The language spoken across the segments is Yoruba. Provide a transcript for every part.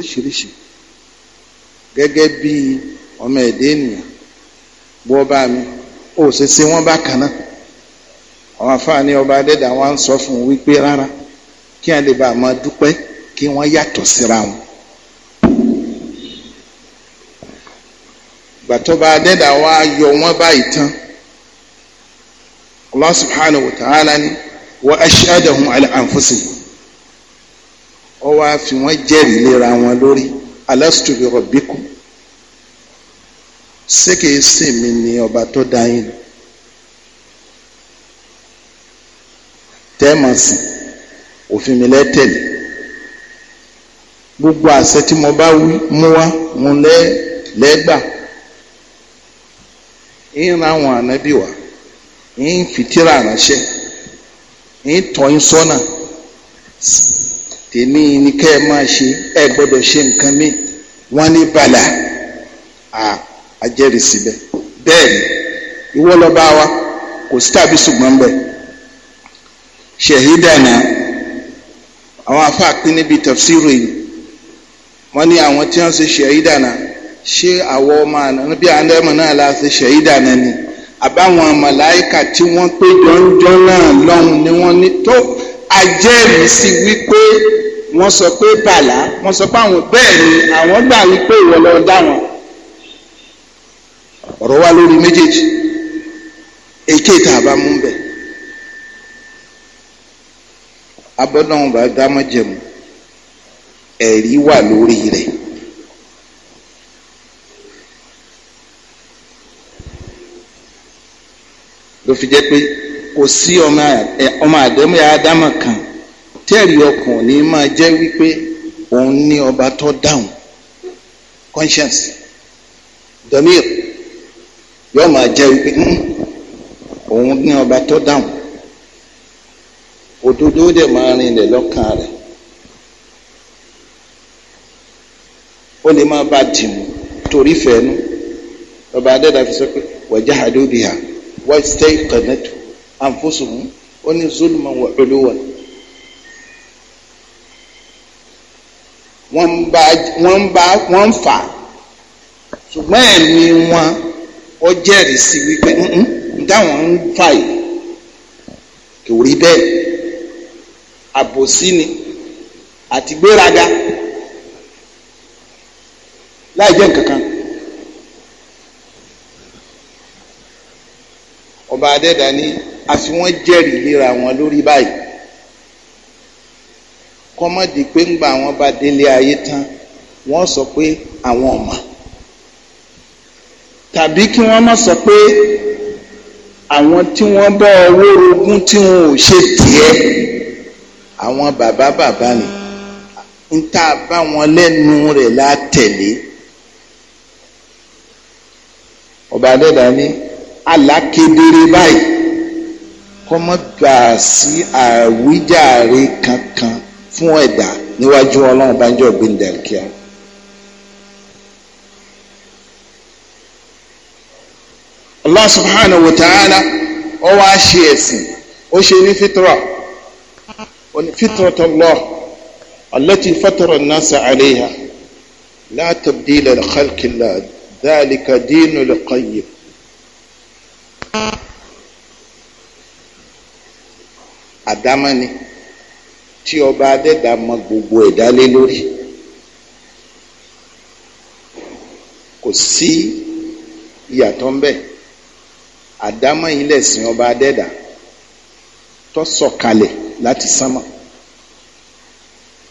lóríṣiríṣi gẹ́gẹ́ bí ọmọ ẹ̀dá ènìyàn bú ọba mi ó ṣe ṣe wọ́n bá kan náà àwọn afáàní ọba adẹ́dà wọn ń sọ fún un wípé rárá kí wọn máa dúpẹ́ kí wọ́n yàtọ̀ síra wọn. gbàtọ́ba adẹ́dà wa yọ wọ́n báyìí tán Allah subhanahu wa ta'ala ni wa ashadahum ala anfusihim ó wáá fi wọ́n jẹ́rìí léra wọn lórí alastu bi rabbikum sì mí ni ọba tó dá yín tẹ́ẹ̀mọ̀sì òfin mi lẹ́tẹ̀lẹ̀ gbogbo àṣẹ tí mo bá mú wá mo lẹ́gbà ń ra àwọn ànábì wá ń fìtírà ránṣẹ́ ń tọ́ yín sọ́nà tèmi ni kẹ́ ẹ máa ṣe ẹ gbọ́dọ̀ ṣe nǹkan mi wọ́n ní bàlà àjẹrìí síbẹ̀ bẹ́ẹ̀ ni ìwọ lọ bá wa kò sí tàbí ṣùgbọ́n bẹ́ẹ̀ ṣèhídàna àwọn afáàpín níbi tafsiru yìí wọ́n ní àwọn tí wọ́n ṣe ṣèhídàna ṣé àwọn ọmọ àná níbi àndẹ́mọ̀ náà la ṣe ṣèhídàna ni àbáwọn màláìkà tí wọ́n pé jọ́njọ́ náà lọ́hùn ni wọ́n ní tó ajẹ́rìísí wípé wọ́n sọ pé bàlá wọ́n sọ pé àwọn bẹ́ẹ̀ ni àwọn gbà wípé ìwọ ló dá wọn ọ̀rọ̀ wá lórí méjèèjì èké tá a bá mú bẹ̀ abọ́dọ̀hún bá dámọ́ jẹ̀mú ẹ̀rí wà lórí rẹ̀. ló fi jẹ́ pé kò sí ọmọ àdẹ́mú àdámọ̀ kan tẹ́ẹ̀rí ọkàn ní máa jẹ́ wípé òun ní ọba tó dáhùn conscience domir yóò máa jẹ́ wípé hmm, òun ní ọba tó dáhùn òdodo dẹ̀ máa rinlẹ̀ lọ́kàn rẹ̀ ó lè máa bá dìmú torí fẹ́ẹ́nu ọba adẹ́dàá fi sọ pé wajahadu stay wastayqanatu anfusuhum ó ni zulman wa uluwan wọ́n ń bá wọ́n ń bá wọ́n ń fà ṣùgbọ́n ẹ̀mí wọn ó jẹ́rìí sí wípé táwọn ń fà yìí kò rí bẹ́ẹ̀ àbòsí ni àti gbéraga láì jẹ́ nǹkan kan ọba adẹ́dàá ní àti wọ́n jẹ́rìí léra wọn lórí báyìí kọ́mọ́dé pé ńgbà wọn bá délé ayé tán wọ́n sọ pé àwọn ọ̀mà tàbí kí wọ́n má sọ pé àwọn tí wọ́n bá owó ogún tí wọn ò ṣe tiẹ̀ àwọn bàbá bàbá ni ń tá a bá wọn lẹ́nu rẹ̀ látẹ̀lé ọba adẹ́dàá ní alákedere báyìí kọ́mọ́ gbà sí àwíjàre kankan fún ẹ̀dá níwájú ọlọ́run bánjọ́ gbẹ̀ndẹ̀kíá. Allah subhanahu wa ta'ala ó wá ṣe ẹ̀sìn ó ṣe ní fitra fitratullah allati fatara an-nasa 'alayha la tabdila li khalqillah dhalika dinul qayyim. àdámọ́ni tí ọba adẹ́dá mọ gbogbo ẹ̀dá lé lórí kò sí ìyàtọ̀ ń bẹ àdámọ́ yìí lẹ̀sìn ọba adẹ́dá tó sọ̀kalẹ̀ láti sánmà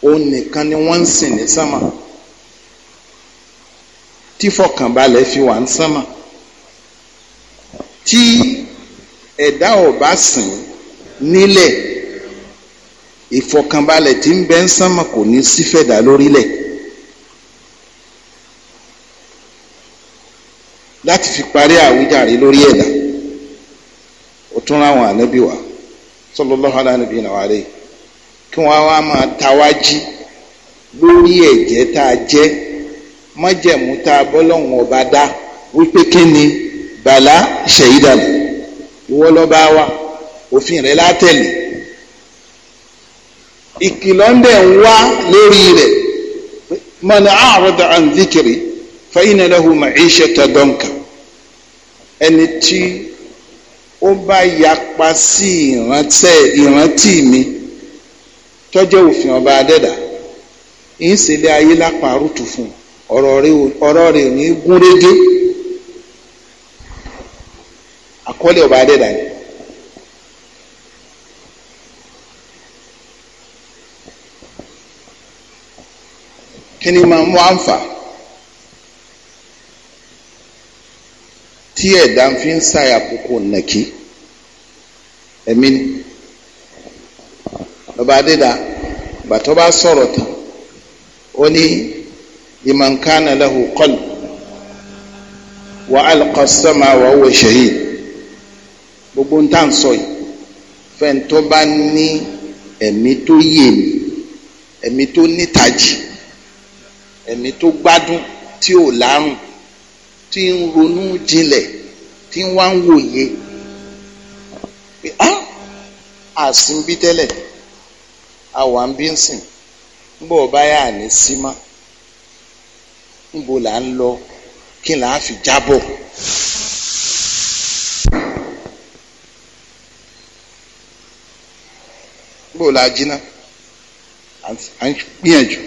òun nìkan ni wọ́n ń sìn ní sánmà tí fọkànbalẹ̀ fi wà ń sánmà tí ẹ̀dá ọba sìn nílẹ̀ ìfọ̀kànbalẹ̀ tí ń bẹ ń sánmà kò ní sí lórílẹ̀ láti fi parí àwíjàre lórí ẹ̀dá ó tún ráwọn ànábì wá wa kí wọ́n wá máa tawájí lórí ẹ̀jẹ̀ tá a jẹ́ májẹ̀mú tá a ọba dá wípé kí ni bàlá ṣèyí wa òfin ìkìlọ̀ ń dẹ̀ ń wá lórí rẹ̀ man a'rada an dhikri fa inna lahu ma'ishata danka ẹni tí ó bá yapa sí ìrántí ìrántí mi tọ́jú òfin ọba adẹ́dà ìsìlẹ̀ ayé lápárùtù fún ọ̀rọ̀ rẹ̀ ní gúnrégé ọba adẹ́dà ni kí ni máa mú àǹfà tí ẹ̀dá fi ń ṣàyà kókó nàkí ẹ̀mí ni ọba adéda bàtọ́ bá sọ̀rọ̀ tán ó ní liman kana lahu qalb wa alqa sama wa huwa shahid gbogbo ń tà ń sọ yìí fẹ́ntọ́ bá ní ẹ̀mí tó yé mi ẹ̀mí tó nítajì ẹ̀mí tó gbádùn tí ò lárùn tí ń ronú jinlẹ̀ tí wá ń wòye pé á àsìnbí tẹ́lẹ̀ àwa ń bí ń sìn ń bọ̀ báyà ní símá níbo là ń lọ kí là á fi jábọ̀. bó la jiná à ń gbìyànjú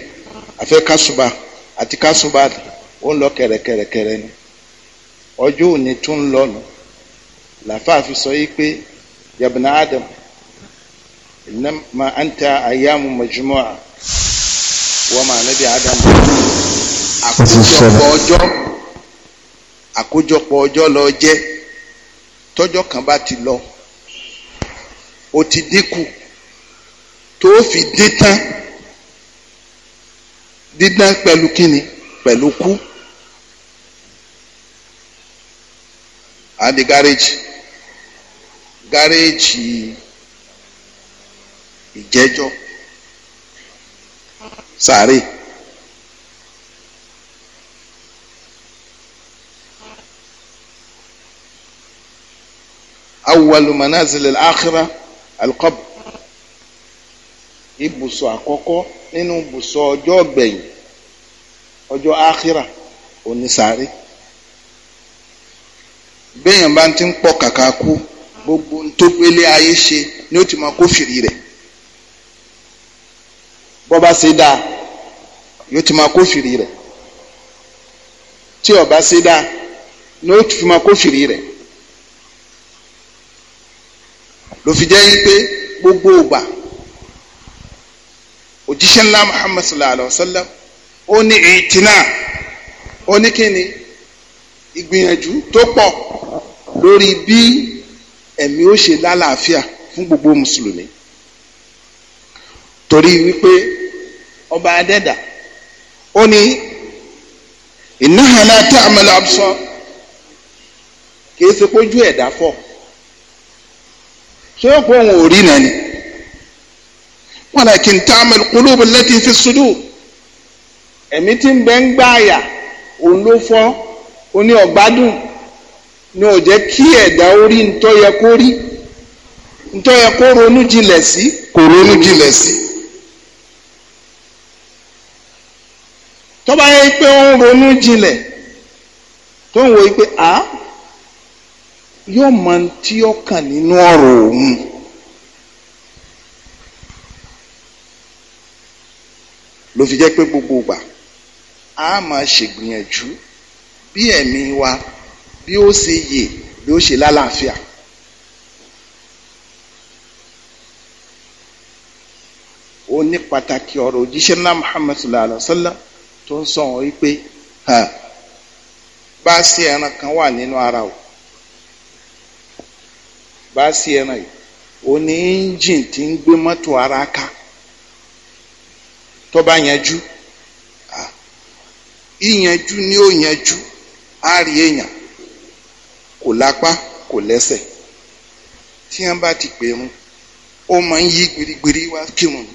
àfẹ́ kásùbà àti kásùbàdì ó ń lọ kẹ̀rẹ̀kẹ̀rẹ̀kẹ̀rẹ̀ ni ọjọ́ òní tún ń lọ́nu làfáà fi sọ yìí pé yabna adam innama anta ayyamu majmua wọ́n máa nẹ́bí adam àkójọpọ̀ ọjọ́ àkójọpọ̀ ọjọ́ lọ jẹ́ tọ́jọ́ kan bá ti lọ ó ti dínkù tó fi dín tán dídán pẹ̀lú kíni pẹ̀lú kú àdì gáréjì gáréjì ìjẹ́jọ́ sàárè. awwalu manazil al-akhirah ibùsùn àkọ́kọ́ nínú bùsọ ọjọ́ ọ̀gbẹ̀yìn ọjọ́ ákírà onísàárì béèyàn bá ti ń pọ̀ kàkà kú gbogbo tó gbélé ayé ṣe ni ó ti máa kó fìrí rẹ̀ bọ́ ṣe dáa yóò ti máa kó fìrí rẹ̀ tí ó ṣe dáa ni ó ti máa kó fìrí rẹ̀ ló jẹ́ yín pé gbogbo ògbà òjíṣẹ́ ńlá muhammad sallallahu alayhi wa sallam ó ní ìtìná ó ní kíni ìgbìyànjú tó pọ̀ lórí bí ẹ̀mí ó ṣe lálàáfíà fún gbogbo mùsùlùmí torí wípé ọba adẹ́dà ó ní innaha la ta'mal absar kì í ṣe pójú ẹ̀dá fọ́ ṣé ó pé òun ò rí nàní. wana kinta ma nkulu obi leti fi soodoo emi ti n be n gbaa ya o n lo fọ o ni ọgbadun ni o je ki ẹgba ori ntọyekori ntọyekoronujile si koroonujile si to baya yipe oun ronujile to n wo ikpe a yọ ma n tí ọ ka ninu aro ohun ló fi jẹ́ pé gbogbo ìgbà a máa ṣègbìyànjú bí ẹ̀mí wa bí ó ṣe yè bí ó ṣe lálàáfíà. ó ní pàtàkì ọ̀rọ̀ òjíṣẹ́ ńlá Muhammad sallallahu alayhi wa sallam tó ń sọ̀rọ̀ wípé bá sí ẹran kan wà nínú ara o bá sí ẹran yìí ó ní engine tí ń gbé mọ́tò ara ká tó bá yanjú ìyanjú ni ó yanjú á rí èèyàn kò lápá kò lẹ́sẹ̀ tí wọ́n bá ti pè mú ó máa ń yí gbirigbiri wá kírun ni.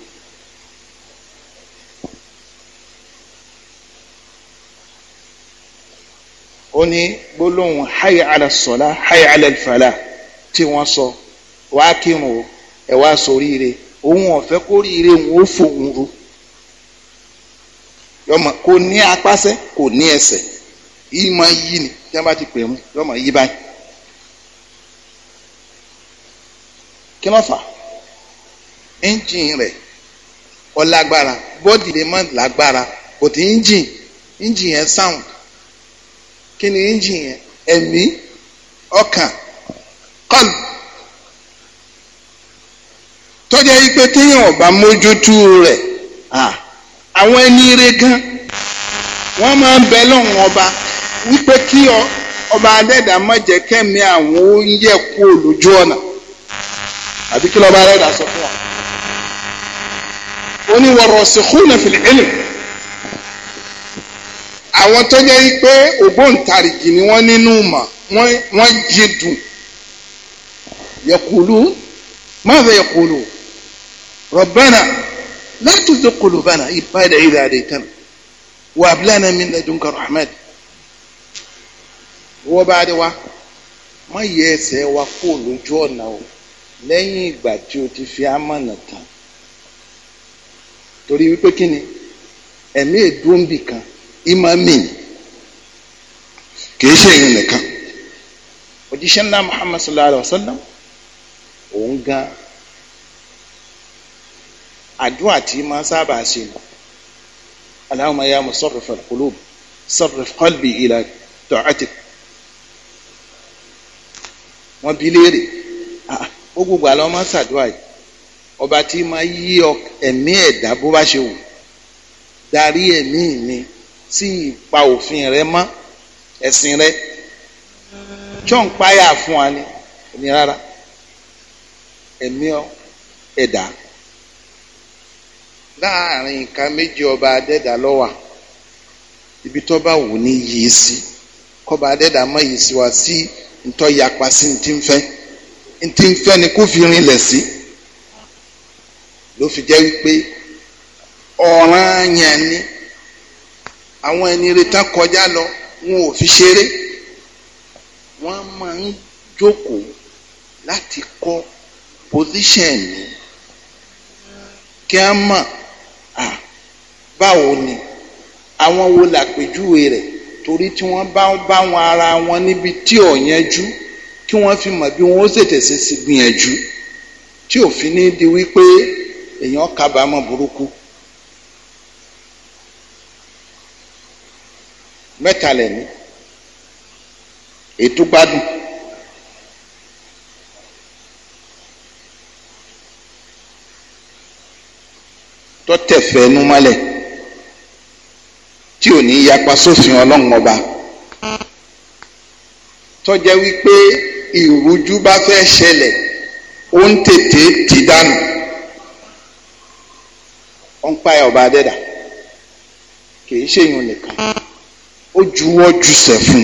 ó ní gbólóhùn hayya ala sọlá hayya ala fàlà tí wọ́n sọ wàá kírun o ẹ wá sọ oríire òun ọ̀fẹ́ kó ríire òun ó fòun ru yọmọ kò ní apásẹ́ kò ní ẹsẹ̀ yìí máa yí ni tí wọ́n bá ti pè mú yọmọ yí báyìí. kí ló fà ẹ́ńjìn rẹ̀ ọlágbára bọ́dì lè má lágbára kò tí ẹ́ńjìn ẹ́ńjìn yẹn sound kí ni ẹ́ńjìn yẹn ẹ̀mí ọkàn kọlù tọ́jà yìí pé téèyàn ọba mójútó rẹ̀ ah àwọn ẹni ire gan wọ́n máa ń bẹ lọ́hùn ọba wípé kí ọba adẹ́dà má jẹ́ kẹ́mi àwọn oúnjẹ kú olójú ọ̀nà àbí kí lọ́ba adẹ́dà sọ fún wa. ó ní warrasikhuna fil ilm àwọn tó jẹ́ pé ògbóǹtarìgì ni wọ́n nínú mọ̀ wọ́n jí dùn yaqulu madha yaqulu rabbana. لا تزغ قلوبنا بعد إذا هديتنا وابلانا من لدنك رحمة وبعد bá ما wa má yẹ ẹsẹ̀ wa في lójú ọ̀nà o lẹ́yìn ìgbà tí o ti fi amọ̀nà tán torí wípé kí ni ẹ̀mí èdúróǹbì kan ìmàmì kìí ṣe èèyàn nìkan òjíṣẹ́ ńlá Muhammad sallallahu alayhi wa sallam òun gan àdúrà tí máa sábà ṣe lò Allahumma ya musarrif al-qulub sarrif qalbi ila ta'atik wọ́n bi léèrè ah, ó gbogbo àlọ́ máa ṣàdúrà yìí ọba tí máa yí ẹ̀mí ẹ̀dá bó bá ṣe wù darí ẹ̀mí mi sí ipa òfin rẹ mọ́ ẹ̀sìn rẹ tí ò ń páyà fún wa ni rárá ẹ̀mí ẹ̀dá. E láàrin nǹkan méjì ọba adẹ́dà lọ́wà ibi tó bá wù ní yìí sí kọba adẹ́dà mọ́ yìí sí wa sí ntọ́ yapa sí ntí ń fẹ́ ntí ń fẹ́ ni kó fi rinlẹ̀ sí ló fi jẹ́ wípé ọ̀ràn yẹn ni àwọn ẹni retán kọjá lọ wọn ò fi ṣeré wọ́n máa ń jókòó láti kọ́ position ni kí á mọ̀ báwo ni àwọn wo làpèjúwe rẹ̀ torí tí wọ́n bá bá wọn ara wọn níbi tí ò yanjú kí wọ́n fi mọ̀ bí wọ́n ó ṣètè sí sí gbìyànjú tí òfin ní di wípé èèyàn kábàámọ̀ burúkú. mẹ́ta lẹ́nu ètò gbádùn. tọ́tẹ̀fẹ́ númọ́lẹ̀ tí ò ní yapa sófin ọlọ́run ọba tọ́jẹ́ wípé ìrújú bá fẹ́ ṣẹlẹ̀ ó ń tètè tì dànù ó ń páyà ọba adẹ́dà kìí ṣèyàn nìkan ó juwọ́ jùsẹ̀ fún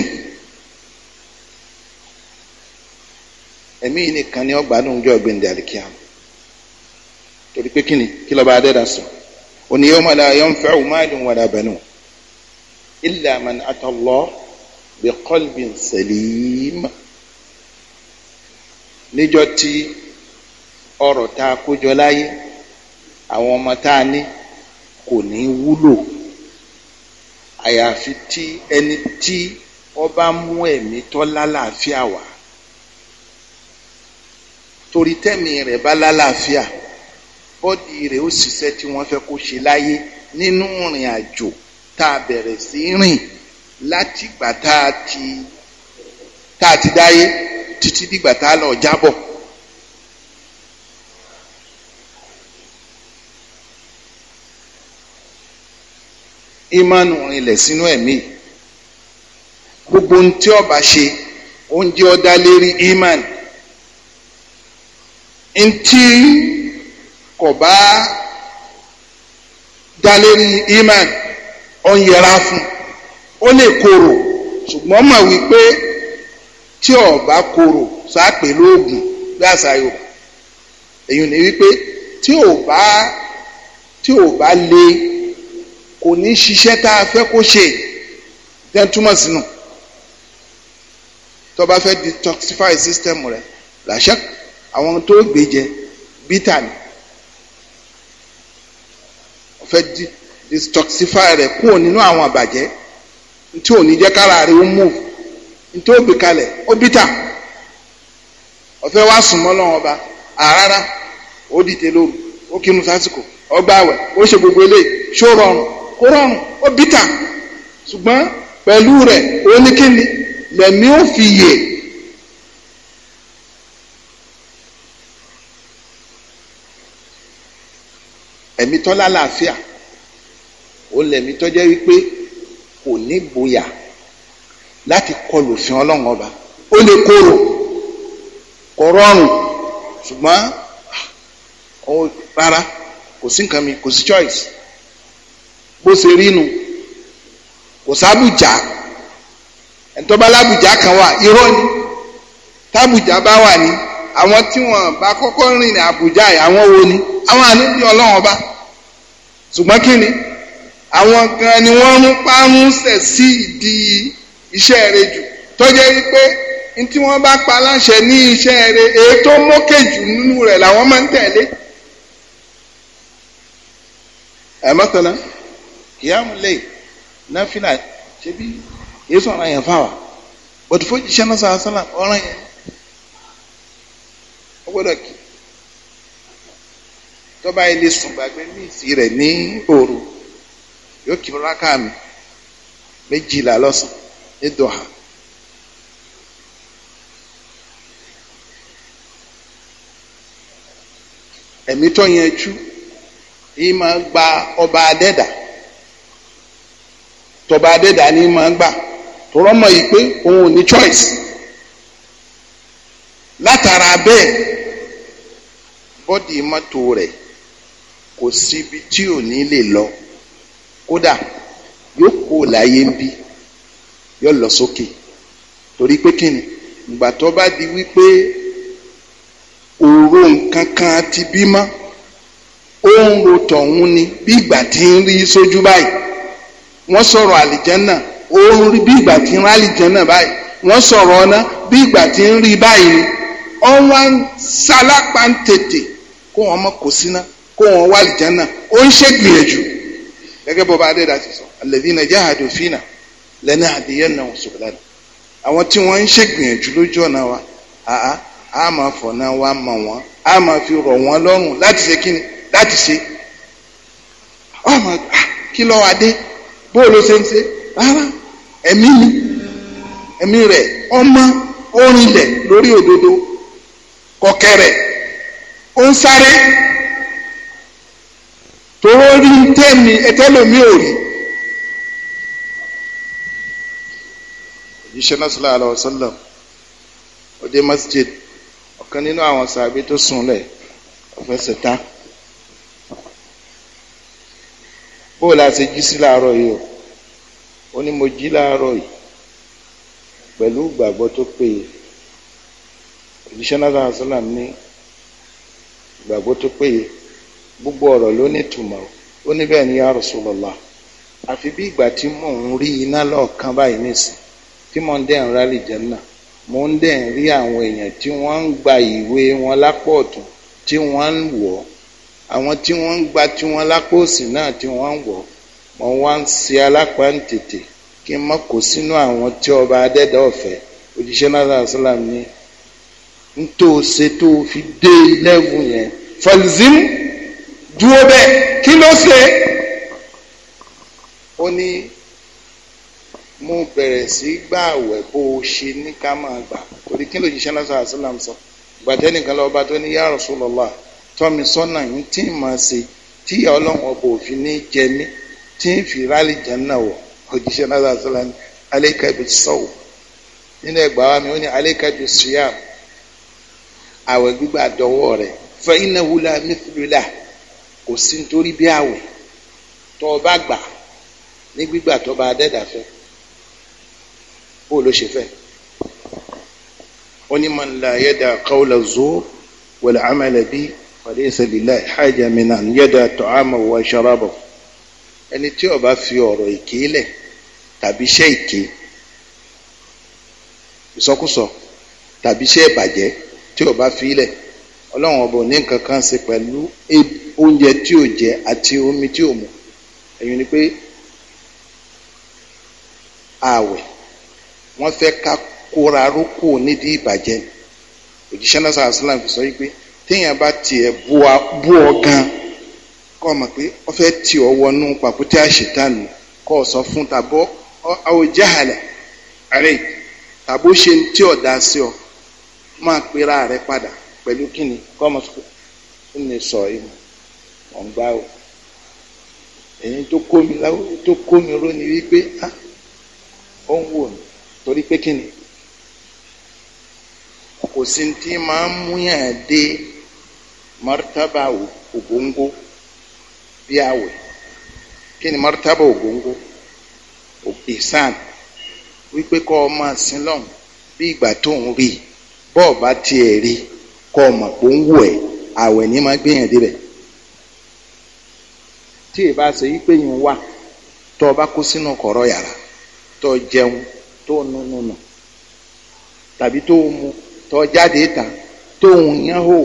ẹ̀mí yìí nìkan ni ọgbàdùn ọjọ́ ọ̀gbìn dàríkìá torí pé kíni kí lọ́ba adẹ́dà sọ òní yawma la yanfa'u malun wala banun illa man ata Allah bi qalbin salim níjọ́ tí ọrọ̀ tá a kójọ láyé àwọn ọmọ tá a ní kò ní wúlò àyàfi tí ẹni tí ọba mú ẹ̀mí tọ́ lálàáfíà wá torí tẹ́mi rẹ̀ bá lálàáfíà. La bọ́dì rẹ̀ ó ṣiṣẹ́ tí wọ́n fẹ́ kó ṣe láyé nínú rìn àjò tá a bẹ̀rẹ̀ sí rìn látìgbà tá a ti tá a ti dáyé títí dìgbà tá a lọ jábọ̀. ìmánu rinlẹ̀ sínú ẹ̀mí gbogbo ohun tí ọba ṣe oúnjẹ ọdá lérí ìmánu ntí kò bá dalérí iman ọ̀n yẹra fún ó lè korò ṣùgbọ́n mọ̀ wípé tí ó bá korò sápè lóògùn bí àṣà yorùbá èyí ni wípé tí ò bá tí ò bá le kò ní ṣiṣẹ́ tá a fẹ́ kó ṣe then túmọ̀ sínú tó bá fẹ́ detoxify system rẹ̀ làṣẹ àwọn tó gbé jẹ bitter ni fẹ́ detoxify rẹ̀ kúrò nínú àwọn àbàjẹ́ tí ò ní jẹ́ kára rẹ̀ ó move tí ó gbé kalẹ̀ ó bítà ọ̀fẹ́ wá sùn mọ́ lọ́wọ́ ọba àrárá ó dìde lóru ó kinu sásìkò ọgbà àwẹ̀ ó ṣe gbogbo eléyìí ṣó rọrùn kó rọrùn ó bítà ṣùgbọ́n pẹ̀lú rẹ̀ oníkíni lẹ́mí ó fi yè. ẹ̀mí tó lálàáfíà ó lẹ̀mí tó jẹ́ wípé kò ní gboyà láti kọlù òfin ọlọ́run ọba ó lè kóró kò rọrùn ṣùgbọ́n ah, rárá kò sí nǹkan mi kò sí choice bó ṣe rí nu kò sábùjá ẹ̀ńtọ́ba lábùjá kan wà irọ́ ni tábùjá bá wà ní àwọn tí wọn bá kọ́kọ́ rìn àbújá yìí àwọn wo ni àwọn àníbi ọlọ́wọ́n bá ṣùgbọ́n kí ni àwọn kan ni wọ́n ń párúnṣẹ̀ sí ìdí iṣẹ́ rẹ jù tó jẹ́ wípé tí wọ́n bá pa láṣẹ ní iṣẹ́ rẹ èyí tó mókè jù nínú rẹ̀ làwọn máa ń tẹ̀lé. ẹ̀mọ́tọ́lá kìyàmù lè náfìlà ṣe bí yéésù ọ̀ràn yẹn fáwà bọ̀dùfọ́ jíṣẹ́ náà sọ àṣálà ọ̀ràn yẹn ó gbọ́dọ̀ kí tọ́ba ilé sùn gbàgbé ní ìsì rẹ̀ ní òru yóò kí rákà mi méjìlá lọ́sàn ní dọ̀hà. ẹ̀mí tó yẹn tú yìí máa gba ọba adẹ́dà tọba adẹ́dà ni máa gbà tọrọ mọ̀ yìí pé òun ò ní choice. látara bẹ́ẹ̀ bọ́dì mọ́tò rẹ̀ kò síbi tí ò ní lè lọ kódà yóò kó láyé ń bí yóò lọ sókè torí pé kí ni ìgbà tó bá di wípé òró nǹkan kan ti bímọ ó ń ro tọ̀hún ni bí ìgbà tí ń rí sójú báyìí wọ́n sọ̀rọ̀ àlìjẹ́nà ó ń rí bí ìgbà tí ń rí àlìjẹ́nà báyìí wọ́n sọ̀rọ̀ ọ̀nà bí ìgbà tí ń rí báyìí ni ọ̀n wá ń salápa ń tètè kó wọn mọ kò síná kó wọn wá àlìjánà ó ń ṣe gbìyànjú gẹ́gẹ́ bọ́ bá adéda ti sọ alladhina jahadu fina lanahdiyannahum subulana àwọn tí wọ́n ń ṣe gbìyànjú lójú ọ̀nà wa àá a máa fọ̀nà wa mọ̀ wọ́n a máa fi rọ̀ wọ́n lọ́rùn láti ṣe kíni láti ṣe ọmọ ah, kí lọ́wọ́ adé bó ló ṣe ń ṣe rárá ẹ̀mí ni ẹ̀mí rẹ̀ ọmọ orin lẹ̀ lórí òdodo kọ̀kẹ́rẹ̀ ó ń sáré tòró rí tẹ́mi ẹtẹ́lómi ò rí. òjíṣẹ́ náà sallallahu alaihi wasallam ó dé masjid ọ̀kan nínú àwọn sàbí tó súnlẹ̀ ó fẹsẹ̀ ta bó la ṣe jí sí láàárọ̀ yìí o ó ní mo jí láàárọ̀ yìí pẹ̀lú òjíṣẹ́ náà sọ̀rọ̀ sọ́là ní ìgbàgbọ́ tó péye gbogbo ọ̀rọ̀ ló ní ìtumọ̀ ó ní bẹ́ẹ̀ ni ya Rasulullah àfi bí ìgbà tí mò ń rí iná lọ́ọ̀kan báyìí nìsín tí mò ń dẹ̀ ń rálì jẹ́nà mò ń dẹ̀ ń rí àwọn èèyàn tí wọ́n ń gba ìwé wọn lápò ọ̀tún tí wọ́n ń wọ̀ àwọn tí wọ́n ń gba tí wọ́n lápò òsì náà tí wọ́n ń wọ̀ mò ń wá ń ṣe alápá ń tètè kí n mọ̀ kó sínú àwọn tí ọba adẹ́dẹ́ òjíṣẹ́ náà sàlám ní ntò seto tó fi dé lẹ́wù yẹn fọlùzìm dúró bẹ́ẹ̀ kí ló ṣe ó ní mo bẹ̀rẹ̀ sí gbààwẹ̀ bó o ṣe ní ká máa gbà torí kí ló jíṣẹ́ lọ́sọ̀ àṣìláàmù sọ gbàtẹ́ nìkan lọ́ba tó ní ya Rasulullah tọ́mi sọ́nà yín tí ì máa ṣe tí ìyá ọlọ́run ọba òfin ní jẹ mí tí ì fi rálì jẹ́nà wọ̀ òjíṣẹ́ lọ́sọ̀ àṣìláàmù alayka bis sawm nínú ẹgbàá wa mi ó ní alayka bis siyam àwẹ̀ gbígbà dọwọ́ rẹ̀ fa innahu la mithlu lahu kò sí nítorí bí àwẹ̀ tó o bá gbà ní gbígbà tó bá dẹ́dà fẹ́ bó ló ṣe fẹ́ ó ní man la yada qawla zur wal amala bi falaysa lillahi haja min an yada ta'ama ẹni tí ó bá fi ọ̀rọ̀ èké lẹ̀ tàbí iṣẹ́ èké ìsọkúsọ tàbí iṣẹ́ ìbàjẹ́ tí ò bá fi ilẹ̀ ọlọ́run ọba ò ní nǹkan kan ṣe pẹ̀lú oúnjẹ tí ò jẹ àti omi tí ò mu ẹ̀yìn ni pé ààwẹ̀ wọ́n fẹ́ ká kóra rókò nídìí ìbàjẹ́ òjíṣẹ́ náà sàrà sílẹ̀ fi sọ yìí pé téèyàn bá tiẹ̀ bú ọ gan kọ́ ọ pé ọ fẹ́ tì ọ wọnú pàkúté àṣetánù kọ́ sọ fún tàbọ̀ ọ àrẹ tàbó ṣe tí ọ̀dà sí ọ máa pera rẹ padà pẹ̀lú kíni kọ́mọ sọ fún mi sọ ìmọ̀ ọ̀ngbà o èyí tó kó mi láwọ tó kó mi ró ni wípé ah ó ń wò mí torí pé kíni kò sí tí máa ń múyàn dé martaba ògóńgó bí àwẹ̀ kí ni martaba ògóńgó ìsàn wípé kọ́ ọ máa sin lọ́hùn bí ìgbà tó ń rí i bọ́ ọ bá tiẹ̀ rí kọ́ ọ mọ̀ pé ó ń wò ẹ́ àwẹ̀ ní máa gbéyàn débẹ̀ tí ì bá ṣe wípé yìí ń wà tó o bá kó sínú kọ̀rọ̀ yàrá tó o jẹun tó o nùnù nù tàbí tó o mu tó o jáde ìta tó o yàn hò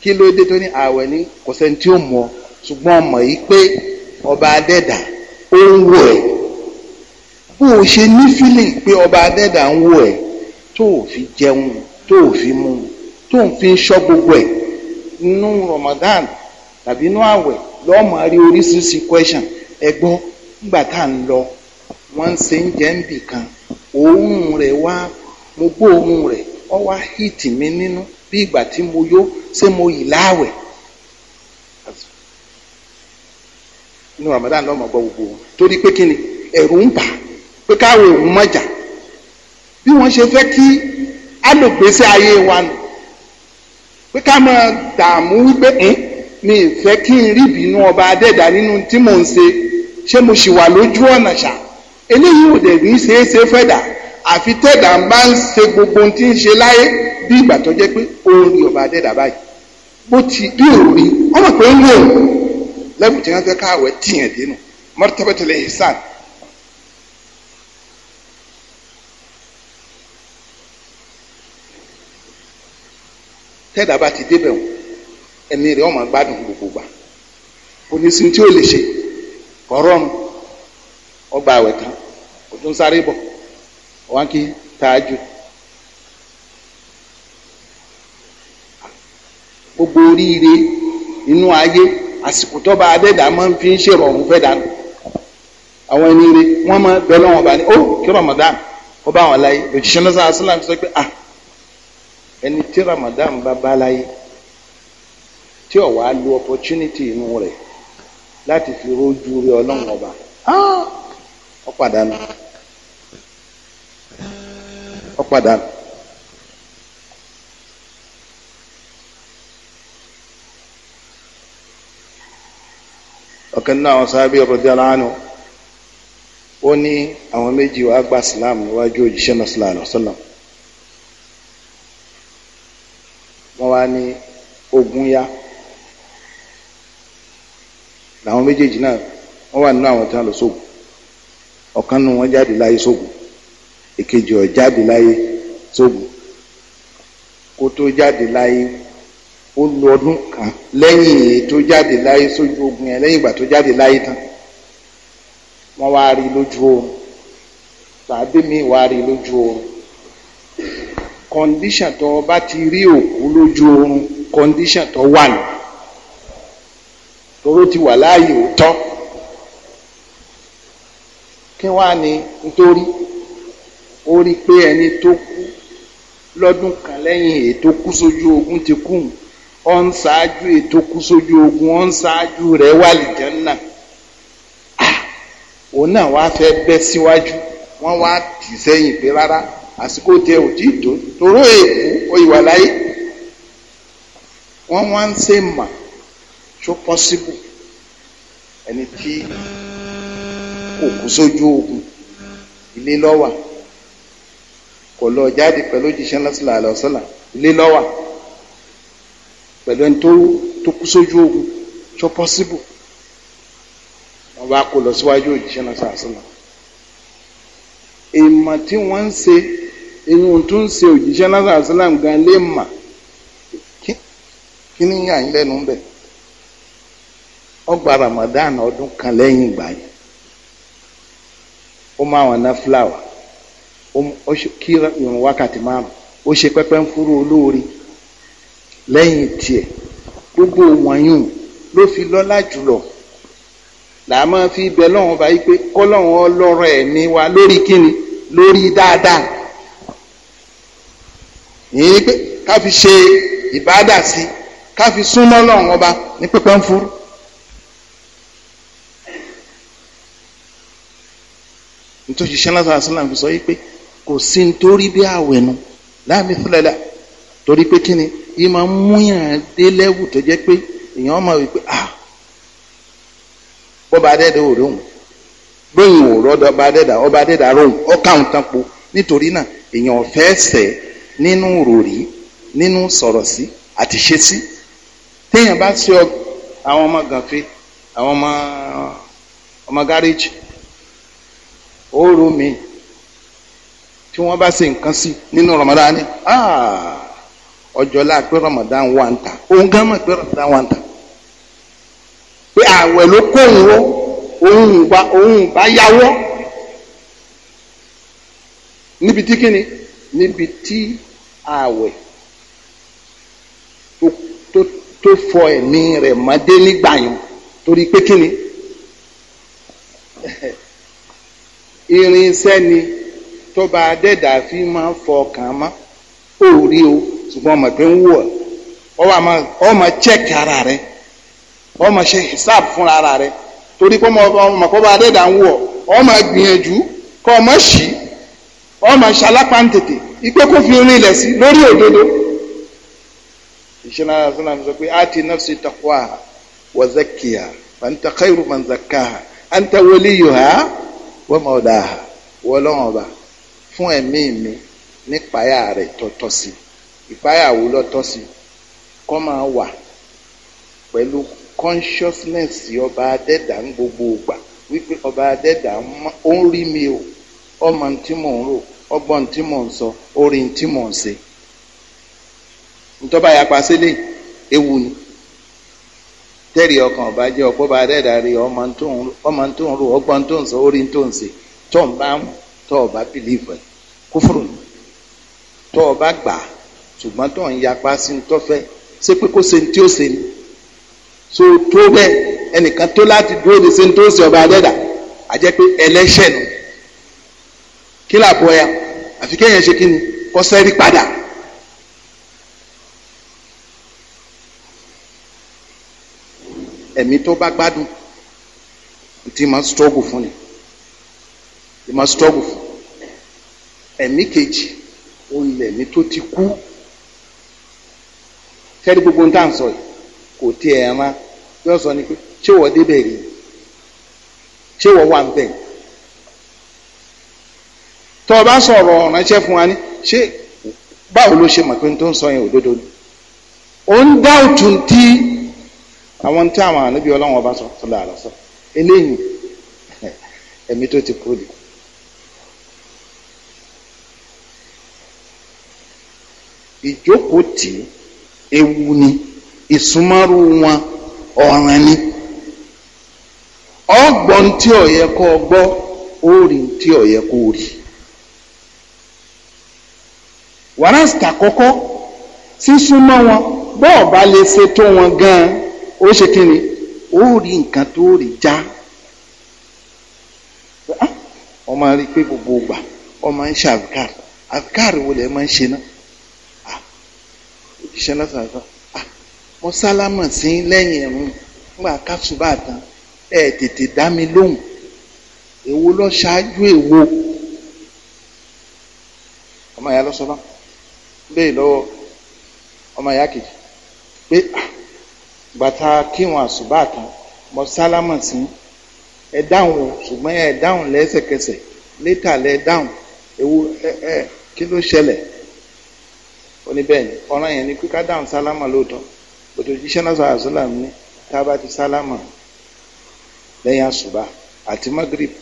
kí ló dé tó ní àwẹ̀ ní kò tí ó mọ̀ ṣùgbọ́n ọmọ yìí pé ọba adẹ́dà ó ń wò ẹ́ bó o ṣe ní fílìn pé ọba adẹ́dà ń wò ẹ́ tó o fi jẹun tó ò fi mú tó ń fi gbogbo ẹ̀ nínú Ramadan tàbí inú àwẹ̀ rí oríṣiríṣi question ẹ nígbà tá à ń lọ wọ́n ṣe ń jẹ́ ń bì kan òórùn rẹ̀ wá mo gbọ́ òórùn rẹ̀ ọ wá hìtì mi nínú bí ìgbà tí mo yó ṣé mo yì inú Ramadan gbogbo torí pé kí alùgbèsè ayé wa nù pé ká máa dààmú wípé ń mi ìfẹ́ kí n rí ìbínú ọba adẹ́dà nínú tí mò ń ṣe ṣé mo ṣì wà lójú ọ̀nà ṣá eléyìí ò dẹ̀ ní ṣeé ṣe fẹ́dà àfi tẹ́dà ń bá ń ṣe gbogbo ohun tí ń ṣe láyé bí ìgbà tó jẹ́ pé òun ni ọba adẹ́dà báyìí bó ti bí òrí ọmọ pé ń wò lẹ́bùn tí wọ́n fẹ́ káwẹ́ tìyàn dénú mọ́tẹ́bẹ́tẹ́lẹ́ ìsàn tẹ́ẹ̀dá bá ti débẹ̀ ẹ̀mí rẹ̀ ọmọ gbádùn gbogbo gbà oníṣun tí ó lè ṣe ọ̀rọ̀run ọgbà àwẹ̀ tán kò tún sáré bọ̀ wọn kì í tààjù gbogbo oríire inú ayé àsìkò tọ́ba adẹ́dà máa ń fi ń ṣèrọ̀rùn fẹ́ dànù àwọn ẹni rẹ máa bẹ ẹni tí Ramadan bá bá láyé tí ó wá lu opportunity inú rẹ̀ láti fi rójú rí ọlọ́run ọba ah! ó pàdánù ó pàdánù. ọ̀kan náà àwọn sábẹ́ radiyallahu anhu ó ní àwọn méjì wàá gba Islam níwájú òjíṣẹ́ náà sallallahu alaihi wasallam. wọ́n wá ní ogun yá làwọn méjèèjì náà wọ́n wà nínú àwọn tí wọ́n lọ sóògùn ọ̀kan nínú wọn jáde láyé sóògùn èkejì ọ̀ jáde láyé sóògùn kó tó jáde láyé ó lo ọdún kan lẹ́yìn èyí tó jáde láyé sójú ogun yẹn lẹ́yìn ìgbà tó jáde láyé tán wọ́n wá rí lójú oorun tàbí mi wá rí lójú oorun kọ́ndíṣàn tó o bá ti rí òkú lójú oorun condition tó wà ní toró ti wà láàyè òótọ́ kí wàá ní nítorí ó rí pé ẹni tó kú lọ́dún kan lẹ́yìn ètò kú sójú ogun ti kú ọ ń ṣáájú ètò kú sójú ogun ọ ń ṣáájú rẹ̀ wà lìjẹ́ náà ah! òun náà wàá fẹ́ bẹ́ síwájú wọ́n wá tì sẹ́yìn pé rárá àsìkò tẹ ò tí èkó ó ìwà láyé wọ́n wá ń ṣe mà tó pọ́síbù ẹni tí kò kú sójú ogun ilé lọ́wà kò lọ jáde pẹ̀lú òjíṣẹ́ lọ́sọ̀là àlọ́sọ̀là ilé lọ́wà pẹ̀lú ẹni tó tó kú sójú ogun tó pọ́síbù wọ́n bá kó lọ síwájú òjíṣẹ́ lọ́sọ̀là àlọ́sọ̀là ìmọ̀ tí wọ́n ń ṣe inú tó ń ṣe òjíṣẹ́ lọ́sọ̀là àlọ́sọ̀là gan lè mà kí ni yàn yín lẹ́nu bẹ̀ ọgbà Ramadan ọdún kan lẹ́yìn ìgbà yẹn ó máa wọn ná fúláwà ó kí ìrun wákàtí márùn ó ṣe pẹ́pẹ́ ń fúrú olóore lẹ́yìn tiẹ̀ gbogbo wọ̀nyún ló fi lọ́lá jùlọ làá fi bẹ lọ́wọ́n báyìí pé kọ́lọ́wọ́n ọlọ́rọ̀ ẹ̀ ní wa lórí kíni lórí dáadáa yìí pé ká fi ṣe ìbádà sí i ká fi súnmọ́ lọ́run ọba ní pípẹ́ ń furu. nítorí sẹ́nà sàlá sàlá fi sọ yìí pé kò sí nítorí bí àwẹ̀ nu láàmì fúlẹ̀lá torí pé kí ni yìí máa ń múyàn dé lẹ́wù tó jẹ́ pé èèyàn máa wí pé ah bọ́ba adẹ́dẹ́ ò róhùn bóyìn ò rọ́dọ̀ ọba adẹ́dà ọba adẹ́dà róhùn ọkà ń tanpo nítorí náà èèyàn ọ̀fẹ́ ẹ̀sẹ̀ nínú ròrí nínú sọ̀rọ̀ sí àti ṣe téèyàn bá ṣe àwọn ọmọ gànfẹ́ àwọn ọmọ ọmọ gáréjì òórò mi tí wọ́n bá ṣe nǹkan sí nínú Ramadan ni ah, ọjọ́ la pé Ramadan wà ń ta òun gan mọ̀ pé Ramadan wà ń ta pé àwẹ̀ ló kó òun wọ́ òun bá òun bá yáwọ́ níbi tí kíni níbi tí àwẹ̀ tó fọ ẹ̀mí rẹ̀ mọ́dé nígbà yẹn torí pé kí ni irinṣẹ́ ni tọ́ba adẹ́dà fi máa fọ kàn mọ́ ó rí o ṣùgbọ́n ọmọ pé ń wù ọ́ ọmọ chẹ́ẹ̀kì ara rẹ̀ ọmọ ṣe hisab fúnra ara rẹ̀ torí pé ọmọ kọ́ba adẹ́dà ń wù ọ́ ọmọ gbìyànjú kọ́ ọmọ ṣì ọmọ ṣalápá ń tètè ìgbé kó fi orin ilẹ̀ sí lórí òdodo. ìṣẹ́nà àfúnà sọ pé àti nafsi taqwaha wa zakkiha wa anta khayru man zakkaha anta waliyuha wa mawlaha wọlọ́wọ́n ọba fún ẹ̀mí mi nípayà rẹ̀ tọ́tọ́ sí ìpayà wo lọ́tọ́ sí kọ́ máa wà pẹ̀lú consciousness ọba adẹ́dà ń gbogbo ògbà wípé ọba adẹ́dà ó ń rí mi o ọmọ ntí mò o ma ọgbọ́n ntí mò ń sọ orin ntí mò ń ṣe. ntọ́ba yapa sílẹ̀ ewu ni tẹ́rì ọkàn ọba jẹ́ ọ̀pọ̀ bá dẹ́ẹ̀dá rí ọmọ tó ń ro ọgbọ́n tó ń sọ orí tó ń sè tó ń bá wọn tó ọba bìlíìfù ẹ̀ kúfùrù ni tó ọba gbà ṣùgbọ́n tó ń yapa sí ń ṣé pé kó ṣe ní tí ó ṣe ni so tó bẹ́ẹ̀ ẹnìkan tó láti dúró de ṣe ní tó ń sè ọba dẹ́ẹ̀dá àjẹ́ pé ẹlẹ́ṣẹ̀ nu kí làbọ̀ ya àfi kéèyàn ṣe kí ni kọ́ padà. ẹ̀mí tó bá gbádùn ti máa struggle fún ni ti máa Emi fún ẹ̀mí kejì òun ti kú kẹ́rí gbogbo ń tà ń sọ yìí kò tí ẹ̀ ẹ̀ máa sọ ni pé ṣé wọ́n débẹ̀ rí ṣé wọ́n wà ń bẹ̀ tọ́ ọ bá sọ̀rọ̀ ránṣẹ́ fún wa ṣé báwo ló ṣe mọ̀ pé n tó ń sọ yẹn òdodo ni tí. àwọn tí àwọn ànábì ọlọ́run ọba sọ sọlá àlọ́sọ eléyìí ẹ̀mí tó ti kú ni. ìjókòó tí ewu ni ìsúnmọ́rú wọn ọ̀ràn ni ọgbọ́n tí ò yẹ kó o gbọ́ orí tí ò yẹ kó rí. wàrà sítà kọ́kọ́ sísúnmọ́ wọn bọ́ọ̀ bá lè ṣètò wọn gan-an ó ṣe kí ni ó rí nǹkan tó rí já ọmọ rí pé gbogbo ìgbà ọmọ ń ṣe àbíkàr àbíkàr wo lè máa ń ṣe náà òjíṣẹ́ náà sàrà mo sálámà sí lẹ́yìn ẹ̀rùn nígbà kásùbà tán ẹ̀ tètè dá mi lóhùn èwo lọ ṣáájú èwo ọmọ ìyá lọ sọ bá bẹ́ẹ̀ lọ́wọ́ ọmọ ìyá kejì pé gbàtà kíwọn àṣùbà tán mo sálámà sí ẹ dáhùn o ṣùgbọ́n ẹ dáhùn lẹ́sẹ̀kẹsẹ̀ létà lẹ dáhùn ewu ẹ ẹ kí ló ṣẹlẹ̀ ó ní bẹ́ẹ̀ ni ọ̀ràn yẹn ni kíkà dáhùn sálámà lóòótọ́ bòtò jíṣẹ́ náà sọ àṣùlà mi tá a bá ti sálámà lẹ́yìn àṣùbà àti magrib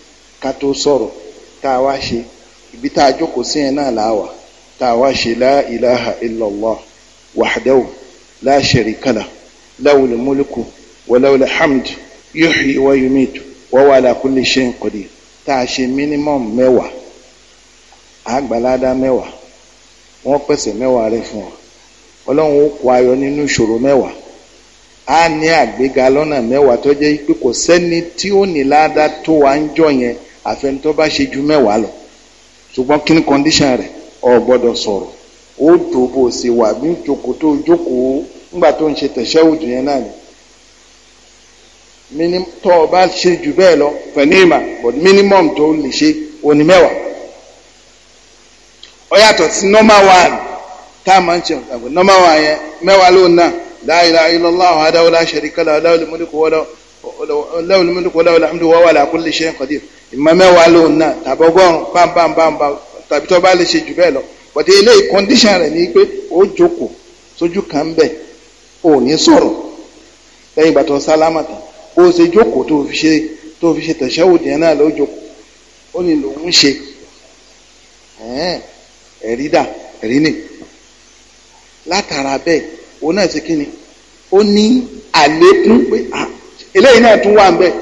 ká tó sọ̀rọ̀ tá a wá ṣe ibi tá a jókòó sí yẹn náà làá wà tá a wá ṣe la ilaha illallah wahdahu la له الملك وله الحمد يحيي ويميت وهو على كل شيء قدير tá a ميوا minimum mẹ́wàá àgbàládá mẹ́wàá wọ́n pèsè mẹ́wàá rẹ̀ fún ميوا ọlọ́run ó kó ayọ̀ nínú ìṣòro mẹ́wàá á ní àgbéga lọ́nà mẹ́wàá tó jẹ́ pé kò sẹ́ni tí ó ní ládá tó wá ń jọ yẹn àfẹni bá ṣe ju mẹ́wàá lọ ṣùgbọ́n kí ni condition rẹ̀ o gbọ́dọ̀ sọ̀rọ̀ ó dòbò sí wà bí jókòó tó jókòó nígbà tó ń ṣe tẹ̀síọ́wùdù yẹn náà ni minim tó bá ṣe jù bẹ́ẹ̀ lọ pẹ̀lú ìmà but minimum tó o lè ṣe òní mẹ́wàá ó yàtọ̀ sí normal one tá a máa ń ṣe ọ̀gbìn normal one yẹn mẹ́wàá lóun náà la ilaha illallah wahdahu la sharika lahu lahul mulku wa lahul hamdu wa huwa ala kulli shay'in qadir ìmọ̀ mẹ́wàá lóun náà tàbí ọgọ́rùn-ún pàmpàmpàmpà tàbí tó o bá lè ṣe jù bẹ́ẹ̀ lọ but eléyìí condition rẹ̀ ni pé ó jókòó sójú kan bẹ́ẹ̀ O ní sọ̀rọ̀ lẹ́yìn ìgbà tó ń sálámà tán bó ṣe jókòó tó fi ṣe tó fi ṣe tẹ̀sẹ̀wòdì yẹn náà ló jókòó ó ní lòun ṣe ẹ̀rí dà ẹ̀rí nì látara bẹ́ẹ̀ òun náà ṣe kí ni ó ní àlékún pé eléyìí náà tún wà ń bẹ́ẹ̀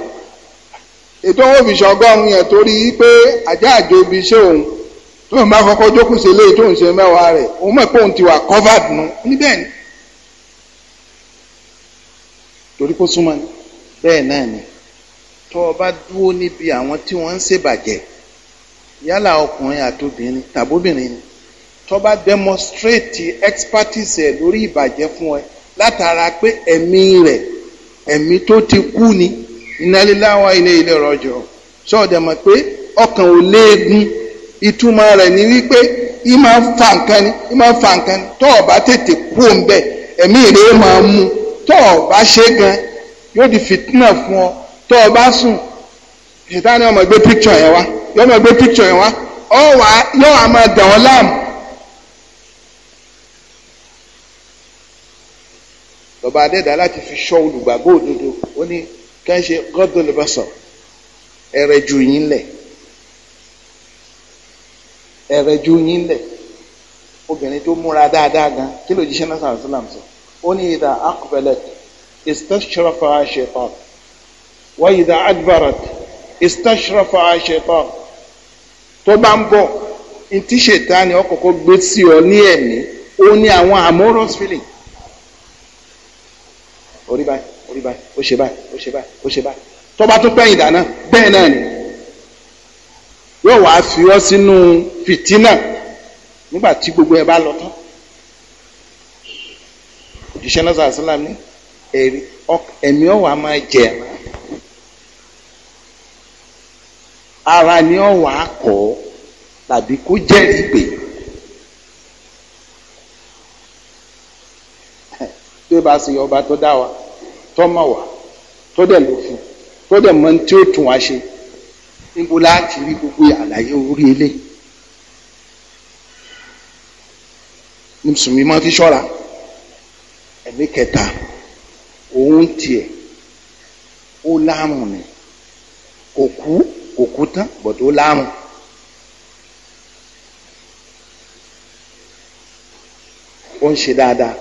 ètò owó fi ṣọgọ́rùn yẹn torí pé ajá àjò ibi iṣẹ́ òun tó ń bá kọ́kọ́ jókòó sí eléyìí tó ń ṣe mẹ́wàá rẹ̀ òun mọ̀ pé òun ti wà covered nù níbẹ̀ ni torí kó súnmọ́ ni bẹ́ẹ̀ náà ni tó o bá dúró níbi àwọn tí wọ́n ń ṣèbàjẹ́ yálà ọkùnrin àtobìnrin tàbóbìnrin ni tó bá demonstrate expertise ẹ̀ lórí ìbàjẹ́ fún ẹ látara pé ẹ̀mí rẹ̀ ẹ̀mí tó ti kú ni ìnáléláwá ilé ilé rọjò sọ̀dẹ̀ mọ̀ pé ọkàn ò léegun ìtumọ̀ rẹ̀ ni wípé ìmọ̀ fa nǹkan ni ìmọ̀ fa nǹkan ni tó o bá tètè kú òun bẹ́ẹ̀ ẹ̀mí rẹ̀ máa mú un tó o bá ṣe gan yóò di fìtínà fún ọ tó o bá sùn ṣètàn ni ọmọ gbé píkṣọ yẹn wá yọmọ gbé píkṣọ yẹn wá ọ wà yọ àmọ dàn ọ láàmú. lọ́ba adẹ́dá láti fi ṣọ́ olùgbàgbọ́ òdodo ó ní kí wọ́n ṣe gọ́dọ̀ lè bá sọ ẹ̀rẹ̀jù yín lẹ̀ ẹ̀rẹ̀jù yín lẹ̀ obìnrin tó múra dáadáa gan kí ló jíṣẹ́ náà sàrọ̀ sọ ó ní ìdá akbalat istashrafa shaitan wa ìdá adbarat istashrafa shaitan tó bá ń bọ̀ ntí ṣètánì ọkọ̀ọ̀kọ̀ gbé sí ọ ní ẹ̀mí ó ní àwọn amorous feeling orí báyìí orí báyìí ó ṣe báyìí ó ṣe báyìí ó ṣe báyìí tó bá tún pẹ́yìn dáná bẹ́ẹ̀ náà ni yóò wá fi ọ sínú fìtínà nígbà tí gbogbo ẹ bá lọ tán òjíṣẹ́ náà sàásìlà ní ẹ̀mí ọ̀wà máa jẹ ẹ̀rá ara ni ọ̀wà akọ̀ tàbí kó jẹ́rìí pé tí ó bá sì ọba tó dá wa tó mọ̀ wá tó dẹ̀ lò fún tó dẹ̀ mọ̀ tí ó tún wá ṣe níbo láti rí gbogbo àlàyé orí ilé mùsùlùmí máa fi ṣọ́ra ẹ̀mí kẹta òun tiẹ̀ ó láàmù ni kò kú kò kú tán bọ̀dé ó láàmù. ó ń ṣe dáadáa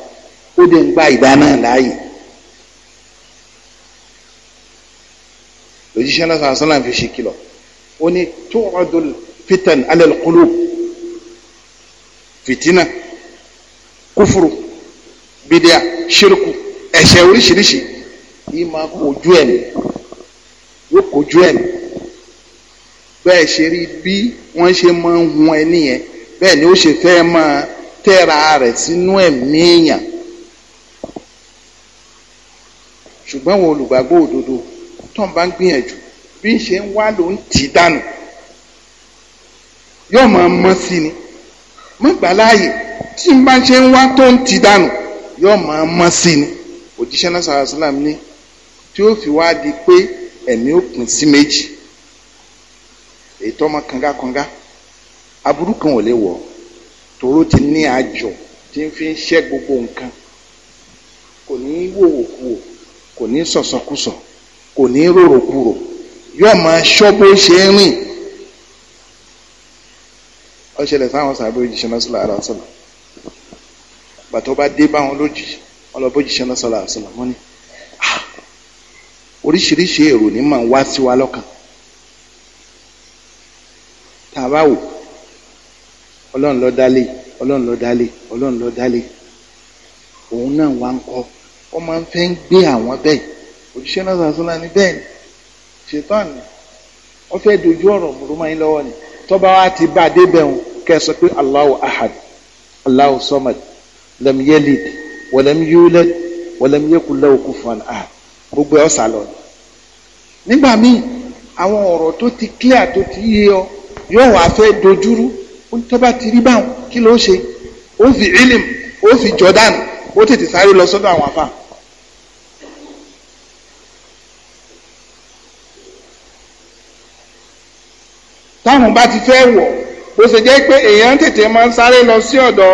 ó dé ń gba ìdá náà láàyè. lójúṣẹ́ náà sọ̀rọ̀ sọ́nà fi ṣe kìlọ̀ ó ní tu'radu fitan ala al-qulub fìtínà kúfùrù. Bidia ṣírùkù ẹ̀ṣẹ̀ oríṣiríṣi yìí máa kojú ẹ̀ ní yóò kojú ẹ̀ ní bẹ́ẹ̀ ṣe rí bí wọ́n ṣe máa ń hun ẹni yẹn bẹ́ẹ̀ ni ó ṣe fẹ́ máa tẹ́ra rẹ̀ sínú ẹ̀mí èèyàn ṣùgbọ́n wọn olùgbàgbọ́ òdodo tó bá ń gbìyànjú bí ń ṣe ń wá ló ń tì í dànù yóò máa mọ́ sí ni mọ́ tí n bá ń ṣe ń wá tó ń tì í dànù yóò máa mọ́ sí ni òjíṣẹ́ náà sàrà sàlám ní tí ó fi wá di pé ẹ̀mí ó pín sí méjì èyí tó mọ kangakanga aburú kan ò lè wọ̀ tòró ti ní àjọ tí ń fi ń ṣẹ́ gbogbo nǹkan kò ní wòwòkuwò kò ní sọ̀sọ̀kùsọ̀ kò ní roròkurò yóò máa ṣọ́ bó ṣe ń rìn ó sáwọn sàbẹ̀ òjíṣẹ́ náà sọ̀rọ̀ àrà sọ̀rọ̀ pàtó bá dé bá wọn lójijì wọn lọ bójì sẹ́nà sọ̀rọ̀ àṣọlá wọn ni ah, oríṣiríṣi èrò ní màá wá sí wa lọ́kàn tá a bá wò ọlọ́run ló dálé ọlọ́run ló dálé ọlọ́run ló dálé òun náà wá ń kọ́ ó máa ń fẹ́ ń gbé àwọn bẹ́ẹ̀ òjíṣẹ́ náà sàṣọlá ni bẹ́ẹ̀ ni ṣètàn ni wọ́n fẹ́ dojú ọ̀rọ̀ mùrùmọ́ yín lọ́wọ́ ni tọ́ba wa ti bá a débẹ̀ wọn kẹ́ ẹ sọ pé Allahu ahad Allahu samad lẹ́mu yẹ́lid wọ̀lẹ́mu yúlẹ́d wọ̀lẹ́mu yẹ́kulẹ́ òkú fún ahad gbogbo ẹ̀ ọ̀sà lọ. nígbà míì àwọn ọ̀rọ̀ tó ti clear tó ti yé ọ yóò wá fẹ́ dojúrú tó bá ti rí báwọn kí ló ṣe ó fi ilim ó fi jordan ó tètè sáré lọ sọ́dọ̀ àwọn afa. táwọn bá ti fẹ́ wọ̀ bó ṣe jẹ́ pé èèyàn tètè máa ń sáré lọ sí ọ̀dọ̀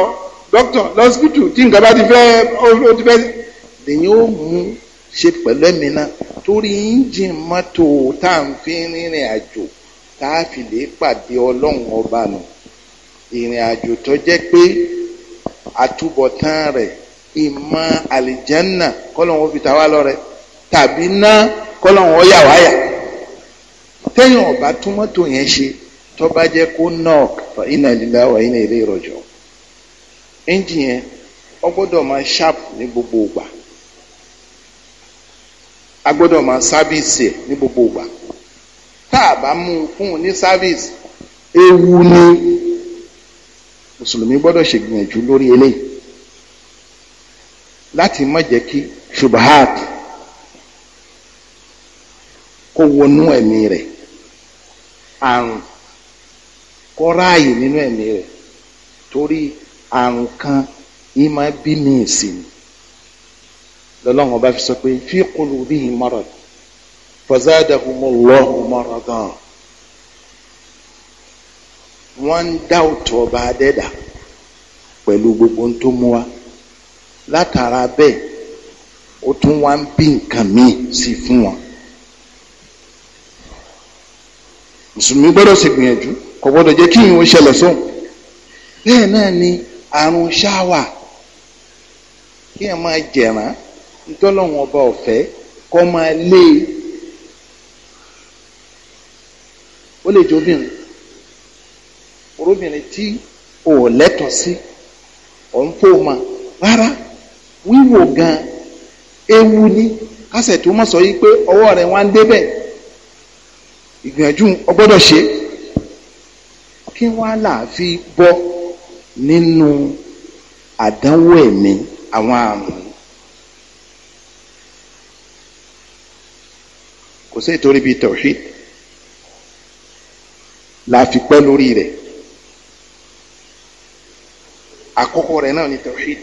dókítà lọ́sibítù tí nǹkan bá ti fẹ́ ó ti fẹ́ lèyìn ó mú ṣe pẹ̀lú ẹ̀mí náà torí engine mọ́tò tá à ń fi rìnrìn àjò tá a fi lè pàdé ọlọ́run ọba nù ìrìn àjò tó jẹ́ pé àtúbọ̀tán rẹ̀ ìmọ̀ àlìjẹ́nà kọ́lọ́hún fi ta wá lọ́rẹ tàbí ná kọ́lọ́hún ọ̀yà wáyà téèyàn ọba tún yẹn ṣe tó kó náà fa inna lillahi wa inna ilayhi raji'un. engine yẹn ọ gbọ́dọ̀ máa sharp ní gbogbo ìgbà a gbọ́dọ̀ máa sábìsì ẹ̀ ní gbogbo ụgbà taa a bá mú un fún un ní sábìsì ewu ni mùsùlùmí gbọ́dọ̀ ṣègbìyànjú lórí eléyìí láti má jẹ́ kí ṣubahat kó wọnú ẹ̀mí rẹ̀ àrùn kó ráàyè nínú ẹ̀mí rẹ̀ torí àrùn kan ìmọ̀ bí mi sí ni lọ́lọ́run ọba fi sọ pé fi qulubihim marad fazadahumullahu maradan wọ́n ń dá òtún ọba adẹ́dà pẹ̀lú gbogbo ohun tó mú wa látara bẹ́ẹ̀ ó tún wá ń bí nǹkan míì sí fún wọn. mùsùlùmí gbọ́dọ̀ ṣègbìyànjú kò gbọ́dọ̀ jẹ́ kí ìyẹn ó ṣẹlẹ̀ sóhun bẹ́ẹ̀ náà ni àrùn ṣáwà kí ẹ máa jẹ̀rán ntọ́lọ́wọ́n ọba ọ̀fẹ́ kọ́ máa lé e ó lè jẹ́ obìnrin orobìnrin tí ò lẹ́tọ̀ sí ọ̀ ń fò ma rárá wíwò gan ewu ni kásẹ̀ tó mọ̀ sọ yìí pé ọwọ́ rẹ̀ wá ń débẹ̀ ìgbìyànjú ọgbọ́dọ̀ ṣe kí wọ́n á là fi bọ́ nínú àdánwò ẹ̀mí àwọn àrùn kò sí ìtorí bíi tawhid la fi pẹ́ lórí rẹ̀ àkọ́kọ́ rẹ̀ náà ni tawhid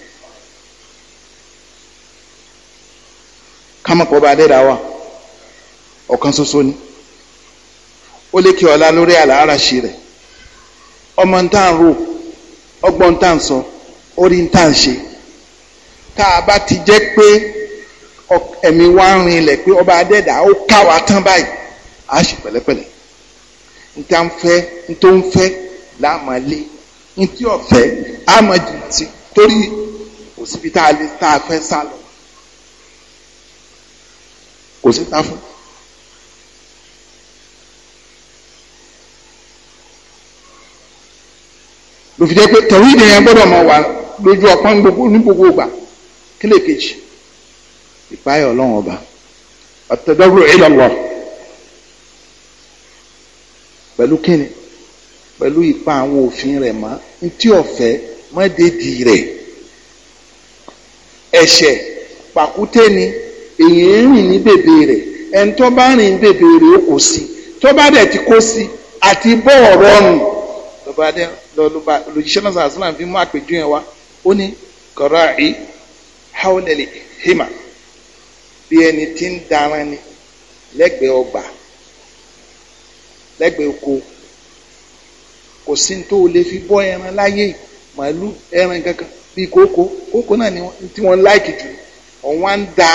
kámọ̀pọ̀ bá dẹ́ra wa ọ̀kan ṣoṣo ni ó lékè ọ̀la lórí àlàáràṣì rẹ̀ ọmọ ń tàn rò ọgbọ́n tá à ń sọ orí tá à ń ṣe tá a bá ti jẹ́ pé ẹ̀mí wa ń rinlẹ̀ pé ọba adẹ́dà ó ká wa tán báyìí á ṣe pẹ̀lẹ́pẹ̀lẹ́ nta ń fẹ́ ntó ń fẹ́ láàmà lé ntí ọ̀fẹ́ àmà jìntì torí kò síbi tá a fẹ́ sá kò sí ta fún ló fi jẹ́ pé tẹ̀wíìdì yẹn gbọ́dọ̀ mọ̀ wà lójú ọpọ́n ní gbogbo ìgbà kílè kejì ìpáyọ̀ ọlọ́run ọba àtẹ̀dọ́rù ìlọ̀lọ̀ pẹ̀lú kíni pẹ̀lú ipa àwọn òfin rẹ̀ mọ́ ntí ọ̀fẹ́ mọ́dédì rẹ̀ ẹ̀ṣẹ̀ pàkúté ni èyàn ń rìn ní bèbè rẹ̀ ẹni tó bá rìn ní bèbè rẹ̀ ó kò sí tó bá dẹ̀ ti kó sí àti bọ́ ọ̀rọ̀ nù tó bá dẹ̀ lọ́lọ́ba olùjíṣẹ́ náà sàásùn náà fi wa ó ní kọ̀ráì haúnẹ̀lì hima bí ẹni tí ń daran ni lẹ́gbẹ̀ẹ́ ọgbà lẹ́gbẹ̀ẹ́ oko kò sí ní tó o lè fi bọ́ ẹran láyé màálù ẹran kankan bíi kókó kókó náà ni tí wọ́n láìkì jù ń da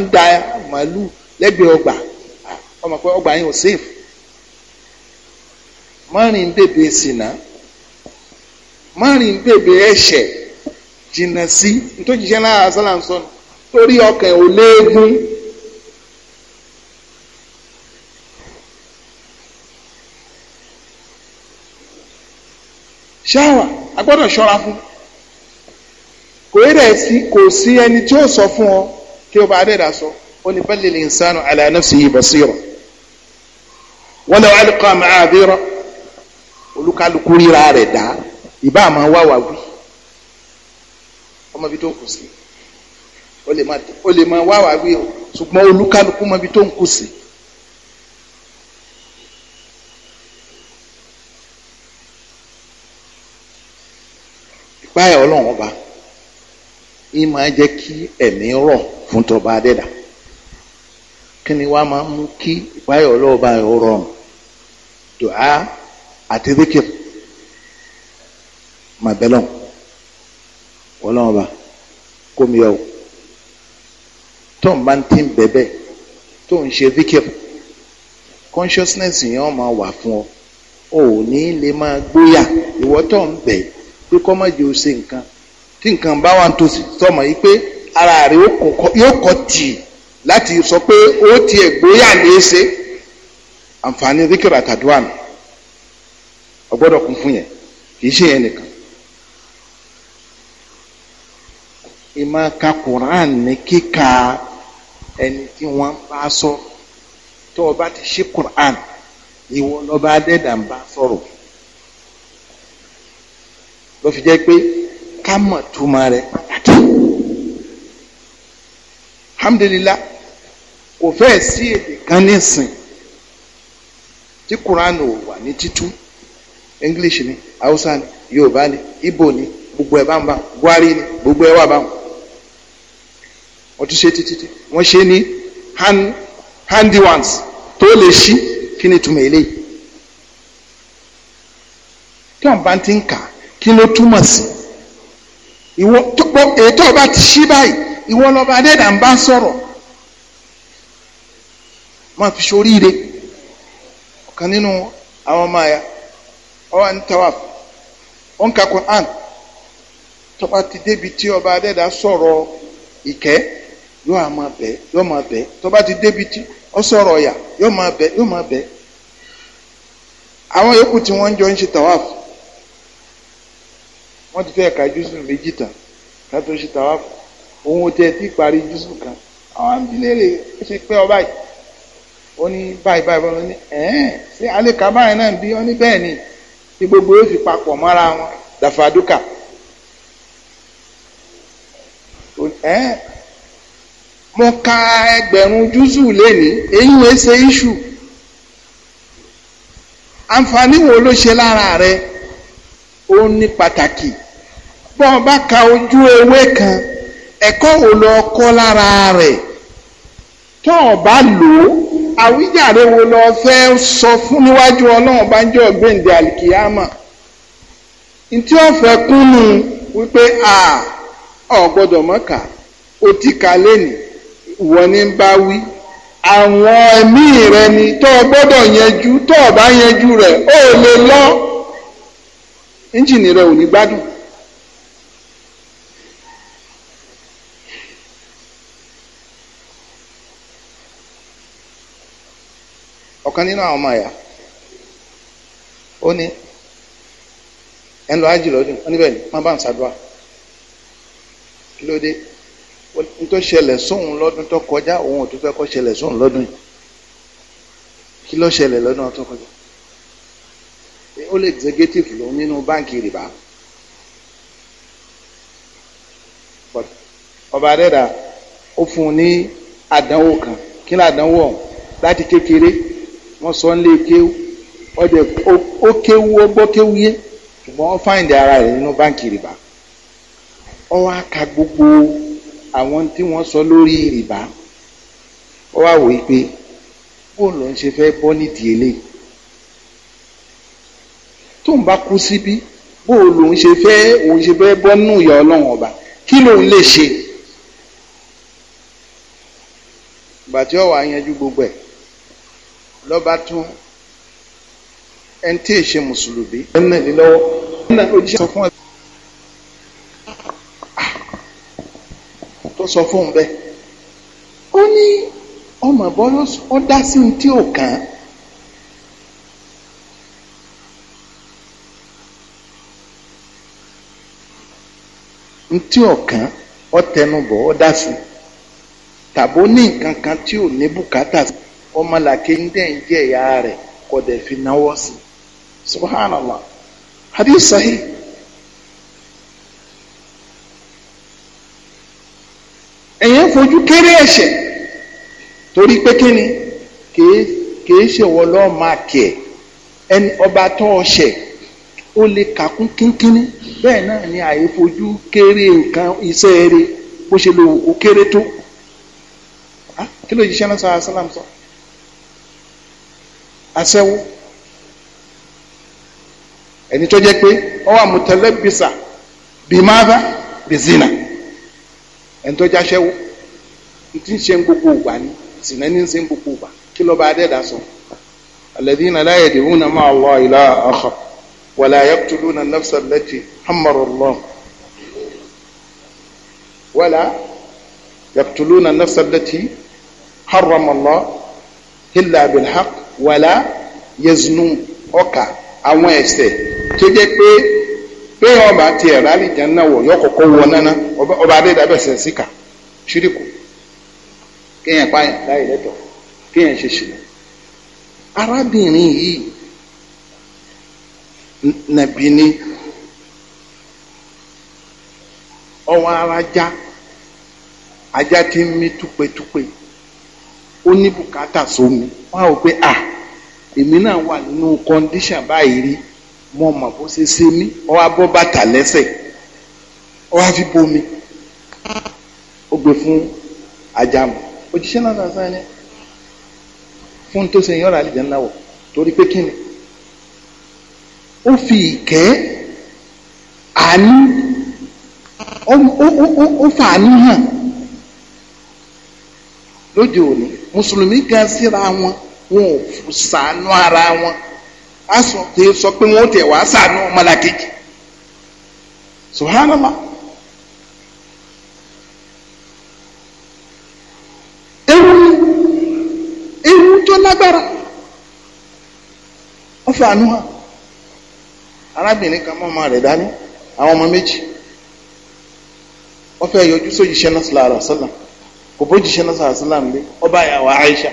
ń da màálù lẹ́gbẹ̀ẹ́ márìn bèbè ẹ̀ṣẹ̀ jìnnà sí nítorí jíjẹ́ náà àṣàlà ń sọnù torí ọkàn ò léegun. ṣáwà a gbọ́dọ̀ ṣọ́ra fún kò rí rẹ̀ sí kò sí ẹni tí ó sọ fún ọ kí o bá sọ ó ní bal al-insanu ala nafsihi basira walaw alqa ma'adira olúkálukú ríra rẹ̀ dáa ìbá àmọ́ wá wà wí ọmọbi tó ń kù sí o lè máa wá wà wí o ṣùgbọ́n olúkálukú mọbi tó ń kù sí. ìpáyà ọlọ́run ọba yìí máa jẹ́ kí ẹ̀mí rọ̀ fún tọba adẹ́dà kí ni wàá máa mú kí ìpáyà ọlọ́run ọba rọrùn dùá àti díkìrì mà bẹ́lọ̀ wọ́lọ́wọ́n bá kó mi ọ̀ tó ń bá ń tí ń bẹ̀bẹ̀ tó consciousness yẹn máa wà fún ọ o ò ní lè máa gbóyà ìwọ tó ń bẹ̀ pé kọ́ má jẹ́ o ṣe nǹkan tí nǹkan bá wà ń tòsí sọmọ yìí pé ara rẹ̀ yóò kọ́ tì láti sọ pé ó tiẹ̀ gbóyà ní í ṣe àtàdúrà nù kún fún yẹn kì í ṣe yẹn nìkan. ìmọ̀ ka quran ní kíka ẹni tí wọ́n bá sọ tó o bá ti ṣí quran ìwọ lọ́ba adẹ́dà ń bá sọ̀rọ̀ ló fi jẹ́ pé ká mọ̀ túmọ̀ rẹ̀ pàtàkì alhamdulilah kò fẹ́ẹ̀ sí èdè kan nísìn tí quran ò wà ní títú english ni hausa ni yorùbá ni igbo ni gbogbo ẹ̀ bá ń bá buhari ni gbogbo ẹ̀ wà bá wọn wọ́n tún ṣe títí wọ́n ṣe ní handy ones tó lè ṣí kí ni túmọ̀ eléyìí tí wọ́n bá ti ń kà kí ló túmọ̀ sí ìwọ tó gbọ́ ètò ọba ti ṣí báyìí ìwọ lọ́ba adẹ́dà ń bá sọ̀rọ̀ máa fi ṣoríire ọ̀kan nínú àwọn ọmọ àyà ọwọ́ ní tawaf ó ń ka Quran tọ́ba ti débi tí ọba adẹ́dà sọ̀rọ̀ ìkẹ́ yóò á máa bẹ̀ yóò máa bẹ̀ tó bá ti débi tí ó sọ̀rọ̀ ọ̀yà yóò máa bẹ̀ yóò máa bẹ̀ àwọn yòókù tí wọ́n ń jọ ń ṣe tàwáàfù wọ́n ti fẹ́ ka jùsùn méjì tán ká tó ṣe tàwáàfù òun ò tẹ̀ tí parí jùsùn kan àwọn abilérè ó ṣe pé ọba yìí ó ní báyìí báyìí báyìí ó ní ẹ̀ẹ́n ṣé alẹ́ ká báyìí náà bí ó ní bẹ́ẹ̀ ni tí gbogbo yóò fi papọ̀ mọ́ra wọn dàfàdúkà ẹ̀ẹ́n. mo ka ẹgbẹ̀rún júzù lẹ́ni èyí wọ́n ṣe iṣu àǹfààní wo ló ṣe lára rẹ ó ní pàtàkì bọ́n bá ka ojú ewé kan ẹ̀kọ́ wo lọ kọ́ lára rẹ̀ tó o bá lò ó àwíjàre wo lọ fẹ́ sọ fún níwájú ọlọ́run bá ń jọ gbèǹde àlìkìyàmà ntí ó fẹ́ kúnnu wípé a ò gbọ́dọ̀ mọ̀ ká o ti kà lẹ́nìí. wọ́n ní bá wí àwọn ẹ̀mí rẹ ni tó o gbọ́dọ̀ yanjú tó o bá yanjú rẹ̀ ó lè lọ ẹ́ńjìnì rẹ ò ní gbádùn. ọ̀kan nínú àwọn ọmọ ẹ̀yà ó ní ẹ̀ ń lọ ájì lọ́dún ó níbẹ̀ ni wọ́n bá ń ṣàdúrà kí ló dé tó ṣẹlẹ̀ sóhun lọ́dún tó kọjá òun ò tó fẹ́ kó ṣẹlẹ̀ sóhun lọ́dún yìí kí ló ṣẹlẹ̀ lọ́dún tó kọjá ó lè executive lòun nínú báǹkì rìbá ọba adẹ́dà ó fún un ní àdánwò kan kí ni àdánwò ọ̀hún láti kékeré wọ́n sọ ń lé kéwú ọdẹ ó kéwú ó gbọ́ kéwú yé ṣùgbọ́n ó fáìndì ara rẹ̀ nínú báǹkì rìbá ó wá ka gbogbo àwọn tí wọ́n sọ lórí rìbá ó wá wòye pé bó ló ń ṣe fẹ́ bọ́ nídìí eléyìí tó ń bá kú síbí bó ló ń ṣe fẹ́ òun ṣe fẹ́ bọ́ nínú ìyà ọlọ́run ọba kí lòun lè ṣe ìgbà tí ọwọ́ ayanjú gbogbo ẹ̀ lọ́ba tún ẹni tí èṣe mùsùlùmí ẹ̀ ń ní lọ́wọ́ ó ń ó jíṣẹ́ sọ fún ẹ. sọ fún un ó ní ọmọ bọ́lá ọ dá sí ní tí ò kàn án. ntí ọ̀kan ọ̀tẹnubọ̀ ọ̀dásí tàbó ní nǹkan kan tí ò ní bùkátà ọmọlàkè ń dẹ̀ ń jẹ́ ìyá rẹ̀ kọ́ dẹ̀ fi náwó sí subhanallah hadith sahih. ẹ̀yẹ́ fojú kéré ẹ̀ṣẹ̀ torí pé kí ni kìí ṣe wọ́n lọ́ọ́ máa kì ẹ̀ ẹni ọba tó ọṣẹ̀ ó lè kàkún kínkínní bẹ́ẹ̀ náà ni àyè fojú kéré nǹkan iṣẹ́ rẹ̀ bó ṣe lò ó kéré tó kí ló yíṣẹ́ náà sọ asálàm sọ aṣẹ́wó ẹni tó jẹ́ pé ọwọ́ àmọ̀tẹ́lẹ́bìsà bìmáfà bìzínà ẹni tó jáṣẹ́wó tí ń ṣe ń gbogbo ìgbà ni sìnà ní ń ṣe ń gbogbo ìgbà kí ló bá dẹ́ẹ̀dá sọ. alladhina la yad'una ma'a Allahi ilaha akhar wa la yaqtuluna an-nafsa allati harrama Allah wa la yaqtuluna an-nafsa allati harrama Allah illa bil haqq wa la yaznun ọkà àwọn ẹ̀ṣẹ̀ tó jẹ́ pé pé ọba ti ẹ̀rọ alìjẹ́nà wọ̀ yọ wọ nánà ọba adédàbẹ̀sẹ̀ síkà ṣíríkù kéèyàn pààyàn láì lẹ́tọ̀ kéèyàn ṣe ṣìlẹ̀ arábìnrin yìí nàbí ni ọwọ́ arájá ajá ti ń mí túpẹ́túpẹ́ ó ní bùkátà sómi wọ́n á wò pé à èmi náà wà nínú kọ́ndíṣàn báyìí rí. mo mọ̀ bó ṣe ṣe mí ọ wá bọ́ bàtà lẹ́sẹ̀ ọ wá fi bomi ó gbé fún ajamu òjíṣẹ́ náà náà sáyẹn fún tó ṣe yọ̀rọ̀ àlejò ńlá wọ̀ torí pé kí ni ó fi ìkẹ́ àánú ó fàánú hàn lóde òní mùsùlùmí gan síra wọn wọn ò sànú ara wọn a sọ pé sọ pé wọn tẹ wàá sànú ọmọlàkejì subhanallah ewu ewu tó lágbára wọn fi àánú hàn arábìnrin kan mọ́ ọmọ rẹ̀ dání àwọn ọmọ méjì wọ́n fẹ́ yọjú sójìṣẹ́ náà sallallahu alaihi wasallam kò bójìṣẹ́ náà sallallahu alaihi lé ọba yàwó Aisha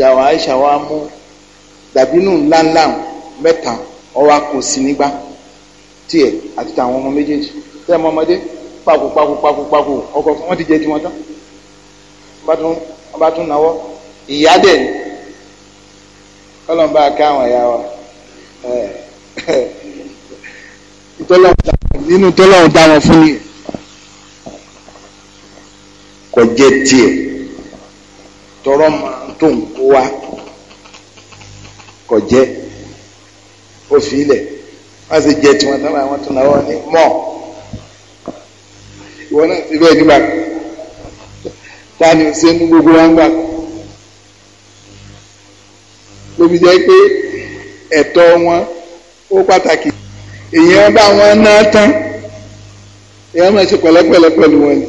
yàwó Aisha wa mú dàbínú ńláńlá mẹ́ta ọwọ́ akọ sí nígbà tiẹ̀ àti tàwọn ọmọ méjèèjì tẹ́ ẹ mọ ọmọdé pàkó pàkó pàkó pàkó ọkọ̀ fún wọn ti jẹ ti wọn tán wọn bá tún náwó ìyá dẹ̀ ni kọ́lọ́mbà ká àwọn ẹ̀yà wa nínú tọ́lọ́hún dá wọn fún yìí kọjá tiẹ̀ tọrọ máa tó ń wa kò jẹ́ ó fi ilẹ̀ wọ́n sì jẹ́ tiwọn tán àwọn tó náwó ní mọ́ ìwọ náà ti bẹ́ẹ̀ nígbà ta ni ó ṣe ní gbogbo wa ń gbà lóbi jẹ́ pé ẹ̀tọ́ wọn ó pàtàkì èèyàn bá wọn ná tán èèyàn máa ṣe pẹ̀lẹ́pẹ̀lẹ́ pẹ̀lú wọn ni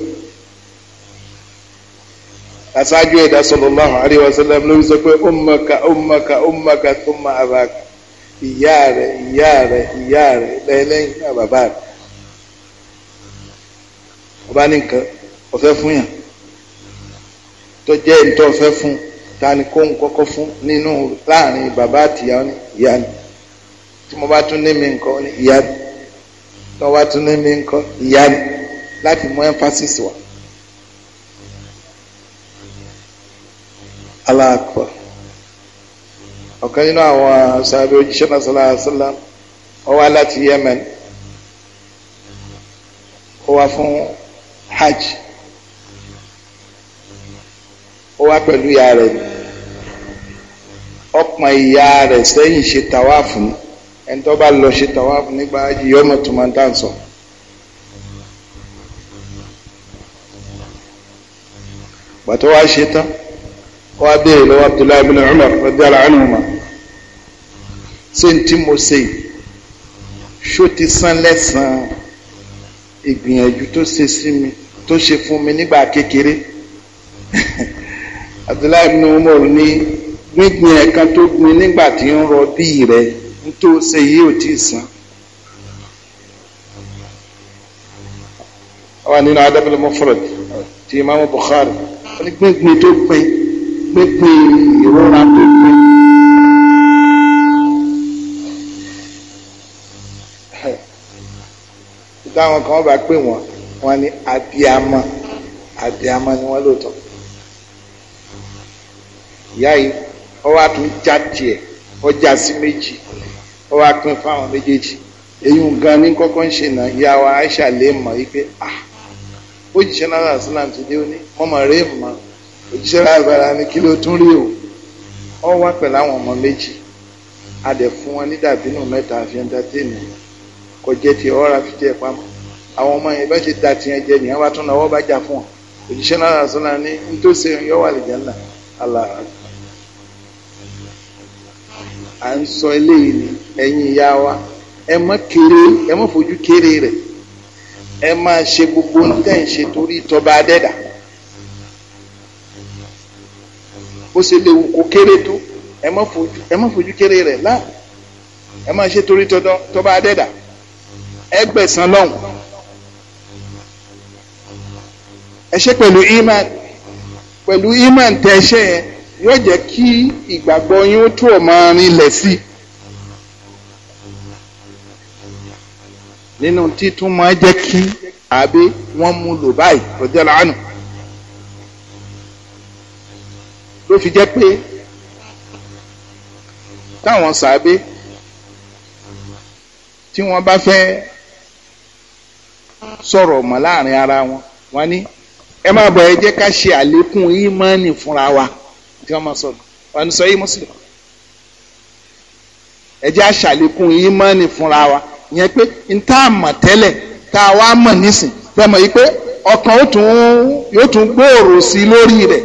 aṣáájú ẹ̀dá sallallahu alaihi wasallam ló sọ pé ummaka ummaka ummaka thumma abaka ìyá rẹ ìyá rẹ ìyá rẹ lẹ́yìn náà bàbá rẹ ọba ní nǹkan ọ̀fẹ́ fún yàn tó jẹ́ ìtọ́ ọ̀fẹ́ fún ta ni kó ń kọ́kọ́ fún nínú láàrin bàbá àtìyá ni ìyá ni tí mo bá tún ní mi nǹkan ni ìyá ni tí mo bá tún ní mi nǹkan ìyá ni láti mú emphasis wà. aláàkọ́ ọ̀kan nínú àwọn sàbẹ̀ òjíṣẹ́ náà sallallahu alaihi wasallam ó wá láti Yemen ó wá fún hajj ó wá pẹ̀lú ìyá rẹ̀ ọ̀pọ̀n ìyá rẹ̀ sẹ́yìn ṣe tàwáàfù ní ẹni tó bá lọ ṣe tàwáàfù nígbà hajj yọmọ tó máa ń tà sọ. gbàtọ́ wá ṣe tán wá béèrè lọ́wọ́ abdullahi bin umar radiyallahu anhuma ṣé n tí mo ṣe ṣó ti san lẹ́sàn-án ìgbìyànjú tó ṣe sí mi tó ṣe fún mi nígbà kékeré abdullahi bin umar ní gbígbìn ẹ̀kan tó gbìn nígbà tí ń rọ bíi rẹ̀ nítorí ó ṣe yìí ò tí ì san. àwọn nínú adábẹ́lẹ́ tí imaamu bukhari gbígbìn tó gbìn pépé ìrora tó pé. táwọn kan bá pè wọ́n wọ́n ní abiyamọ abiyamọ ni wọ́n lóòótọ́ ìyá yìí ó wá tún já tiẹ̀ ó já sí méjì ó wá pín fáwọn méjèèjì èyí nǹkan ní kọ́kọ́ ń ṣe nà ìyá wa Aisha lè mọ̀ yí pé ah ó jìṣẹ́ náírà sílẹ̀ àti dé ó ní mọ́mọ́ rèé mọ́. òjíṣẹ́ lágbára ni kí ló tún rí o ọ wá pẹ̀lú àwọn ọmọ méjì a dẹ̀ fún wọn ní dàbínú mẹ́ta àfi ẹ̀ńtátẹ́ẹ̀nì kò jẹ́ tiẹ̀ ọ̀rá fi tiẹ̀ pamọ́ àwọn ọmọ yẹn bá ṣe da tiẹ̀ jẹ nìyẹn fún ọ òjíṣẹ́ náà ní nítòsí wà lè jẹ́nà àlà à ń ni ẹ̀yin ìyá wa ẹ kéré ẹ fojú kéré gbogbo ń tẹ̀ ń ṣe torí bó ṣe léwu kó kéré tó ẹ má fojú ẹ má fojú kéré rẹ̀ láà ẹ má ṣe torí tọdọ tó bá dẹ́dà ẹ gbẹ̀san lọ́hùn ẹ ṣe pẹ̀lú iman pẹ̀lú iman tẹ ẹ ṣe yẹn yóò jẹ́ kí ìgbàgbọ́ yín ó tó ọ̀ máa rinlẹ̀ sí i. nínú títún máa jẹ́ kí àbí wọ́n mú lò báyìí rọ̀jọ́lá àánú. ló fi jẹ́ pé táwọn sàábé tí wọ́n bá fẹ́ sọ̀rọ̀ mọ́ láàrin ara wọn wọ́n ní ẹ má bọ̀ ẹ jẹ́ ká ṣe àlékún ìmọ̀ọ́nì fúnra wa tí wọ́n máa sọ̀rọ̀ wọ́n ní sọ yìí mùsùlùmí ẹ jẹ́ á ìmọ̀ọ́nì fúnra wa ìyẹn pé n mọ̀ tẹ́lẹ̀ tá a wá mọ̀ nísìn fẹ́ mọ̀ yìí pé ọkàn yóò tún gbòòrò sí lórí rẹ̀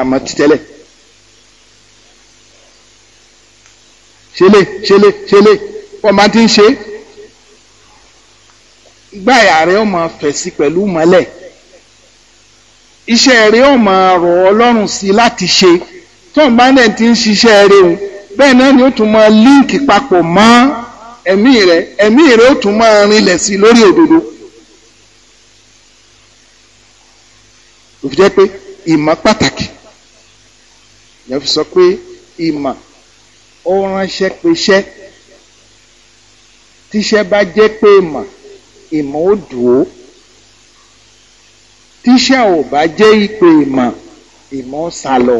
àmọ́ ti tẹ́lẹ̀ ṣẹlẹ̀ ṣẹlẹ̀ ṣẹlẹ̀ wọ́n máa ti ń ṣe gbáyà rẹ̀ ọmọ fẹ̀sí pẹ̀lú mọ́lẹ̀ iṣẹ́ rẹ̀ ọmọ rọ̀ ọlọ́run sí láti ṣe tóun bá dẹ̀ ti ń ṣiṣẹ́ rẹ̀ o bẹ́ẹ̀ náà ni ó tún máa líǹkì papọ̀ mọ́ ẹ̀mí rẹ̀ ẹ̀mí rẹ̀ ó tún máa rinlẹ̀ sí lórí òdodo. òfin pé ìmọ̀ pàtàkì yẹn fi sọ pé ìmọ̀ ó ránṣẹ́ peṣẹ́ tíṣẹ́ bá jẹ́ pé ìmọ̀ ìmọ̀ ó dùn ó tíṣẹ́ ò bá jẹ́ ìpè ìmọ̀ ìmọ̀ ó sá lọ.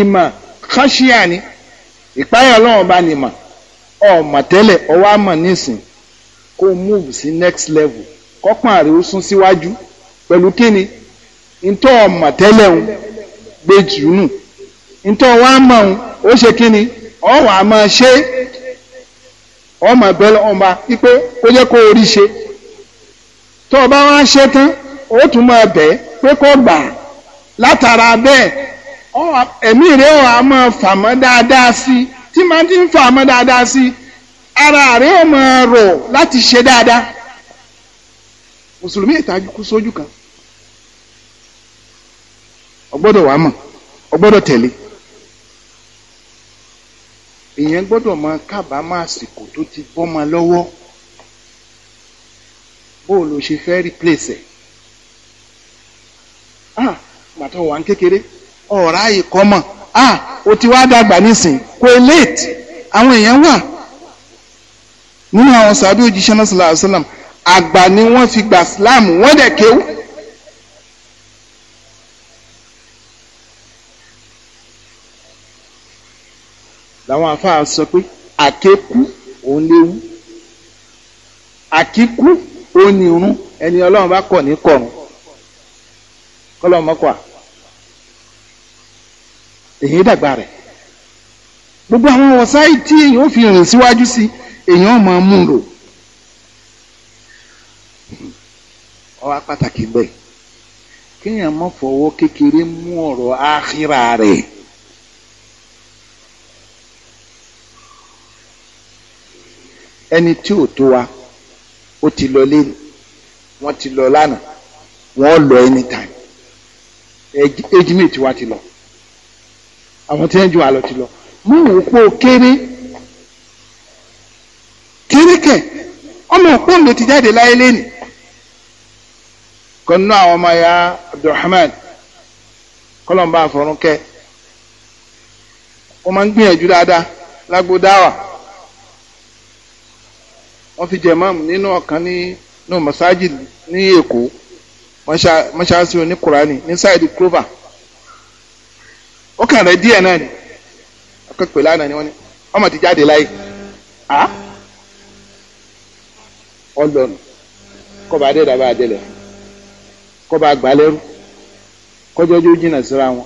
ìmọ̀ kọ́ṣíà ni ìpáyà ọlọ́run bá ní mọ̀ ọmọ tẹ́lẹ̀ ọwọ́ àmọ̀ nísìn kó move sí next level kọ́pọ̀n rẹ̀ ó sún síwájú. Si pẹ̀lú kíni ntọ́ ọmọ tẹ́lẹ̀ ń gbé jùnù ntọ́ wa mọ̀ ń ó ṣe kíni ọ̀wà máa ṣe ọmọ bẹ́lẹ̀ ọmọ pípé kó jẹ́ kó orí ṣe tọ́ ọba wa ṣe tán ó tún máa bẹ̀ pé kó gbà látara bẹ́ẹ̀ ẹ̀mí rẹ̀ ọ̀ á máa fà mọ́ dáadáa sí tí màá ti ń fà mọ́ dáadáa sí ara rẹ̀ ọ̀ máa rọ̀ láti ṣe dáadáa mùsùlùmí ìtajú kú sójú kan ọgbọ́dọ̀ wàá mọ̀ ọgbọ́dọ̀ tẹ̀lé èèyàn gbọ́dọ̀ máa kábàámọ̀ àsìkò tó ti bọ́mọ lọ́wọ́ bó ṣe fẹ́ replace ah màtọ́ wà ń kékeré ọ̀rá ìkọ́mọ̀ ah o ti wá dàgbà nísìn collate àwọn èèyàn wà nínú àwọn sàbí òjíṣẹ́ náà sàlàyé sàlàm àgbà ni wọ́n fi gbà sàlám wọ́n dẹ̀ kéwù. làwọn afáà sọ pé àkékú òun léwu àkíkú òun ní irun ẹni ọlọ́run bá kọ̀ ní kọ̀run kọ́lọ́ mọ́kọ́ à èyí dàgbà rẹ̀ gbogbo àwọn wọ̀sáì tí èyàn ò fi rìn síwájú sí èyàn máa mú un lò ọwá pàtàkì bẹ́ẹ̀ kéèyàn má fọwọ́ kékeré mú ọ̀rọ̀ áhírà rẹ̀. ẹni tí ò tó wa ó ti lọ lé wọn ti lọ lánàá wọn lọ anytime ejimeti wa ti lọ àwọn tí wọn ju àlọ ti lọ mú òun kó kéré kéré kẹ ọmọ òpóòn ló ti jáde láyé lẹ́nu kọ́nù àwọn ọmọ ya Abdulrahman kọ́lọ́mbà àfọ̀rúnkẹ́ wọ́n máa ń gbìyànjú dáadáa lágbó dáwà. wọ́n fi jẹ máàmù nínú ọ̀kan ní nù ní èkó mọ́ṣáláṣí oníkùránì ní sáìdì clover ó kàn rẹ̀ díẹ̀ náà ni akẹ́kọ̀ọ́ ma ni wọ́n ní ọmọ ti jáde láyé á ọlọ́nù kọba adédàbà adélẹ̀ kọba àgbálẹ́rú kọjọ́jọ́ jìnnà síra wọn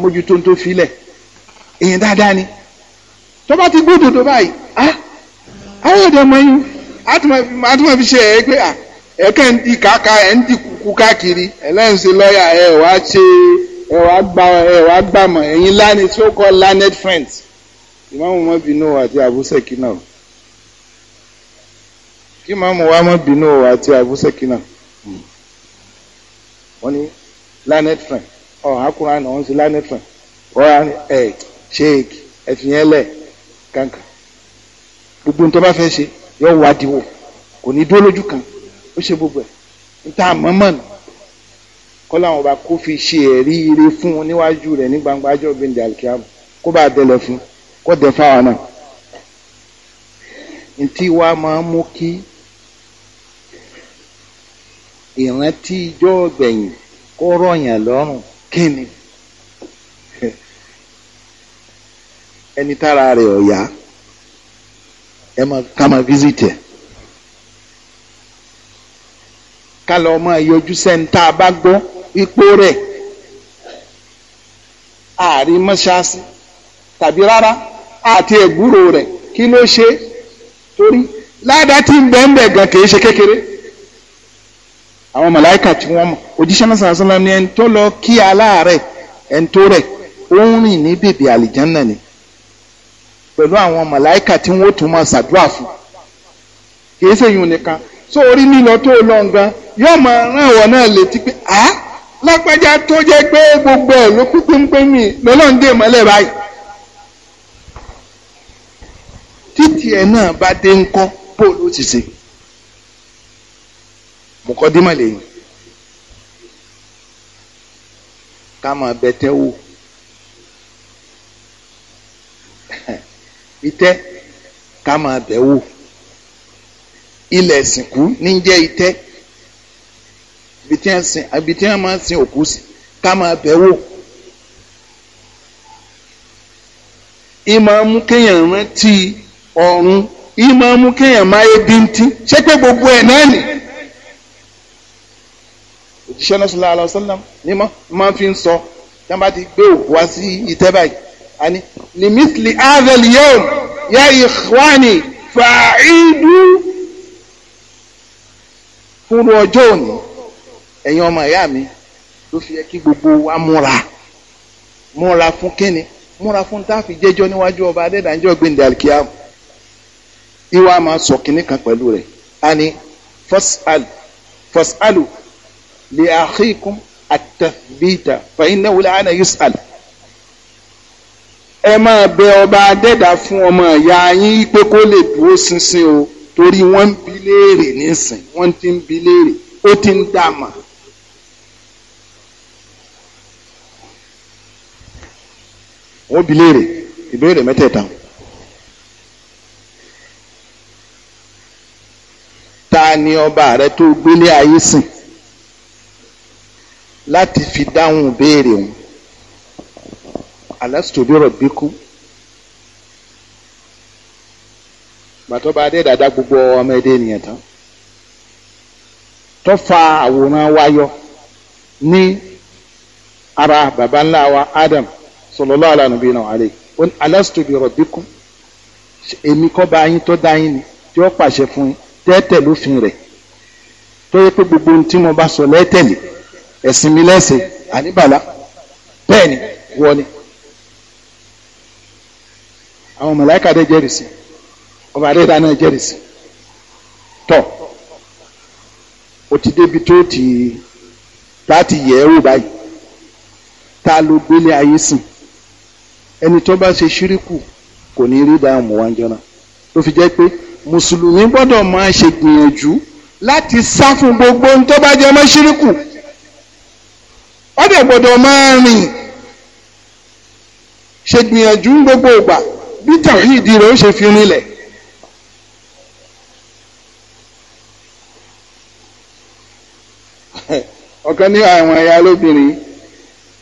mójútó tó filẹ̀ èèyàn dáadáa ni tọ́ba ti gbódò tó báyìí àwọn èdè ọmọ yín àtúmọ̀ fi ṣe ẹ̀ pé ẹ̀kẹ́ ń di kàkà ẹ̀ ń di kúkú káàkiri ẹlẹ́yìnsẹ́ lọ́ọ̀yà ẹ̀ wá ṣe ẹ̀ wá gbà ẹ̀ wá gbàmọ̀ ẹ̀yin lánàá tí ó kọ́ learned friends ìmáàmù mọ́ bínú àti àbúṣẹ́kì náà kí ìmáàmù wa mọ́ bínú àti àbúṣẹ́kì náà wọ́n ní friend ọ̀ akúrán náà wọ́n ti learned friend wọ́n á ẹ̀ ṣéèkì kankan gbogbo ní tó bá fẹ́ ṣe yọ wádìí wò kò ní dúró lójú kan ó ṣe gbogbo ẹ̀ níta àmọ́mọ́ nù kọ́ làwọn ọba kó fi ṣe ẹ̀rí ire fún un níwájú rẹ̀ ní gbangba ajọ́ gbẹ̀ndẹ̀ alikiamu kó bá dẹlẹ̀ fún kó dẹ fáwọn náà ntí wa máa mú kí ìrántí ijó gbẹ̀yìn kó rọ̀yàn lọ́rùn kíni ẹni tára rẹ̀ ọ̀yá ẹ kama ká máa visit ẹ ká lọ ọmọ ìyọjú sẹ́ńtà bá gbọ́ ipò rẹ̀ àárín mọ́ṣáláṣí tàbí rárá àti ẹ̀gbúrò rẹ̀ kí ló ṣe torí ládàá tí ń bẹ̀ ń bẹ̀ gan kì í ṣe kékeré àwọn màláìkà tí wọ́n mọ̀ òjíṣẹ́ náà sàrásán lọ ni ẹni tó lọ kí aláàárẹ̀ ẹni tó rẹ̀ ó ń rìn ní bèbè àlìjánná ni pẹ̀lú àwọn màláìkà tí wọ́n tún máa ṣàdúrà fún kìí ṣèyún nìkan so orí lílọ tó lọ gan yóò máa rán ìwọ náà létí pé á lápájá tó jẹ́ pé gbogbo ẹ̀ ló kú pínpín mi lọ́lọ́ǹdè mọ́lẹ̀ báyìí títí ẹ̀ náà bá dé ńkọ́ bóòlù ó ti ṣe mọ̀kọ́dímọ̀ lẹ́yìn ká máa bẹ tẹ́wò. itẹ́ ká máa bẹ̀ wò ilẹ̀ sìnkú ní jẹ́ itẹ́ ibi tí wọ́n máa ń sin òkú sí ká máa bẹ̀ wò. ìmọ̀ mú kéèyàn rántí ọ̀run ìmọ̀ mú kéèyàn máyé bíntín ṣé pé gbogbo ẹ̀ náà nì. òjíṣẹ́ náà sallallahu alaihi wasallam ni mo máa fi ń sọ tí bá ti gbé òkú wá sí itẹ́ báyìí ani limithli hadhal yawm ya ikhwani fa'idu fúnru ọjọ́ òní ẹ̀yin ọmọ ìyá mi ló fi yẹ kí gbogbo wa múra múra fún kíni múra fún táàfì jẹ́jọ́ níwájú ọba adédàjọ́ gbẹ̀ndẹ̀ alikiam ìwà máa sọ kíní kan pẹ̀lú rẹ̀ ani fasal fasalu li akhikum at-tathbita fa innahu la'ana yus'al ẹ máa bẹ ọba adẹ́dà fún ọmọ ìyá yín pé kó lè dúró ṣinṣin o torí wọ́n ń bi léèrè nísìn wọ́n ti ń bi léèrè ó ti ń dàmà. wọ́n bi léèrè ìbéèrè mẹ́tẹ̀ẹ̀ta. ta ni ọba rẹ tó gbélé ayé sìn láti fi dáhùn béèrè òun alastu bi rabbikum gbàtọ́ bá dé dàda gbogbo ọmọ ẹdẹ ènìyàn tán tó àwòrán wáyọ ní ara baba ńlá wa Adam sallallahu alaihi nàbí náà àlè alastu bi rabbikum èmi kọ́ bá yín tó dá yín ni tí ó pàṣẹ fún yín tẹ́tẹ̀ lófin rẹ̀ tó yẹ pé gbogbo ohun tí mo bá sọ lẹ́tẹ̀lé ẹ̀sìn mi lẹ́sẹ̀ àníbàlá bẹ́ẹ̀ ni wọ́n ni àwọn màláíkà dé jẹ́rìí sí ọba adéta náà jẹ́rìí sí tọ́ ti débi tó ti láti yẹ̀ ẹ́ wò báyìí tá a lo gbélé ayé sìn ẹni tó bá ṣe ṣíríkù kò ní rí dáhùn wájú náà ló fi jẹ́ pé mùsùlùmí gbọ́dọ̀ máa ṣe gbìyànjú láti sá fún gbogbo ohun tó bá jẹ mọ́ ṣíríkù ó dẹ̀ máa rìn ṣe gbìyànjú gbogbo ìgbà bí tàwíìdì rẹ̀ ó ṣe fi rinlẹ̀. ọ̀kan ní àwọn ẹ̀yà lóbìnrin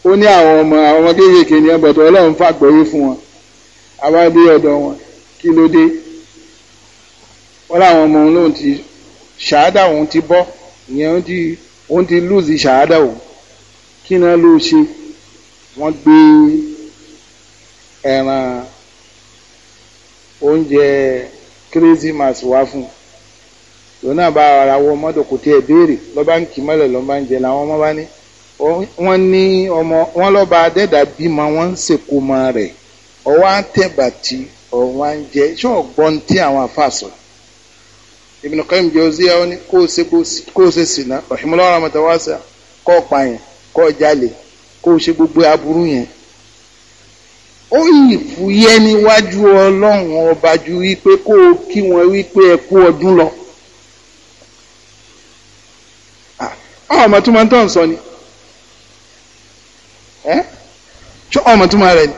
ó ní àwọn ọmọ àwọn ọmọ kéékèèké ní ẹbọ̀tọ̀ ọlọ́run fàgbọ́yé fún wọn àwa dé ọ̀dọ̀ wọn kí ló dé wọ́n láwọn ọmọ òun lòun ti ṣáádà òun ti bọ́ ìyẹn òun ti òun ti lùzì ṣáádà òun kí náà ló ṣe wọ́n gbé ẹran oúnjẹ kérésìmesì wá fún lòun bá ara wọ mọ́tò kò lọba béèrè lọ́ba ń kì mọ́lẹ̀ lọ́ba ń ọmọ bá ní wọ́n ní ọmọ wọn lọ́ba adẹ́dà bímọ wọ́n ń sèkó mọ́ rẹ̀ ọwọ́ àtẹ̀bàtì ọ̀wọ́n ń jẹ ṣé ọ̀gbọ́n tí àwọn ní kó o ṣe sìnà ọ̀ṣunmọ́lọ́wọ́ kó o pààyàn gbogbo aburú yẹn ó ìfúyẹ́ níwájú ọlọ́run ọba ju wípé kó o kí wọn wípé ẹ kú ọdún lọ. Ah, ọmọ tó máa ń tàn sọ ni ṣé ọmọ tó máa rẹ ni.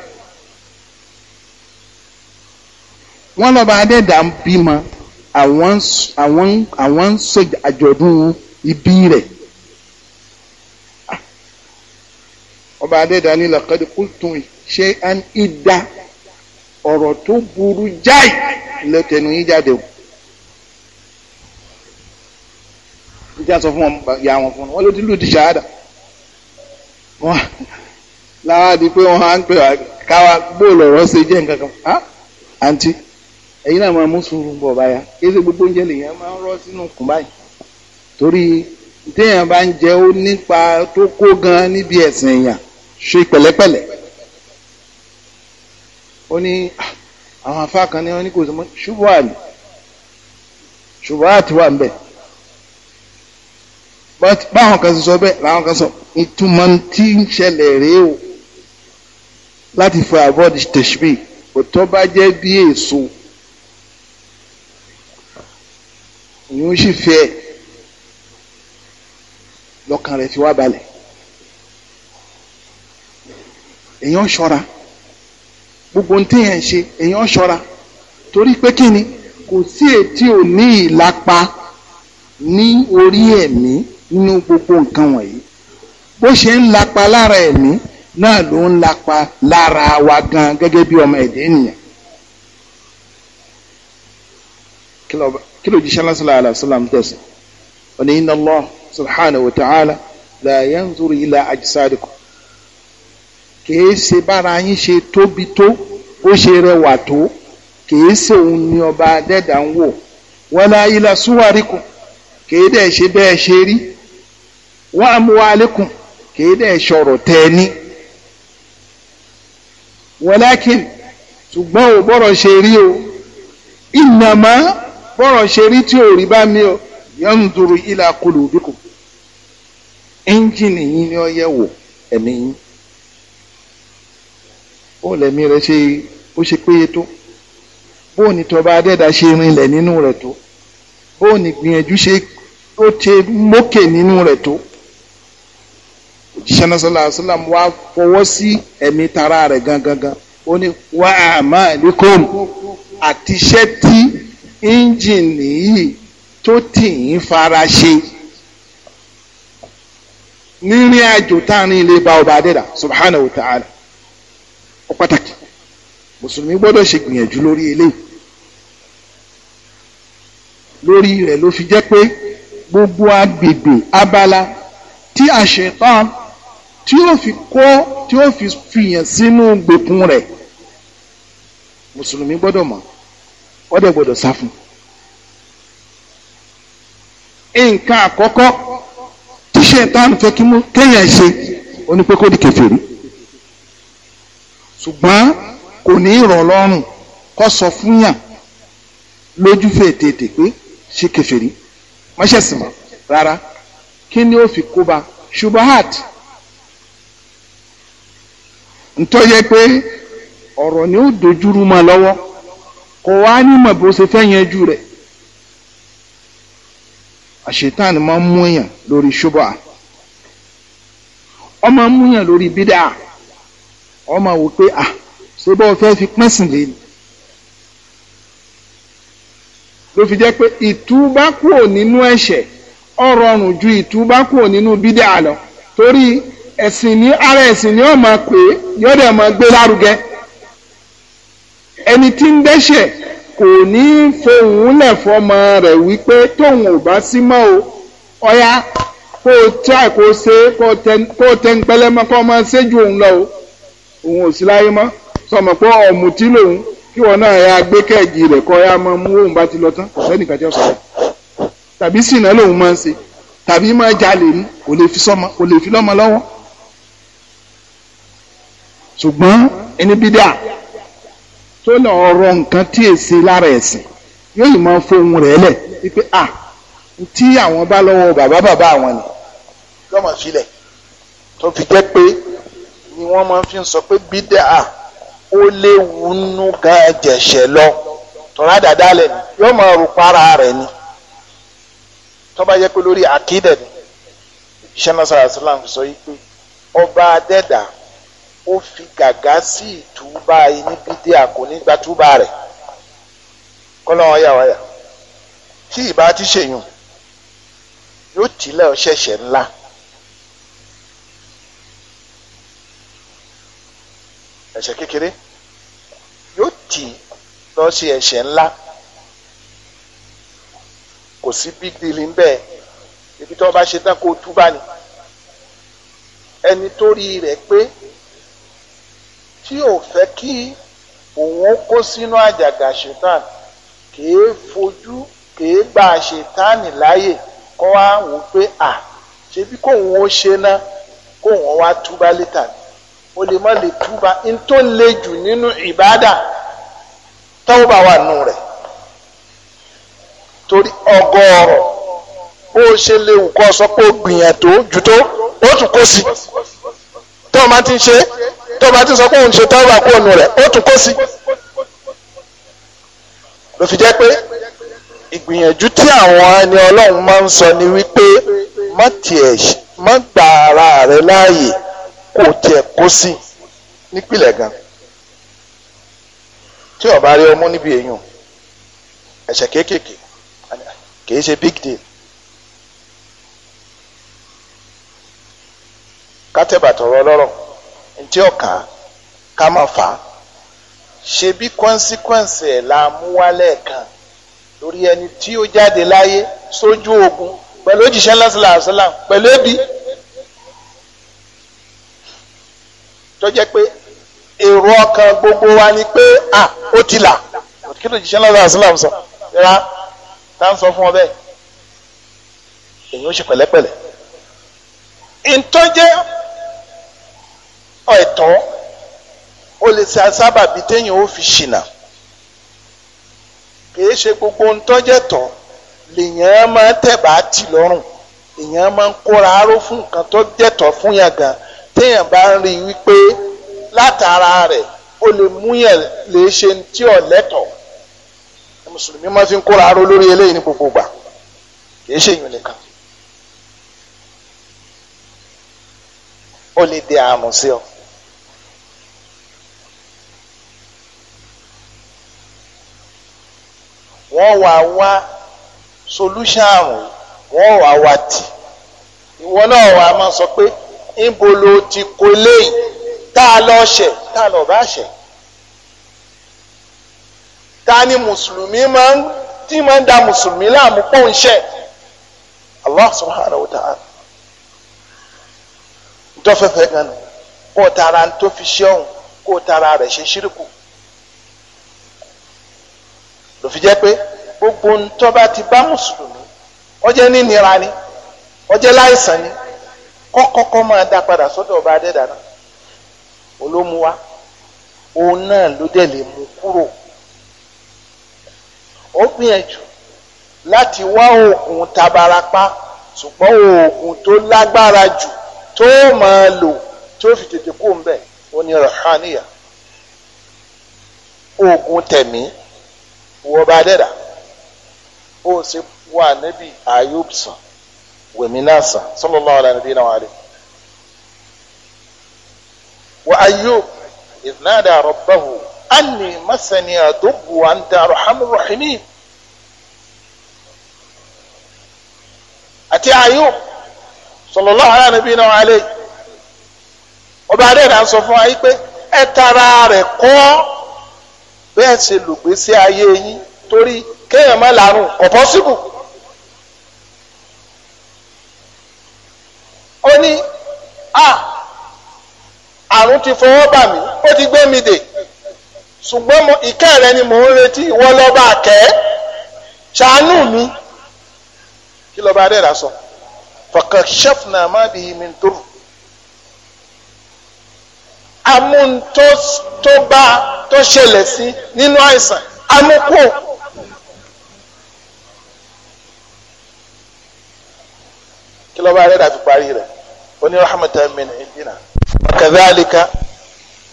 wọ́n lọ́ba adẹ́dà ń bímọ àwọn àjọ̀dún ìbí rẹ̀. ọba adẹ́dá ní laqad qultum shay'an idda ọ̀rọ̀ tó burú jáì lẹ́tẹ̀nu yín jáde o. ìjà sọ fún wọn ya wọn fún wọn wọn ló ti lùdì ṣáádà wọn láwa di pé wọn á ń pè wá káwa bóòlù ọ̀rọ̀ ṣe jẹ́ nǹkan kan á àǹtí ẹ̀yin náà máa mú sùúrù bọ̀ báyà kí gbogbo oúnjẹ lèèyàn máa ń rọ́ sínú kùn báyìí torí téèyàn bá ń jẹ ó nípa tó kó gan níbi ẹ̀sìn èèyàn ṣe pẹ̀lẹ́pẹ̀lẹ́ ó ní ah, àwọn afá kan ní wọn ní kò sọmọ ṣùgbọ́n àlè ṣùgbọ́n àti wà ń bẹ̀ báwọn kan sọ bẹ́ẹ̀ làwọn kan sọ ìtumọ̀ tí ń ṣẹlẹ̀ rèé o láti fọ abọ́d tẹ̀síbì òtọ́ bá jẹ́ bí èso ìyún sì fẹ́ lọ́kàn rẹ̀ ti wá balẹ̀. èèyàn ṣọ́ra gbogbo ohun tí yẹn ń ṣe èèyàn ṣọ́ra torí pé kí ni kò sí ètí ò ní ìlapa ní orí ẹ̀mí nínú gbogbo nǹkan wọ̀nyí bó ṣe ń lapa lára ẹ̀mí náà ló ń lapa lára wa gan gẹ́gẹ́ bí ọmọ ẹ̀dẹ́ ènìyàn. kí ló jíṣẹ́ lásìlá àlàsílám tẹ̀sán. inna Allah subhanahu wa ta'ala la yanzuru ila ajsadikum kìí ṣe bára yín ṣe tóbi tó bó ṣe rẹwà tó kìí ṣe òun ni ọba adẹ́dà ń wò wala ila suwarikum kìí dẹ̀ ṣe bẹ́ẹ̀ ṣe rí wa amwalikum kìí dẹ̀ ṣọ̀rọ̀ tẹ́ ẹ ní. walakin ṣùgbọ́n ò bọ́rọ̀ o ìnàmá bọ́rọ̀ ṣe rí tí ò rí bá mi o yanzuru ila qulubikum ẹ́ńjìnì yín ni ó yẹ wò bó lẹ̀mí rẹ̀ ṣe ó ṣe péye tó bó ní tọba adẹ́dà ṣe rinlẹ̀ nínú rẹ̀ tó bó ní gbìyànjú ṣe ó ti mókè nínú rẹ̀ tó òjíṣẹ́ náà sọ́lá sọ́lá wa fọwọ́ sí ẹ̀mí tara rẹ̀ gangan ó ní wà á máa àti iṣẹ́ tí ẹ́ńjìnì yìí tó tì í fara ṣe nírìn àjò tá a rìn ilé bá ọba adẹ́dà subhanahu wa ta'ala ó pàtàkì mùsùlùmí gbọ́dọ̀ ṣe gbìyànjú lórí eléyìí lórí rẹ̀ ló fi jẹ́ pé gbogbo agbègbè abala tí àṣetán tí ó fi kó tí ó fi fìyàn sínú gbèkùn rẹ̀ mùsùlùmí gbọ́dọ̀ mọ̀ wọ́n dẹ̀ sá fún nǹkan àkọ́kọ́ tí ṣetán fẹ́ kí mú kéèyàn ṣe ó ní pé kó ṣùgbọ́n kò ní ìrọ̀ lọ́rùn kọ́ sọ fún yàn lójú fètètè pé ṣe kèfèrí mọ́ṣẹ́sì mọ́ rárá kí ni ó fi kó ba ṣubahat ntọ́ yẹ pé ọ̀rọ̀ ni ó dojúrú mọ́ lọ́wọ́ kò wá nímọ̀ bó ṣe fẹ́ yanjú rẹ̀ àṣetán máa ń mú èèyàn lórí ṣubahat ọmọ mú èèyàn lórí bídà. ọmọ wò pé à ah, ṣé bọ́ fẹ́ fi pẹ́sìn lé ni ló fi jẹ́ pé ìtúbá kúrò nínú ẹ̀ṣẹ̀ ó rọrùn ju ìtúbá kúrò nínú alọ lọ torí ẹ̀sìn ní ara ẹ̀sìn ni ó máa pè é yóò dẹ̀ máa gbé lárugẹ ẹni tí ń dẹ́ṣẹ̀ kò ní fohùn lẹ̀ fọmọ rẹ̀ wípé tóun ò bá sí mọ́ o ọ̀ya kó o tíra kó o ṣe kó o tẹ́ ń kó o ṣe ju òun lọ o. òun ò sí láyé mọ́ sọmọ pé ọ̀mùtí lòun kí wọn náà ya gbé kẹ́ẹ̀gì rẹ̀ kọ́ ya mọ́ mú òun bá ti lọ tán kò sẹ́nìkan tí ó sọ bẹ́ẹ̀ tàbí sìnà lòun máa ń ṣe tàbí máa jalè ní kò lè fi sọmọ kò lè fi lọ́mọ lọ́wọ́ ṣùgbọ́n ẹni bídà tó lọ ọ̀rọ̀ nǹkan tí èsì lára ẹ̀sìn yóò yìí máa fohùn rẹ̀ lẹ̀ wípé à tí àwọn bá lọ́wọ́ bàbá bàbá àwọn ni. yọmọ sílẹ̀ tó fi jẹ́ pé ni wọ́n máa fi ń sọ pé bídà ó léwu nú ga jẹ̀ṣẹ̀ lọ tọ́lá dàda lẹ̀ ni yóò máa rò para rẹ̀ ni tọ́ba yẹ pé lórí àkídẹ̀ ni ṣẹ́nà sàràsílám sọ yìí pé ọba adẹ́dà ó fi gàgá sí ìtúbà ní bídà kò ní gba túbà rẹ̀ kọ́lọ́wọ́n yà wáyà tí ìbá ti ṣèyùn yóò tìlẹ̀ ọ̀ṣẹ̀ṣẹ̀ ńlá. ẹ̀ṣẹ̀ kékeré yóò tì í lọ ṣe ẹ̀ṣẹ̀ ńlá kò sí big deal ń bẹ́ẹ̀ ibi tí wọ́n bá ṣe tán kó túbà ni ẹni tó rí rẹ̀ pé tí ò fẹ́ kí òun kó sínú àjàgà ṣetán kèé fojú kèé gba ṣetánì láàyè kọ́ wá wò pé à ṣebí kóun ó ṣe ná kóun wá túbá létà o lè má lè túba n tó le jù nínú ìbádà tọ́wọ́ bá wà nù rẹ̀ torí ọgọ́rọ̀ bó o ṣe léwu kọ́ sọ pé o gbìyànjú ju tó o tún kó sí tó o máa ti ń ṣe tó o máa ti sọ pé òun ṣe tọ́wọ́ àkóhùn rẹ̀ o tún kó sí ló fi jẹ́ pé ìgbìyànjú tí àwọn ẹni ọlọ́run máa ń sọ ni wípé má tiẹ̀ má gba ara rẹ láàyè kó tiẹ̀ kó sí nípìnlẹ̀ gan tí ọba rí ọmú níbi èèyàn ẹ̀ṣẹ̀ kéékèèké kìí ṣe big deal kátẹ́bàtọ̀rọ̀ lọ́rọ̀ ntí ọ̀ka ká má fà á ṣe bí consequence ẹ̀ la mú wálẹ̀ kan lórí ẹni tí ó jáde láyé sójú ogun pẹ̀lú òjìṣẹ́ lásìlàsílà pẹ̀lú ẹbí. tó jẹ́ pé èrò ọkàn gbogbo wa ni pé à ó ti là kí ló jíṣẹ́ lọ́dọ̀ àṣìlá sọ ra tá à ń sọ fún ọ bẹ́ẹ̀ èyí ó ṣe pẹ̀lẹ́pẹ̀lẹ́ ìtọ́jẹ́ ẹ̀tọ́ ó lè ṣe asábàbí téèyàn ó fi ṣìnà kìí ṣe gbogbo ntọ́jẹ́ tọ̀ lèèyàn máa tẹ̀bà tì lọ́rùn èèyàn máa ń kóra aró fún nǹkan tó jẹ̀tọ̀ fún yàn téèyàn bá ń rí i wípé látara rẹ̀ ó lè mú yẹn lè ṣe tí ò lẹ́tọ̀ mùsùlùmí máa fi ń kóra aró lórí eléyìí ní gbogbo gbà kìí ṣe ìyún nìkan ó lè di àrùn sí ọ. wọ́n wá wá solúṣàn wọ́n wá wá tì ìwọ náà wàá máa sọ pé níbo ló ti kó léyìí tá a lọ ṣẹ̀ tá a lọ bá ṣẹ̀ ta ni mùsùlùmí máa ń tí máa ń da mùsùlùmí láàmú pọ̀ ń ṣẹ̀ Allah subhanahu wa ta'ala ntọ́fẹ́fẹ́ gan kó o tara tó fi ṣe ọ̀hún kó o tara rẹ̀ ṣe ṣírìkù ló fi jẹ́ pé gbogbo ntọ́ bá ti bá mùsùlùmí ó jẹ́ nínira ni ó jẹ́ láìsàn ni kọ́kọ́kọ́ máa dá padà sọ́dọ̀ ọba adẹ́dàá náà olómuwa òun náà ló dẹ̀ lè mú kúrò ó gbìyànjú láti wá oògùn tabarapá ṣùgbọ́n oògùn tó lágbára jù tó máa lò tó fi tètè kó ń bẹ̀ ó ní ràhánìyà oògùn tẹ̀mí wọ́n bá ó sì wà níbi àyùbsàn ومناسة صلى الله على نبينا وعليه وأيوب إذ نادى ربه أني مسني الضر وأنت أرحم الراحمين أتي أيوب صلى الله على نبينا وعليه وبعدين أن صفوا أيبه ẹ tara rẹ̀ kọ́ bẹ́ẹ̀ ṣe lùgbésí ayé yín torí kéèyàn má làárùn kò pọ́sibù. ó ní à àrùn ti fọwọ́ bà mí ó ti gbé mi dè ṣùgbọ́n ìkẹ́ rẹ ni mò ń retí ìwọ lọ́ba àkẹ́ ṣàánú mi kí lọ́ba adẹ́rà sọ fọkàn ṣẹ́fùnà má bí mi tó amúntó tó bá tó ṣẹlẹ̀ sí nínú àìsàn amúkú. kí lọ́ba adẹ́rà fi parí rẹ̀. ونرحمة من عندنا وكذلك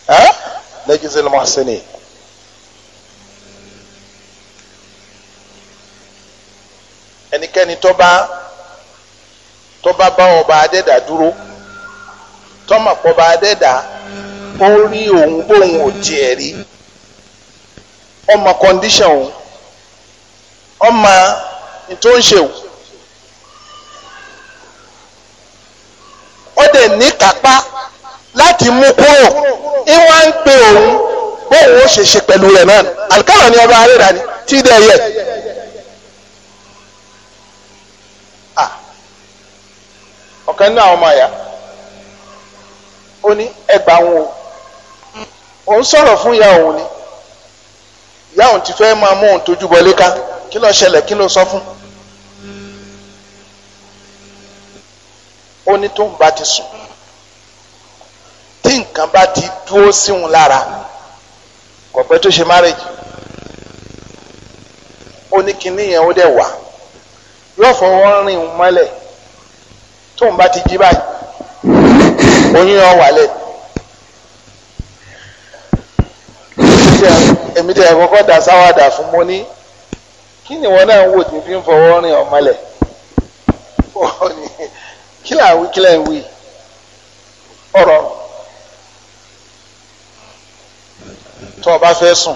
أه؟ نجزي المحسنين ẹnikẹ́ni tó bá tó bá bá ọba adẹ́dà dúró tọ́mọ̀ pọ̀ adẹ́dà ó rí òun bóun ò tiẹ̀ rí ọmọ kọ́ndíṣàn ọmọ ní ma òun ó dẹ̀ ní kápá láti mú kúrò ìwọ́n ń pe òun bóun ó ṣe ṣe pẹ̀lú rẹ̀ náà àlùkàrà ni ọba arẹ́ra ni tí dẹ̀ yẹ. ọ̀kan nínú àwọn ọmọ àyà ó ní ẹgbàá wọn o òun sọ̀rọ̀ fún ìyá òun ni ìyá òun ti fẹ́ máa mú òun tójú bọ léka kí ló ṣẹlẹ̀ kí ló sọ fún un. ó ní tó ń bá ti sùn tí nǹkan bá ti dúró síhun lára kò pẹ́ tó ṣe márèjì ó ní kinní yẹn ó dẹ̀ wà yóò fọwọ́ rìn un mọ́lẹ̀ tó ń bá ti jí báyìí oyún yẹn wà lẹ́nu. èmi tẹ ẹ̀kọ́kọ́ dà sáwádà fún mo ní kí ni wọn náà ń wò tí fi ń fọwọ́ rìn ọmọlẹ̀ kí là ń wí kí là ń wí ọ̀rọ̀ tó o bá fẹ́ sùn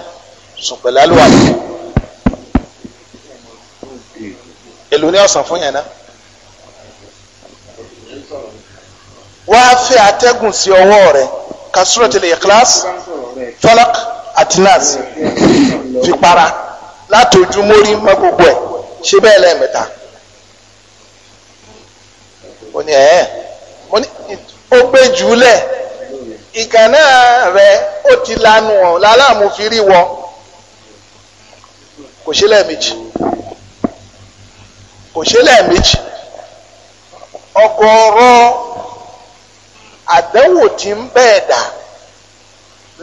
sùn pẹ̀lú àlùwàlá èlò ní ọ̀sán fún yẹn náà wá fẹ́ atẹ́gùn sí ọwọ́ rẹ̀ ka Suratul Ikhlas Falaq àti Nas fi para látòjú mórí mọ́ gbogbo ẹ̀ ṣe bẹ́ẹ̀ ó ní ẹ mo ní ó gbé jùlẹ ìkànnà rẹ ó ti lanu ọ lálàmú fi rí wọ kò ṣe lẹ́ẹ̀mejì kò ṣe lẹ́ẹ̀mejì ọ̀gọ̀rọ̀ àdánwò ti ń bẹ́ẹ̀ dà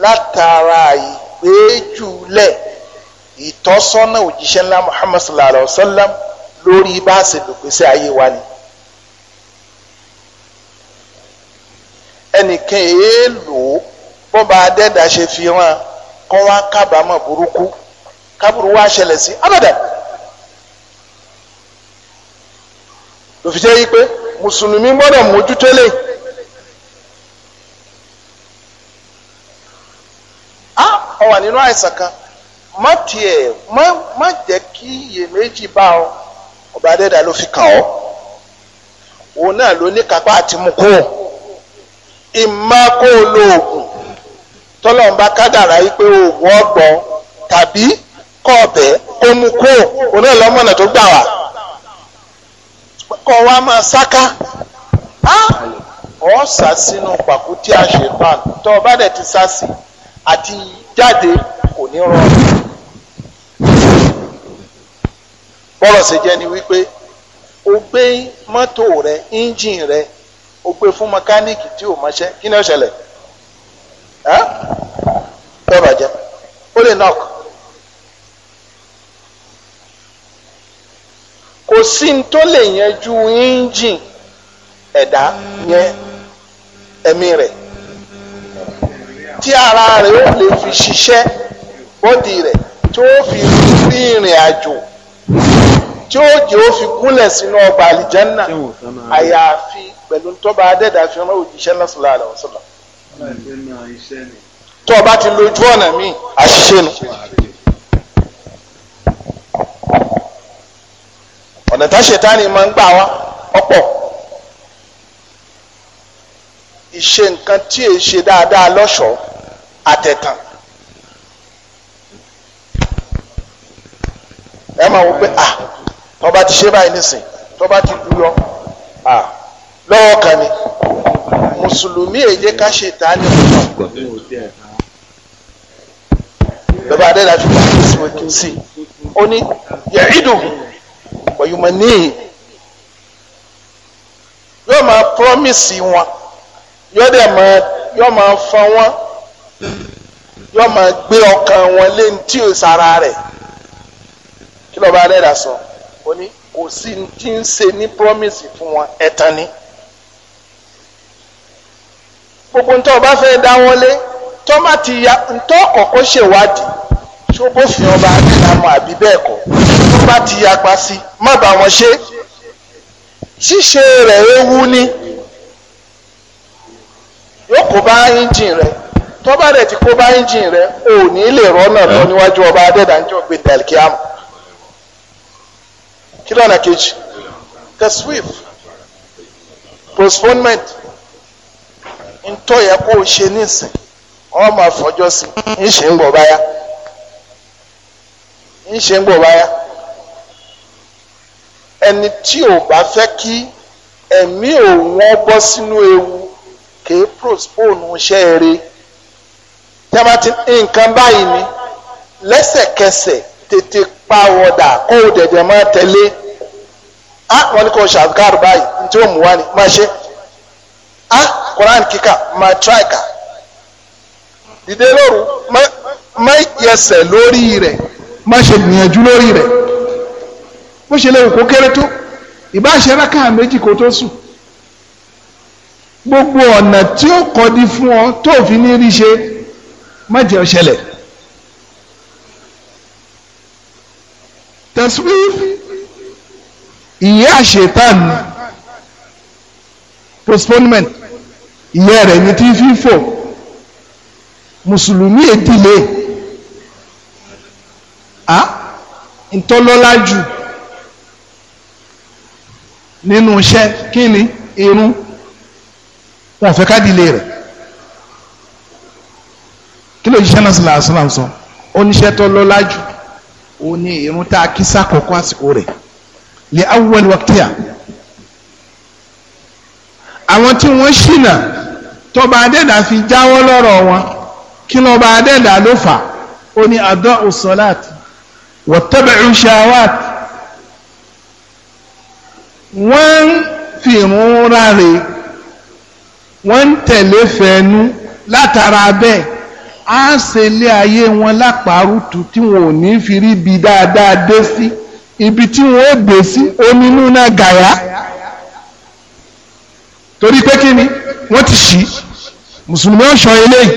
látara ìgbéjúlẹ̀ ìtọ́sọ́nà òjíṣẹ́ ńlá Muhammad sallallahu alayhi wa sallam a ni ẹnìkan èé lò ó bó ba adẹ́dà ṣe fi hàn kó wá kábàámọ̀ burúkú kábùrú wá ṣẹlẹ̀ sí abẹ́dà lòfi jẹ́ yí pé mùsùlùmí gbọ́dọ̀ mójútó lè. ọ wà nínú àìsàn kan má tiẹ̀ má má jẹ́ kí iyèméjì bá ọ ọba adẹ́dà ló fi kàn ọ́ òun náà ló ní kápá àti mú kúrò ìmọ̀ kó o lo oògùn tọ́lọ́mùbá kádàrá yìí pé oògùn ọgbọ́n tàbí kọ̀ọ̀bẹ́ kó mu kó òun náà lọ́mọ̀nà tó gbà wá kọ́ wa máa sáká ọ̀ sá sínú pàkó tí a ṣe pa tọ́ ọ bá dẹ̀ ti sá sí àti jáde kò ní rọrùn bọ́rọ̀ ṣe jẹ́ ni wípé o gbé mọ́tò rẹ ẹ́ńjìn rẹ o gbé fún mẹkáníìkì tí o mọṣẹ́ kí ni ó ṣẹlẹ̀ ẹ́ bẹ́ẹ̀ bàjẹ́ ó lè nọ́ọ̀kì. kò sí ní tó lè yanjú ẹ́ńjìn ẹ̀dá yẹn ẹ̀mí rẹ̀ tí ara rẹ̀ ó lè fi ṣiṣẹ́ bọ́dì rẹ̀ tí ó fi rí ìrìn àjò tí ó jẹ́ ó fi gúnlẹ̀ sínú ọgbà àlìjánná àyàfi pẹ̀lú tọ́ba adẹ́dà fi ọmọ òjíṣẹ́ náà sọ̀rọ̀ àlọ́ sọ̀rọ̀. tó o bá ti lo ọ̀nà mi àṣìṣe nu. ọ̀nà tá ṣètánì máa ń gbà wá ọ̀pọ̀ ìṣe nǹkan tí èyí ṣe dáadáa lọ́ṣọ̀ọ́ àtẹ̀tàn ẹ máa wọ pé ah tọ́ba ti ṣe báyìí nísìn tọ́ba ti lu ah lọ́wọ́ kan ni mùsùlùmí èyí ká ṣe tá a ní ọ̀pọ̀ bàbá adéla fi wà ní ìsìnkú sí ó ní yẹ̀rídù wọ̀nyúmọ̀ níyì yóò máa promise wọn yóò dẹ̀ máa yóò máa fa wọn yóò máa gbé ọkàn wọn lé ní tí ò sára rẹ̀ kí lọ́ba adéla sọ ó ní kò sí ní ń ṣe ní promise fún wọn ẹ̀tàn ni gbogbo ntọ́ ọba fẹ́ dáwọ́ lé tọ́ má ti ya ntọ́ kọ̀kọ́ ṣèwádìí tí ó bófin ọba àdìlámọ àbí bẹ́ẹ̀ kọ́ tó ma ti yapa sí má bá wọn ṣe ṣíṣe rẹ̀ ewu ni yóò kó bá ẹ́ńjìn rẹ̀ tó bá rẹ̀ ti kó bá ẹ́ńjìn rẹ̀ ò ní lè rọ́nà lọ níwájú ọba adẹ́dàjọ́ gbé dàlkíám kí lọ́nà kejì the swift postponement ntọ́ yẹ kó o ṣe nísìn ọ máa fọjọ́ sí i ń ṣe ń gbọ̀ báyà ń ṣe ń gbọ̀ báyà ẹni tí ò bá fẹ́ kí ẹ̀mí òun ọ bọ́ sínú ewu kèé postpone iṣẹ́ eré tẹ́mátì nǹkan báyìí ni lẹ́sẹ̀kẹsẹ̀ tètè pa wọ̀dà kó o dẹ̀dẹ̀ máa tẹ̀lé á wọn ni kò ṣàgàr báyìí ní ó mú wá ni máa ṣe á quran kika máa try kà dìde lóru má yẹsẹ̀ lórí rẹ̀ má ṣe gbìyànjú lórí rẹ̀ bó ṣe lè wù kó kéré tó ìbá ṣe rákà méjì kó tó sùn gbogbo ọ̀nà tí ó kọ́dí fún ọ tó fi ní rí ṣe má jẹ́ ọ̀ṣẹlẹ̀ taswif ìyá àṣetán postponement ìyẹ́ rẹ̀ ní tí fífò mùsùlùmí èdìlé a ntọ́lọ́lá jù nínú iṣẹ́ kí ni irun wọn fẹ́ kádìlé rẹ̀ kí ló jíṣẹ́ náà sí làásùn làásùn oníṣẹ́ tọ́lọ́lá jù ó ní irun tá a kí sákòókò àsìkò rẹ̀ lè awwal àwọn tí wọ́n ṣìnà tọba adẹ́dà fi jáwọ́ lọ́rọ̀ wọn kí lọ́ba adẹ́dà ló fà ó ní adọ́ ọ̀sọ́láàt wọ̀tẹ́bẹ̀rún ṣàwàt wọ́n ń fi ìrún ráre wọ́n ń tẹ̀lé fẹ́ẹ́nú látara bẹ́ẹ̀ á ṣe ilé ayé wọn lápárùtù tí wọn ò ní fi rí ibi dáadáa dé sí ibi tí wọn ó dé sí onínú náà gàyà torí pé kí ni wọ́n ti ṣí mùsùlùmí ọ̀ṣọ́ eléyìí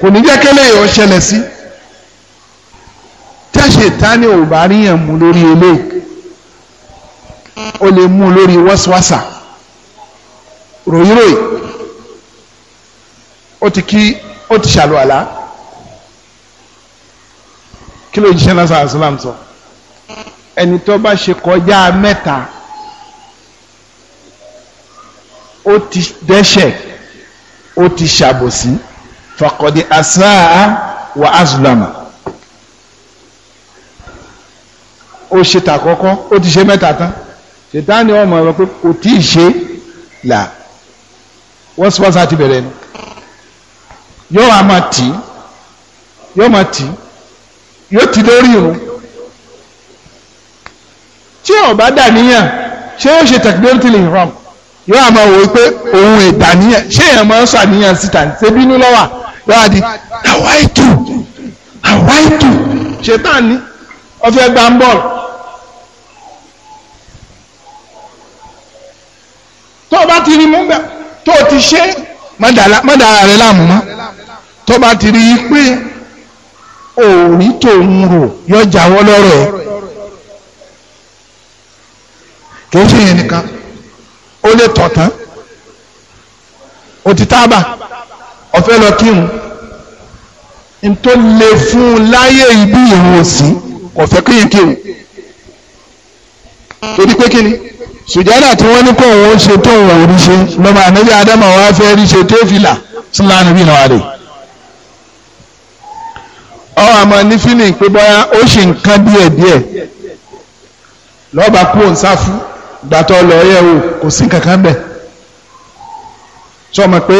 kò ní jẹ́ kélé yìí ó ṣẹlẹ̀ sí tẹ́ṣe tání ò bá ríyàn mú lórí eléyìí ó lè mú lórí wọ́síwọ́sà ròyìnròyìn ó ti kí ó ti ṣàlùwàlá kí ló jíṣẹ́ náà sàásùlám sọ ẹni tó bá ṣe kọjá mẹ́ta ó ti dẹ́ṣẹ̀ ó ti ṣàbòsí fàkọ̀dé asáà wà azulama ó ṣe tàkọ́kọ́ ó ti ṣe mẹ́ta tán ṣètáni ọmọ rẹ pé kò tí ì ṣe là wọ́n sọ́sà ti bẹ̀rẹ̀ ni yóò wá máa tì í yóò máa tì í yóò ti lórí irun tí ó dà níyàn ṣé ó ṣe takbiratul ihram yóò àmọ́ wò ó pé òun ìdàníyàn ṣé èèyàn máa ń ṣàníyàn síta ṣe bínú lọ́wà yóò àdí àwáìtù àwáìtù ṣetán ni ọfẹ gbá ń bọ̀ tó o bá ti rí mú bẹ tó o ti ṣe mọ́dàrá rẹ láàmú mọ́ tó o bá ti rí i pé òòrí tó ń rò yọjà wọ́ lọ́rọ̀ ẹ̀ kì ṣe yẹn nìkan ó lè tọ̀ tán ó ti tábà lọ kírun n tó le fún un láyé ibi ìrùn òsì kò fẹ́ kéyìn kírun torí pé kíni sùjádà tí wọ́n ní kó òun ṣe tó òun òun ṣe lọ́mọ ànábì ádámà wá fẹ́ rí ṣe tó fìlà sílá níbí náà rè ọ àmọ́ ní fílì pé bọ́yá ó ṣe nǹkan díẹ̀díẹ̀ lọ́ba kú òun sáfù. gbàtọ́ lọ yẹ̀ wò kò sí kankan bẹ̀ sọmọ pé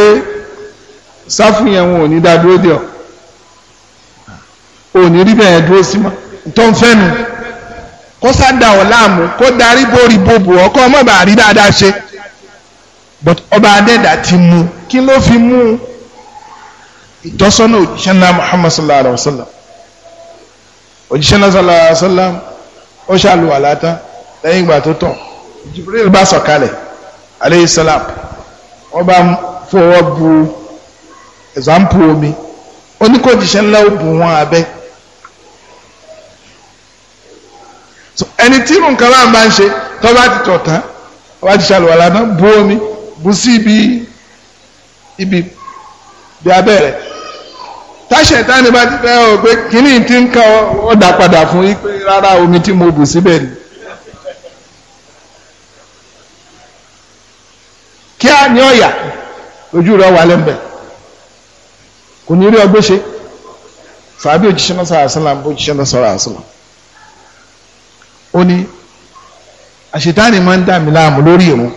sáfù yẹn wọn ò ní dá dúró ò ní rí bẹ́ẹ̀ dúró sí ma tó ń fẹ́ nu kó sádà ọ̀ láàmú kó darí ọkọ ọmọ rí dáadáa ṣe but ọba adẹ́dà ti mú kí ló fi mú ìtọ́sọ́nà òjíṣẹ́ ńlá Muhammad sallallahu alayhi wa sallam òjíṣẹ́ ńlá sallallahu alayhi wa Jibril bá sọ̀kalẹ̀ aleyhi salam wọ́n bá fọwọ́ bu ẹ̀zánpù omi oníkójìṣẹ́ ńlá ó bu wọn abẹ́ ẹni tí irun kan náà máa ń ṣe tó ti tọ̀ tán wọ́n ti ṣàlùwàlá náà bu omi bu sí ibi ibi bí abẹ́ rẹ̀ táṣẹ̀ táni bá ti fẹ́ ọ pé kínní ti ń kọ́ ọ dà padà fún yí pé rárá omi tí mo bù síbẹ̀ ni. kíá ní ọ̀yà ojú rẹ̀ wà lẹ́mbẹ̀ kò ní rí ọgbẹ́ ṣe sàbí òjíṣẹ́ náà sọ̀rọ̀ àṣàlám òjíṣẹ́ náà sọ̀rọ̀ àṣàlám ó ní àṣetáni máa ń dà mí láàmú lórí ìrun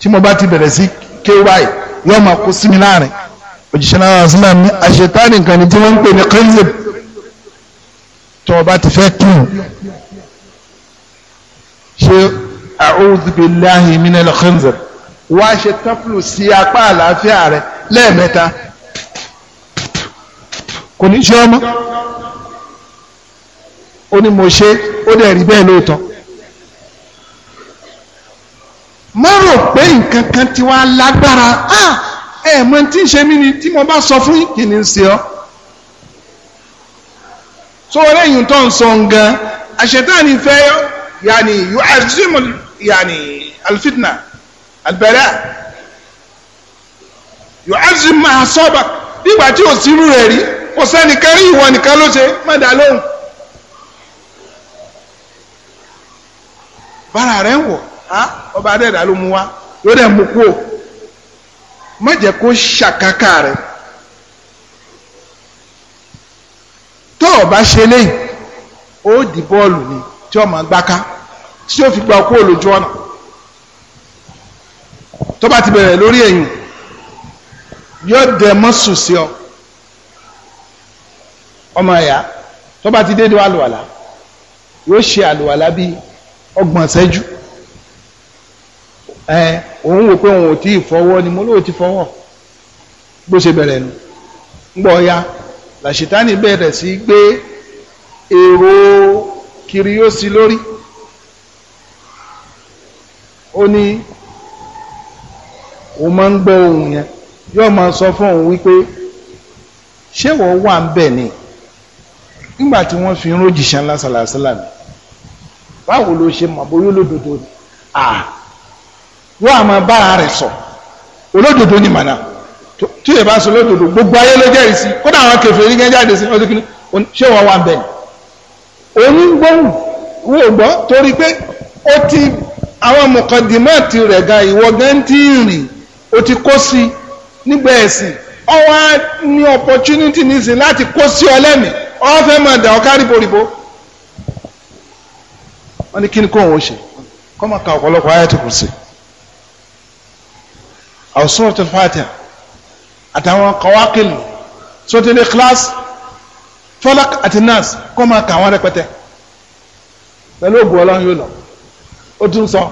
tí mo bá ti bẹ̀rẹ̀ sí kéwàì yóò máa kó sí mi láàrin òjíṣẹ́ náà sọ̀rọ̀ àṣàlám ní àṣetáni kan ní tí wọ́n ń pè ní kẹ́lẹ́b tó o bá ti fẹ́ kí n ṣe a'udhu billahi minal khanzir wá ṣe tọ́pùlù sí apá àlàáfíà rẹ lẹ́ẹ̀mẹ́ta kò ní ṣe ọmọ ó ní mo ṣe ó dẹ̀ rí bẹ́ẹ̀ lóòótọ́ má rò pé nǹkan kan ti wá lágbára ẹ mọ tí ń ṣe mí ni tí mo bá sọ fún yín kì í ní ṣe ọ so lẹ́yìn tó ń sọ nǹkan àṣetánì fẹ́ yàní yóò àṣìṣe yàní alfitna àlùbẹ̀rẹ̀ yóò azim máa sọ́ọ̀bà nígbà tí ò sírú rẹ̀ rí kò sẹ́nìkan rí ìwọ nìkan ló ṣe má dá lóhùn. bára rẹ̀ ń wọ̀ ọba adẹ́dà ló mú wa ló dẹ̀ mú kú o má jẹ́ kó ṣàkàkà rẹ̀ tó o bá ṣe léyìn ó di bọ́ọ̀lù ni tí o máa gbáka tí o fi gba ọkọ olójú ọ̀nà tó bá ti bẹ̀rẹ̀ lórí ẹ̀yìn yóò dẹ̀ mọ́sù sí ọ ọmọ ẹ̀yà tó bá ti dédé àlùwàlà yóò ṣe àlùwàlà bí ọgbọ̀n ṣẹ́jú ẹ òun wò pé òun ò tí ì fọwọ́ ni mo lóò ti fọwọ́ bó ṣe bẹ̀rẹ̀ nu ńgbọ́ ya làṣetánì bẹ̀rẹ̀ sí gbé èrò kiri yóò sí lórí ó ní òun máa ń gbọ́ ohun yẹn yóò máa sọ fún òun wípé ṣé wọ́n wà ń bẹ̀ ni nígbà tí wọ́n fi ń rójìṣẹ́ ńlá sàlàsílà ni báwo ló ṣe mọ̀ bóyá olódodo ni à yóò àmọ́ bá ara rẹ̀ sọ olódodo ni màná tí yóò bá sọ olódodo gbogbo ayé ló jẹ́rìí sí kódà àwọn kèfèrí gẹ́gẹ́ jáde sí ọdún kìíní ṣé wọ́n wà ń bẹ̀ ni òun ń gbóhùn wọ́n gbọ́ torí pé ó ti àwọn mọ̀kàndínmọ́ rẹ̀ ga ìwọ gan o ti kó sí nígbà ẹ̀sìn ọ wá ní opportunity nísìn láti kó sí ọ lẹ́mì ọ fẹ́ máa dà ọ ká ríboríbo wọ́n ní kí ni kó òun ó ṣe kọ́ máa ka ọ̀pọ̀lọpọ̀ ayé kù sí àwòsàn tó fàtà àtàwọn kọ́wákìlì sótélé class Falak àti Nas kọ́ máa kà wọ́n rẹpẹtẹ pẹ̀lú ògùn ọlọ́run yóò lọ ó tún sọ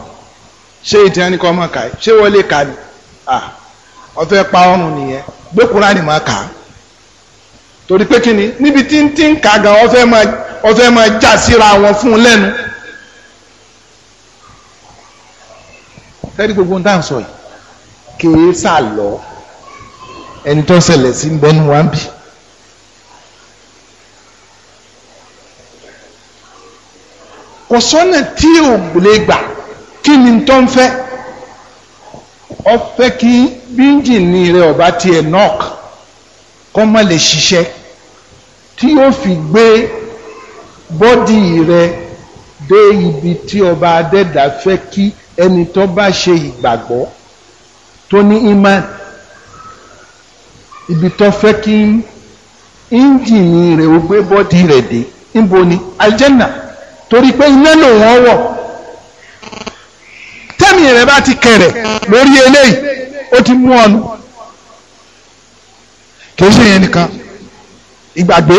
ṣé ìtìyàn kọ́ máa kà ṣé wọlé kà ni. ọtọ́ ẹ ọrùn nìyẹn gbé kúránì máa kà á torí pé kí ni níbi tí ń tí ń kà gan ọfẹ́ máa ọfẹ́ fún un gbogbo ń dáhùn sọ yìí kèé sà lọ ẹni tó ṣẹlẹ̀ sí ọ fẹ́ kí bíńjìnì rẹ ọba tiẹ̀ knock kó má lè ṣiṣẹ́ tí yóò fi gbé bọ́dì rẹ dé ibi tí ọba adẹ́dà fẹ́ kí ẹni tó bá ṣe ìgbàgbọ́ tó ní imán ibi tó fẹ́ kí íńjìnì rẹ̀ ó gbé bọ́dì rẹ̀ dé níbo ni aljanna torí pé iná lòun ọwọ́ tẹ́mì rẹ̀ bá ti kẹ̀rẹ̀ lórí eléyìí ó ti mú ọnu kìí ṣe yẹn nìkan ìgbàgbé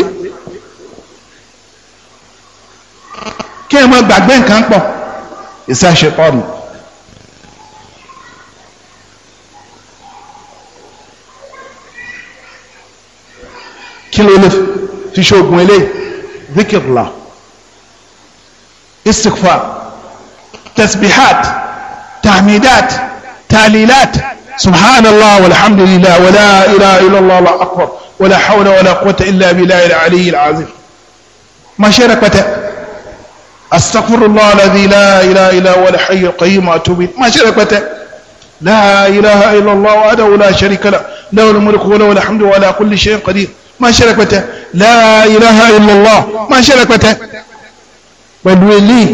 kí ẹ mọ gbàgbé nǹkan pọ̀ ìṣàṣẹ pọ̀nù. kí ló lè fi ṣoògùn eléyìí zikirla istighfar tasbihat تهميدات تاليلات سبحان الله والحمد لله ولا إله إلا الله الله أكبر ولا حول ولا قوة إلا بالله العلي العظيم ما شركت أستغفر الله الذي لا إله إلا هو الحي القيوم أتوب ما شركت لا إله إلا الله وحده لا شريك له له الملك وله الحمد وعلى كل شيء قدير ما شركت لا إله إلا الله ما شركت بل ولي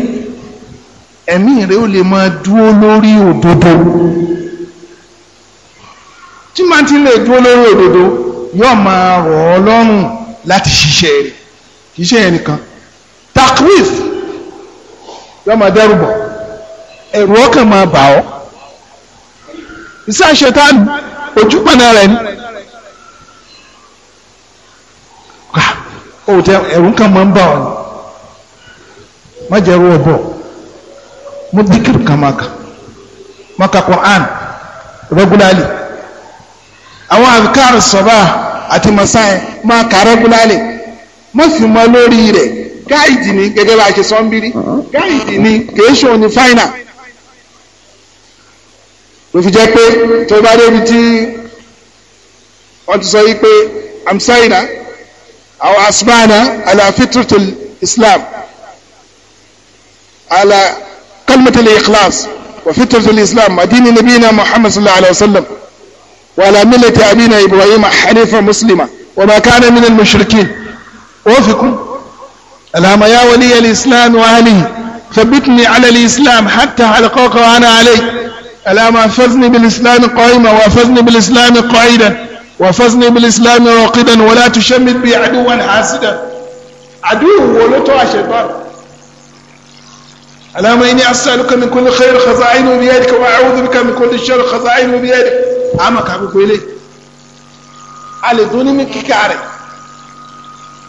ẹ̀mí rẹ̀ ó lè máa dúó lórí òdodo tí máa ti lè dúó lórí òdodo yóò máa rọ̀ ọ́ lọ́rùn láti ṣiṣẹ́ rẹ̀ ṣiṣẹ́ yẹn nìkan takwif yóò máa dẹ́rù bọ̀ ẹ̀rù ọkàn máa bà ọ́ iṣẹ́ ṣetán ojú pọ̀nà rẹ̀ ni ẹ̀rù kan máa ń bà ọ́ ni má jẹ́ ọ̀bọ̀ mú díkìrì kan máa kà máa ka Quran regularly àwọn àbíkárì sọ̀bà àti masáyẹn máa kà regularly má fi mọ́ lórí rẹ̀ gáìdì ni gẹ́gẹ́ bá a ṣe sọ ń bírí gáìdì ni kìí ṣe òní fáìnà ló fi jẹ́ pé tó bá débi tí wọ́n ti sọ yìí pé amsaina àwọn asbana ala fitratul Islam ala. كلمة الإخلاص وفطرة الإسلام ودين نبينا محمد صلى الله عليه وسلم وعلى ملة أبينا إبراهيم حنيفا مسلما وما كان من المشركين وفقكم اللهم يا ولي الإسلام وأهله ثبتني على الإسلام حتى حلقوك وأنا عليه اللهم أفزني بالإسلام قائما وأفزني بالإسلام قائدا وأفزني بالإسلام راقدا ولا تشمت بي عدوا حاسدا عدوه ولو الشيطان اللهم إني أسألك من كل خير خزائنه بيدك وأعوذ بك من كل شر خزائنه بيدك àmọ́ kà gbogbo ilé a lè dún ní kíkà rẹ̀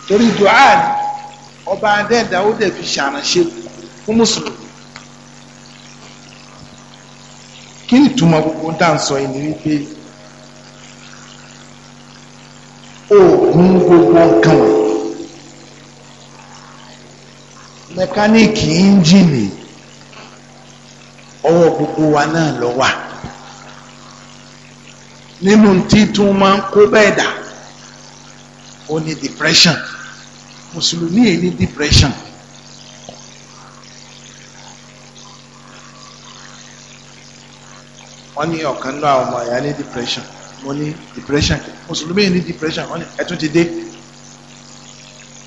torí dùá ni ọba adẹ́ẹ̀dá ó dẹ̀ fi ṣàránṣe fún mùsùlùmí kí ni ìtumọ̀ gbogbo dá ń sọ yìí ni wípé oògùn gbogbo nǹkan wọ̀nyí mẹkáníìkì ẹ́ńjìnì ọwọ́ gbogbo wa náà lọ wà nínú títún máa ń kó bẹ́ẹ̀ dà ó ní depression mùsùlùmí yìí ní depression. wọ́n ní ọ̀kan náà àwọn ọmọ ẹ̀yà ní depression mo ní depression mùsùlùmí yìí ní depression wọ́n ní ẹ ti dé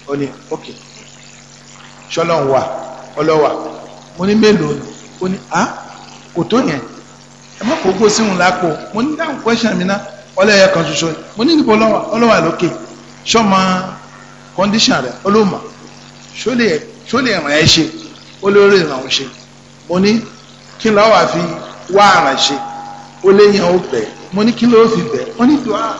ó ní ok ṣọlọ́n wà ọlọ́wà mo ní mélòó ó ní ah kò tó yẹn ẹ má kó gbósí òun lápò mo ní dáhùn question mi náà ọlẹ́yẹ kan ṣoṣo mo ní níbo ọlọ́wà lókè ṣọ́mọ condition rẹ̀ ọlọ́mọ ṣó lè ràn ẹ́ ṣe olórí ìràn ṣe mo ní kí lọ́ọ́ wà fi wá àràn ṣe ó léyìn ó bẹ̀ mo ní kí lọ́ọ́ fi bẹ̀ ó ní dùn án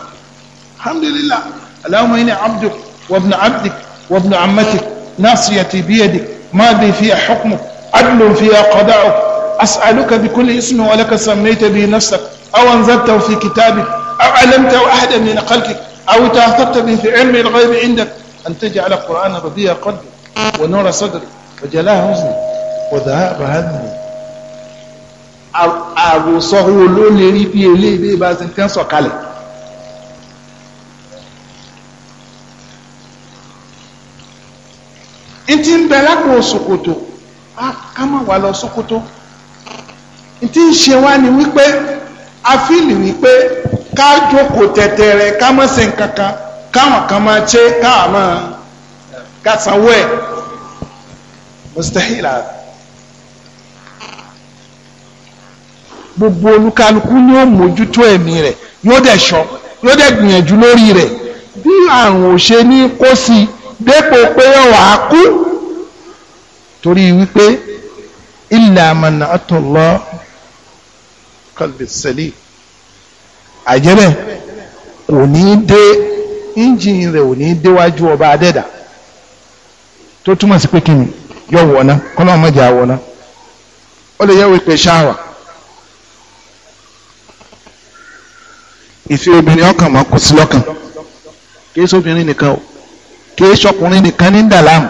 alhamdulillah allahumma inni abduk wabna abdik wabna amatik nasiyati biyadik maadi fiya hukmuk adlun fiya qada'uk. أسألك بكل اسم ولك سميت به نفسك أو أنزلته في كتابك أو علمته أحدا من خلقك أو تأثرت به في علم الغيب عندك أن تجعل القرآن ربيع قلبي ونور صدري وجلاء حزني وذهاب همي àròsọ wo ló lè rí bí eléyìí bá ti ń sọ̀kalẹ̀ n ti ń bẹ lápò ṣòkòtò ká má wà lọ ṣòkòtò. tí ń ṣe wá ni wípé a fíìlì wípé ká jókòó tẹ̀tẹ̀rẹ̀ ká má ṣe nǹkan káwọn kan máa ṣe káà máa ká sanwó ẹ̀ mustahila gbogbo olúkálukú ni ó mójútó ẹ̀mí rẹ̀ yóò dẹ̀ ṣọ́ yóò dẹ̀ gbìyànjú lórí rẹ̀ bí àrùn ò ṣe ní kó sí i dépò pé wàá kú torí wípé illa alqalbi salim àjẹ́bẹ̀ kò ní dé engine rẹ̀ ò ní déwájú ọba adẹ́dà tó túmọ̀ sí pé kíni yọ wọ̀ná kọ́nà ọmọdé àwọ̀ná ó lè yẹ wípé ṣáwà ìfi obìnrin ọkàn mọ́ kó sí lọ́kàn kìí sóbìnrin nìkan o kìí sọkùnrin nìkan ní dà láàmú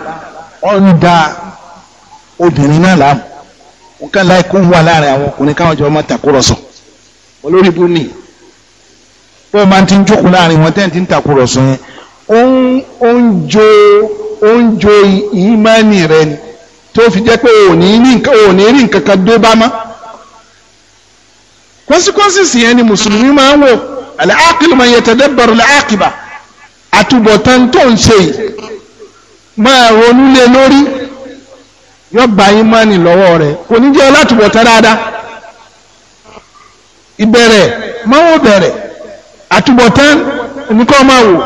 ọ̀ ń da obìnrin náà láàmú nǹkan láì kó wà láàrin àwọn ọkùnrin káwọn jọ máa tàkúrọ̀sọ olórí ibú ni bó máa ti ń jókòó láàrin wọn tẹ́ǹtì ń tàkúrọ̀sọ yẹn ó ń jó ó ń ìmánì rẹ ni tó fi jẹ́ pé òní rí nǹkan kan dé bá mọ́ consequences yẹn ni mùsùlùmí máa ń wò al-aqil man yatadabbaru al-aqiba àtúbọ̀tán tó ń ṣe yìí máa ronú lé lórí yóò gba ìmánì lọ́wọ́ rẹ̀ kò ní jẹ́ látùbọ̀ tán dáadáa ìbẹ̀rẹ̀ máwò bẹ̀rẹ̀ àtúbọ̀tán nìkan máa wò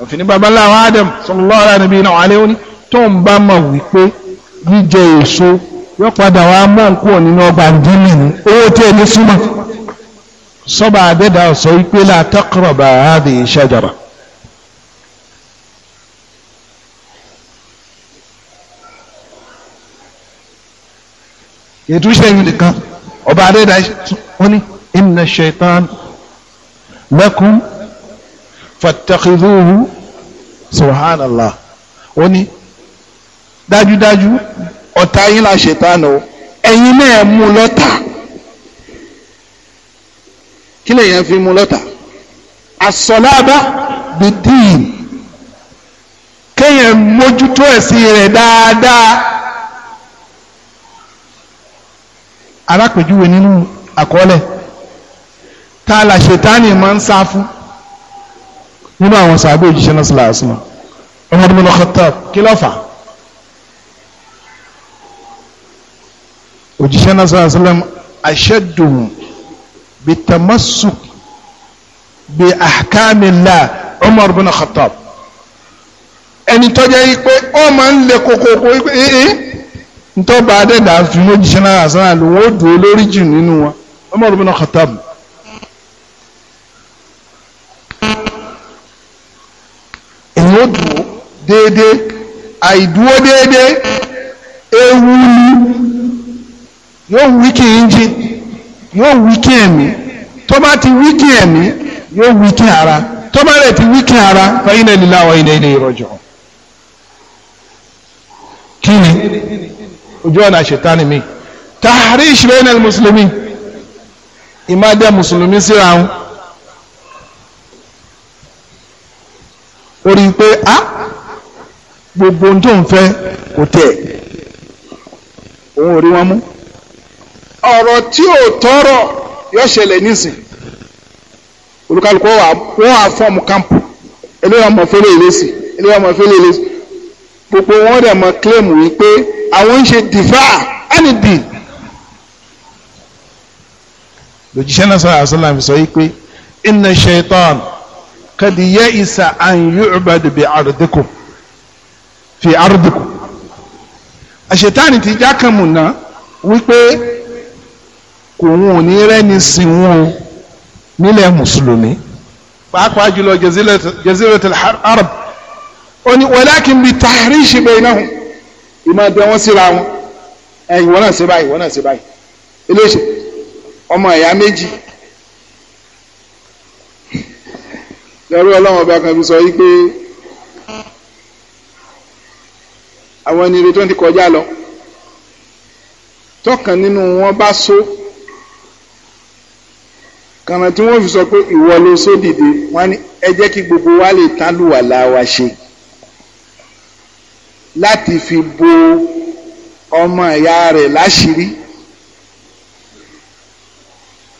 òfin ní babaláwo Adam sallallahu alaihi wa alẹ́ òní tó ń bá ma wípé jíjẹ èso yóò padà wá mọ́ nǹkó nínú ọgbà ndínlẹ̀ ní owó tí ẹni súnmọ́ sọ́ba àdẹ́dà sọ wípé la taqraba hadhihi shajara. ètò ìṣẹ́yìn nìkan ọba adéda ó ní inna shaitan lakum fattakhidhuhu subhanallah ó ní dájúdájú ọ̀tá yín la ṣètàn o ẹ̀yin náà mú lọ́tà kí lè yẹn fi mú lọ́tà àsọ̀lábà bìdíìn kéèyàn mójútó ẹ̀sìn rẹ̀ dáadáa. alápèjúwe nínú àkọọ́lẹ̀ tá a là ṣètánì máa ń sá fún nínú àwọn sàbẹ̀ òjíṣẹ́ náà sílá àṣìlá Umar bin Khattab kí ló fà òjíṣẹ́ náà sílá àṣìlá ashadduhum bitamassuk bi ahkamillah Umar bin Khattab ẹni tọ́jà yìí pé ó máa ń le kókó pé ee ntọ́ba adẹ́dà fún ojìṣẹ́ náà sára ló wọ́n dùn lórí jù nínú wọn ọmọ ọdún náà kọ̀tà bù. èyí ó dùn déédéé àìdúró déédéé ewu ni yóò wíkì injì yóò wíkì ẹ̀mí tó bá ti wíkì ẹ̀mí yóò wíkì ara tó rẹ̀ ti wíkì ara fa inna lillahi wa inna ilayhi raji'un. kí ni ojú ọ̀nà ṣètánì mi tahrish bainal mùsùlùmí ìmáàdé mùsùlùmí síra wọn orí pé a gbogbo ohun tó ń fẹ́ kò tẹ̀ òun ò rí wọn mú ọ̀rọ̀ tí ò tọrọ yóò ṣẹlẹ̀ nísìn olùkálùkù wọn wà fọ́ọ̀mù kámpù eléyàmọ̀ fẹ́lẹ̀ ìlẹ́sì eléyàmọ̀ fẹ́lẹ̀ ìlẹ́sì gbogbo wọn dẹ̀ mọ kílẹ̀mù wípé àwọn ń ṣe dìfà ánìdì lòjíṣẹ́ náà sọ́ra àṣọ́lá mi sọ wípé inna shaitan kadi yẹ isa an yu'badu bi ardikum fi ardikum àṣetáni ti já kan mùnà wípé kò wọn ò ní rẹ́ni sìn wọn nílẹ̀ mùsùlùmí pàápàá jùlọ jaziratul arab ó ní walakin bi tahrish bainahum ìmọ̀ ẹgbẹ́ wọn síra wọn ẹ ìwọ náà ṣe báyìí ìwọ náà ṣe báyìí eléyìí ọmọ ẹ̀yà méjì lẹ́rú ọlọ́run ọba kan fi sọ yìí pé àwọn ẹni retí wọn ti kọjá lọ tọkàn nínú wọn bá so kànáà tí wọn fi sọ pé ìwọ ló sódìde wọn ni ẹ jẹ́ kí gbogbo wa lè tálùwàlá wa ṣe láti fi bo ọmọ ìyá rẹ̀ láṣìírí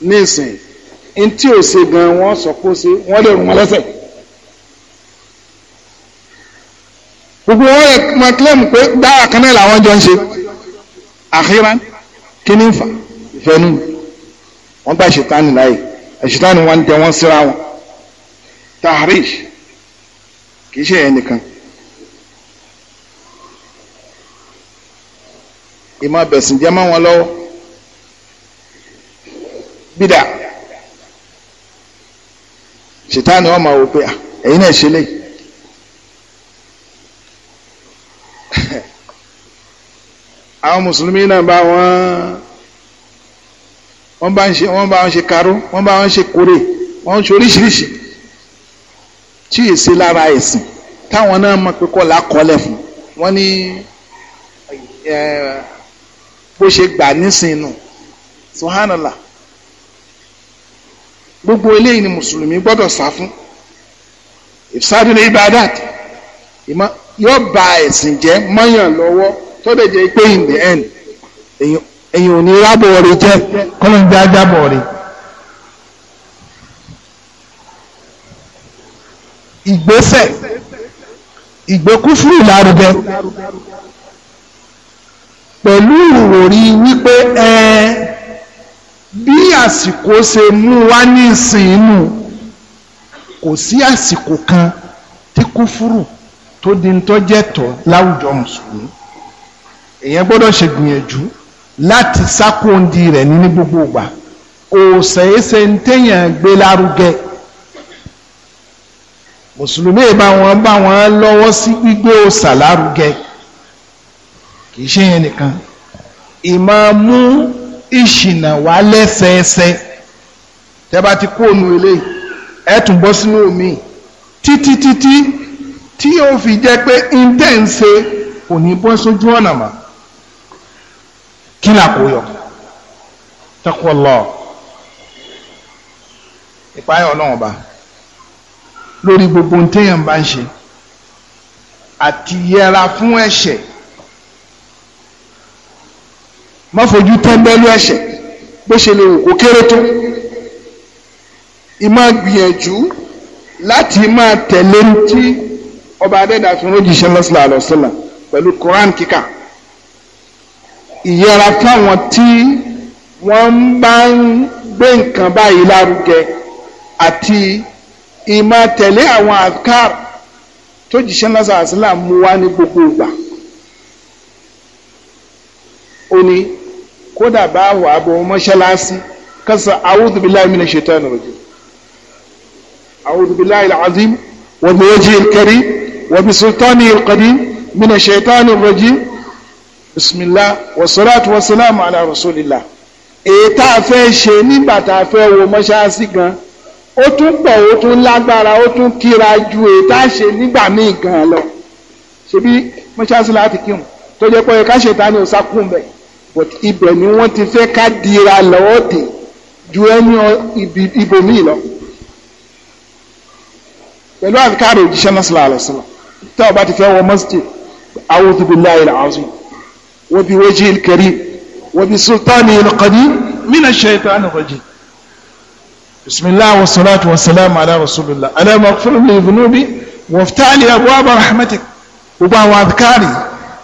nísìn ntí ò ṣe gan wọ́n sọ pé ó ṣe wọ́n lè rún wọn lẹ́sẹ̀ gbogbo wọn yẹ kí wọn kílẹ̀mù pé dára kan náà làwọn jọ ń ṣe àhírán kí ni ń fà ìfẹ́ bá ṣètánì láàyè ṣètánì wọn tẹ wọ́n síra wọn tahrish kì í ṣe ẹnìkan ìmọ̀ abẹ̀sìn jẹ́ mọ́ wọn lọ́wọ́ bídà ṣètáni wọn máa wò pé ah, ẹ̀yin náà ṣe léyìí àwọn mùsùlùmí náà bá wọn wọ́n bá ń ṣe wọ́n bá wọn ṣe karó wọ́n bá wọn ṣe kórè wọ́n ṣe oríṣiríṣi tí èsì lára ẹ̀sìn táwọn náà mọ̀ pé kọ́ làákọ́lẹ̀ fún wọ́n ní bó ṣe gbà nísìnyí nù subhanallah gbogbo eléyìí ni mùsùlùmí gbọ́dọ̀ sá fún ìfisádùn ní ibadat yóò ba ẹ̀sìn jẹ́ mọ́yàn lọ́wọ́ tó lè jẹ́ pé in the end èyàn ò ní rábọ̀ rẹ̀ jẹ́ kọ́lọ́ ń gbé agbábọ̀ rẹ̀. ìgbésẹ̀ ìgbékúfúrú lárugẹ pẹ̀lú ìròrí wípé ẹ bí àsìkò ṣe mú wá ní ìsìnínú kò sí àsìkò kan tí kúfúrù tó di ntọ́jẹ́tọ̀ láwùjọ mùsùlùmí èèyàn gbọ́dọ̀ ṣe gbìyànjú láti sákòndì rẹ̀ ní gbogbo ìgbà kò ṣeéṣe ń téèyàn gbé lárugẹ mùsùlùmí bá wọn bá wọn lọ́wọ́ sí gbígbé òòṣà lárugẹ kì í ṣe yẹn nìkan ìmọ̀ mú ìṣìnà wá lẹ́sẹẹsẹ tẹ́ bá ti kó ònú ilé ẹ tún bọ́ sínú omi títí títí tí yóò fi jẹ́ pé intense kò ní bọ́ sójú ọ̀nà mọ́ kí là kó yọ taqwallah ìpáyọ̀ ọlọ́run ọba lórí gbogbo ohun bá ń ṣe àti yẹra fún ẹ̀ṣẹ̀ má fojú tẹ́ńbẹ́lú ẹ̀ṣẹ̀ bó ṣe lè wò kó kéré tó ìmá gbìyànjú láti máa tẹ̀lé tí ọba adẹ́dà fi rójìṣẹ́ lọ́sílà pẹ̀lú Quran kíkà ìyẹra fáwọn tí wọ́n bá ń gbé nǹkan báyìí lárugẹ àti ìmá tẹ̀lé àwọn àkàr tó jìṣẹ́ lọ́sílà àlọ́sílà mú wá ní gbogbo ìgbà ó kódà bá wà á bọ̀ mọ́ṣáláṣí kásá a'udhu billahi minash shaitani rajim a'udhu billahi al-azim wa bi wajhihi al-karim wa bi sultanihi al-qadim minash shaitani rajim bismillah wa salatu wa salamu ala rasulillah èyí tá a fẹ́ ṣe nígbà tá a fẹ́ wọ mọ́ṣáláṣí gan ó tún pọ̀ ó tún lágbára ó tún kíra ju èyí tá a ṣe nígbà míì gan lọ ṣebí mọ́ṣáláṣí láti kírun tó jẹ́ pé ká ṣètá ni ò sá kún but ibẹ̀ ni wọ́n ti fẹ́ ká dira lọ́wọ́ dè ju ẹni ibòmíì lọ pẹ̀lú àfikáàrò òjíṣẹ́ náà sílá àlọ́sílá tó o bá ti fẹ́ wọ masjid a'udhu billahi al-azim wa bi wajhi al-karim wa bi sultani al-qadim mina shaytani rajim bisimilah wa salatu wa salam ala rasulillah ala maghfir li dhunubi wa iftah li abwaba rahmatik gbogbo àwọn àfikáàrì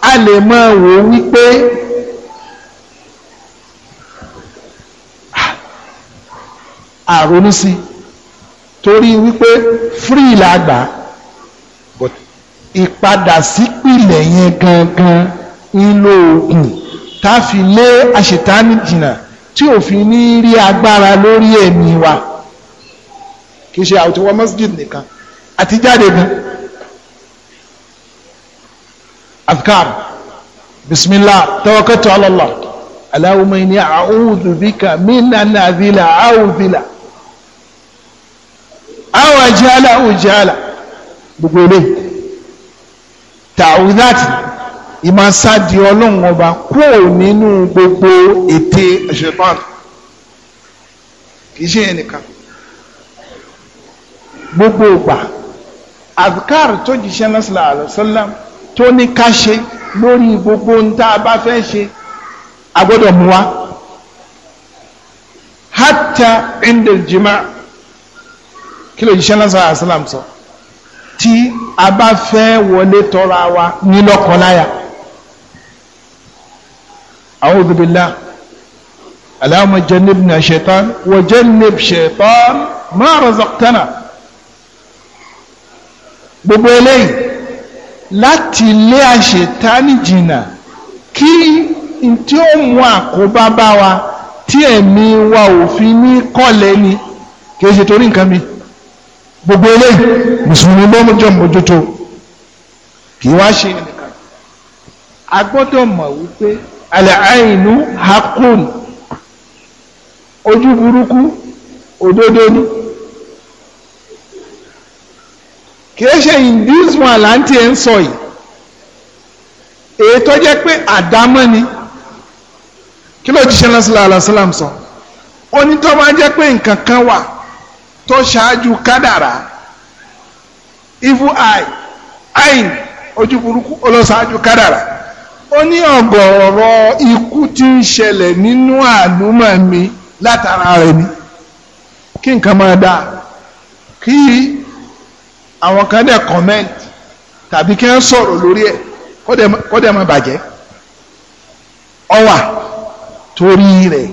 a lè máa wò wípé àrònú sí torí wípé free la gbà but ìpadà sípìlẹ̀ yẹn gangan ń lo oògùn tá a fi lé àṣetánì jìnnà tí òfin ní rí agbára lórí ẹ̀mí wa kì í ṣe àwùjọ masjid nìkan àti jáde gan afkar bismillah tawakkaltu ala Allah allahumma inni a'udhu bika min anadhila awdhila àwọn àjálà òjálà gbogbo ilé tàwùdàtì ìmọ̀sáàdì ọlọ́run ọba kúrò nínú gbogbo ète ṣẹ̀tàn kì í ṣe ẹnìkan gbogbo ìgbà azkar tó jíṣẹ́ lọ́sọ̀lá àlọ́sọ́lá tó ní ká ṣe lórí gbogbo ń tá a bá fẹ́ ṣe a mú wa hatta indil jima' kí ló jíṣẹ́ lọ́sọ̀ àṣàlám sọ tí a bá fẹ́ wọlé tọ́ra wa ní lọ́kọláya a'udhu billah allahumma jannibna shaytan wa jannib shaytan ma razaqtana gbogbo eléyìí láti lé àṣetánì jìnnà kí n tí ó mú àkóbá bá wa tí ẹ̀mí wa ò ní kọ́lẹ̀ ni kì í ṣe torí nǹkan mi gbogbo eléyìí mùsùlùmí ló mú jọ mójútó kì í wá ṣe nìkan a gbọ́dọ̀ mọ̀ wípé alẹ́ àìnú hakun ojú burúkú òdodo ni kìí ṣe induce láǹtí ẹ̀ ń sọ yìí èyí tó jẹ́ pé àdámọ́ ni kí ló jíṣẹ́ lọ́sílẹ̀ àlọ́sílẹ̀ sọ ó máa jẹ́ pé nǹkan kan wà tó ṣáájú kádàrá ifu ai ain ojú burúkú olóṣáájú kádàrá ó ní ọ̀gọ̀ọ̀rọ̀ ikú tí ń ṣẹlẹ̀ nínú àlùmọ̀ mi látara rẹ̀ ni kí nǹkan máa dáa kí àwọn kan dẹ̀ comment tàbí kí wọ́n sọ̀rọ̀ lórí ẹ̀ kó dẹ̀ máa bàjẹ́ ọwà torí rẹ̀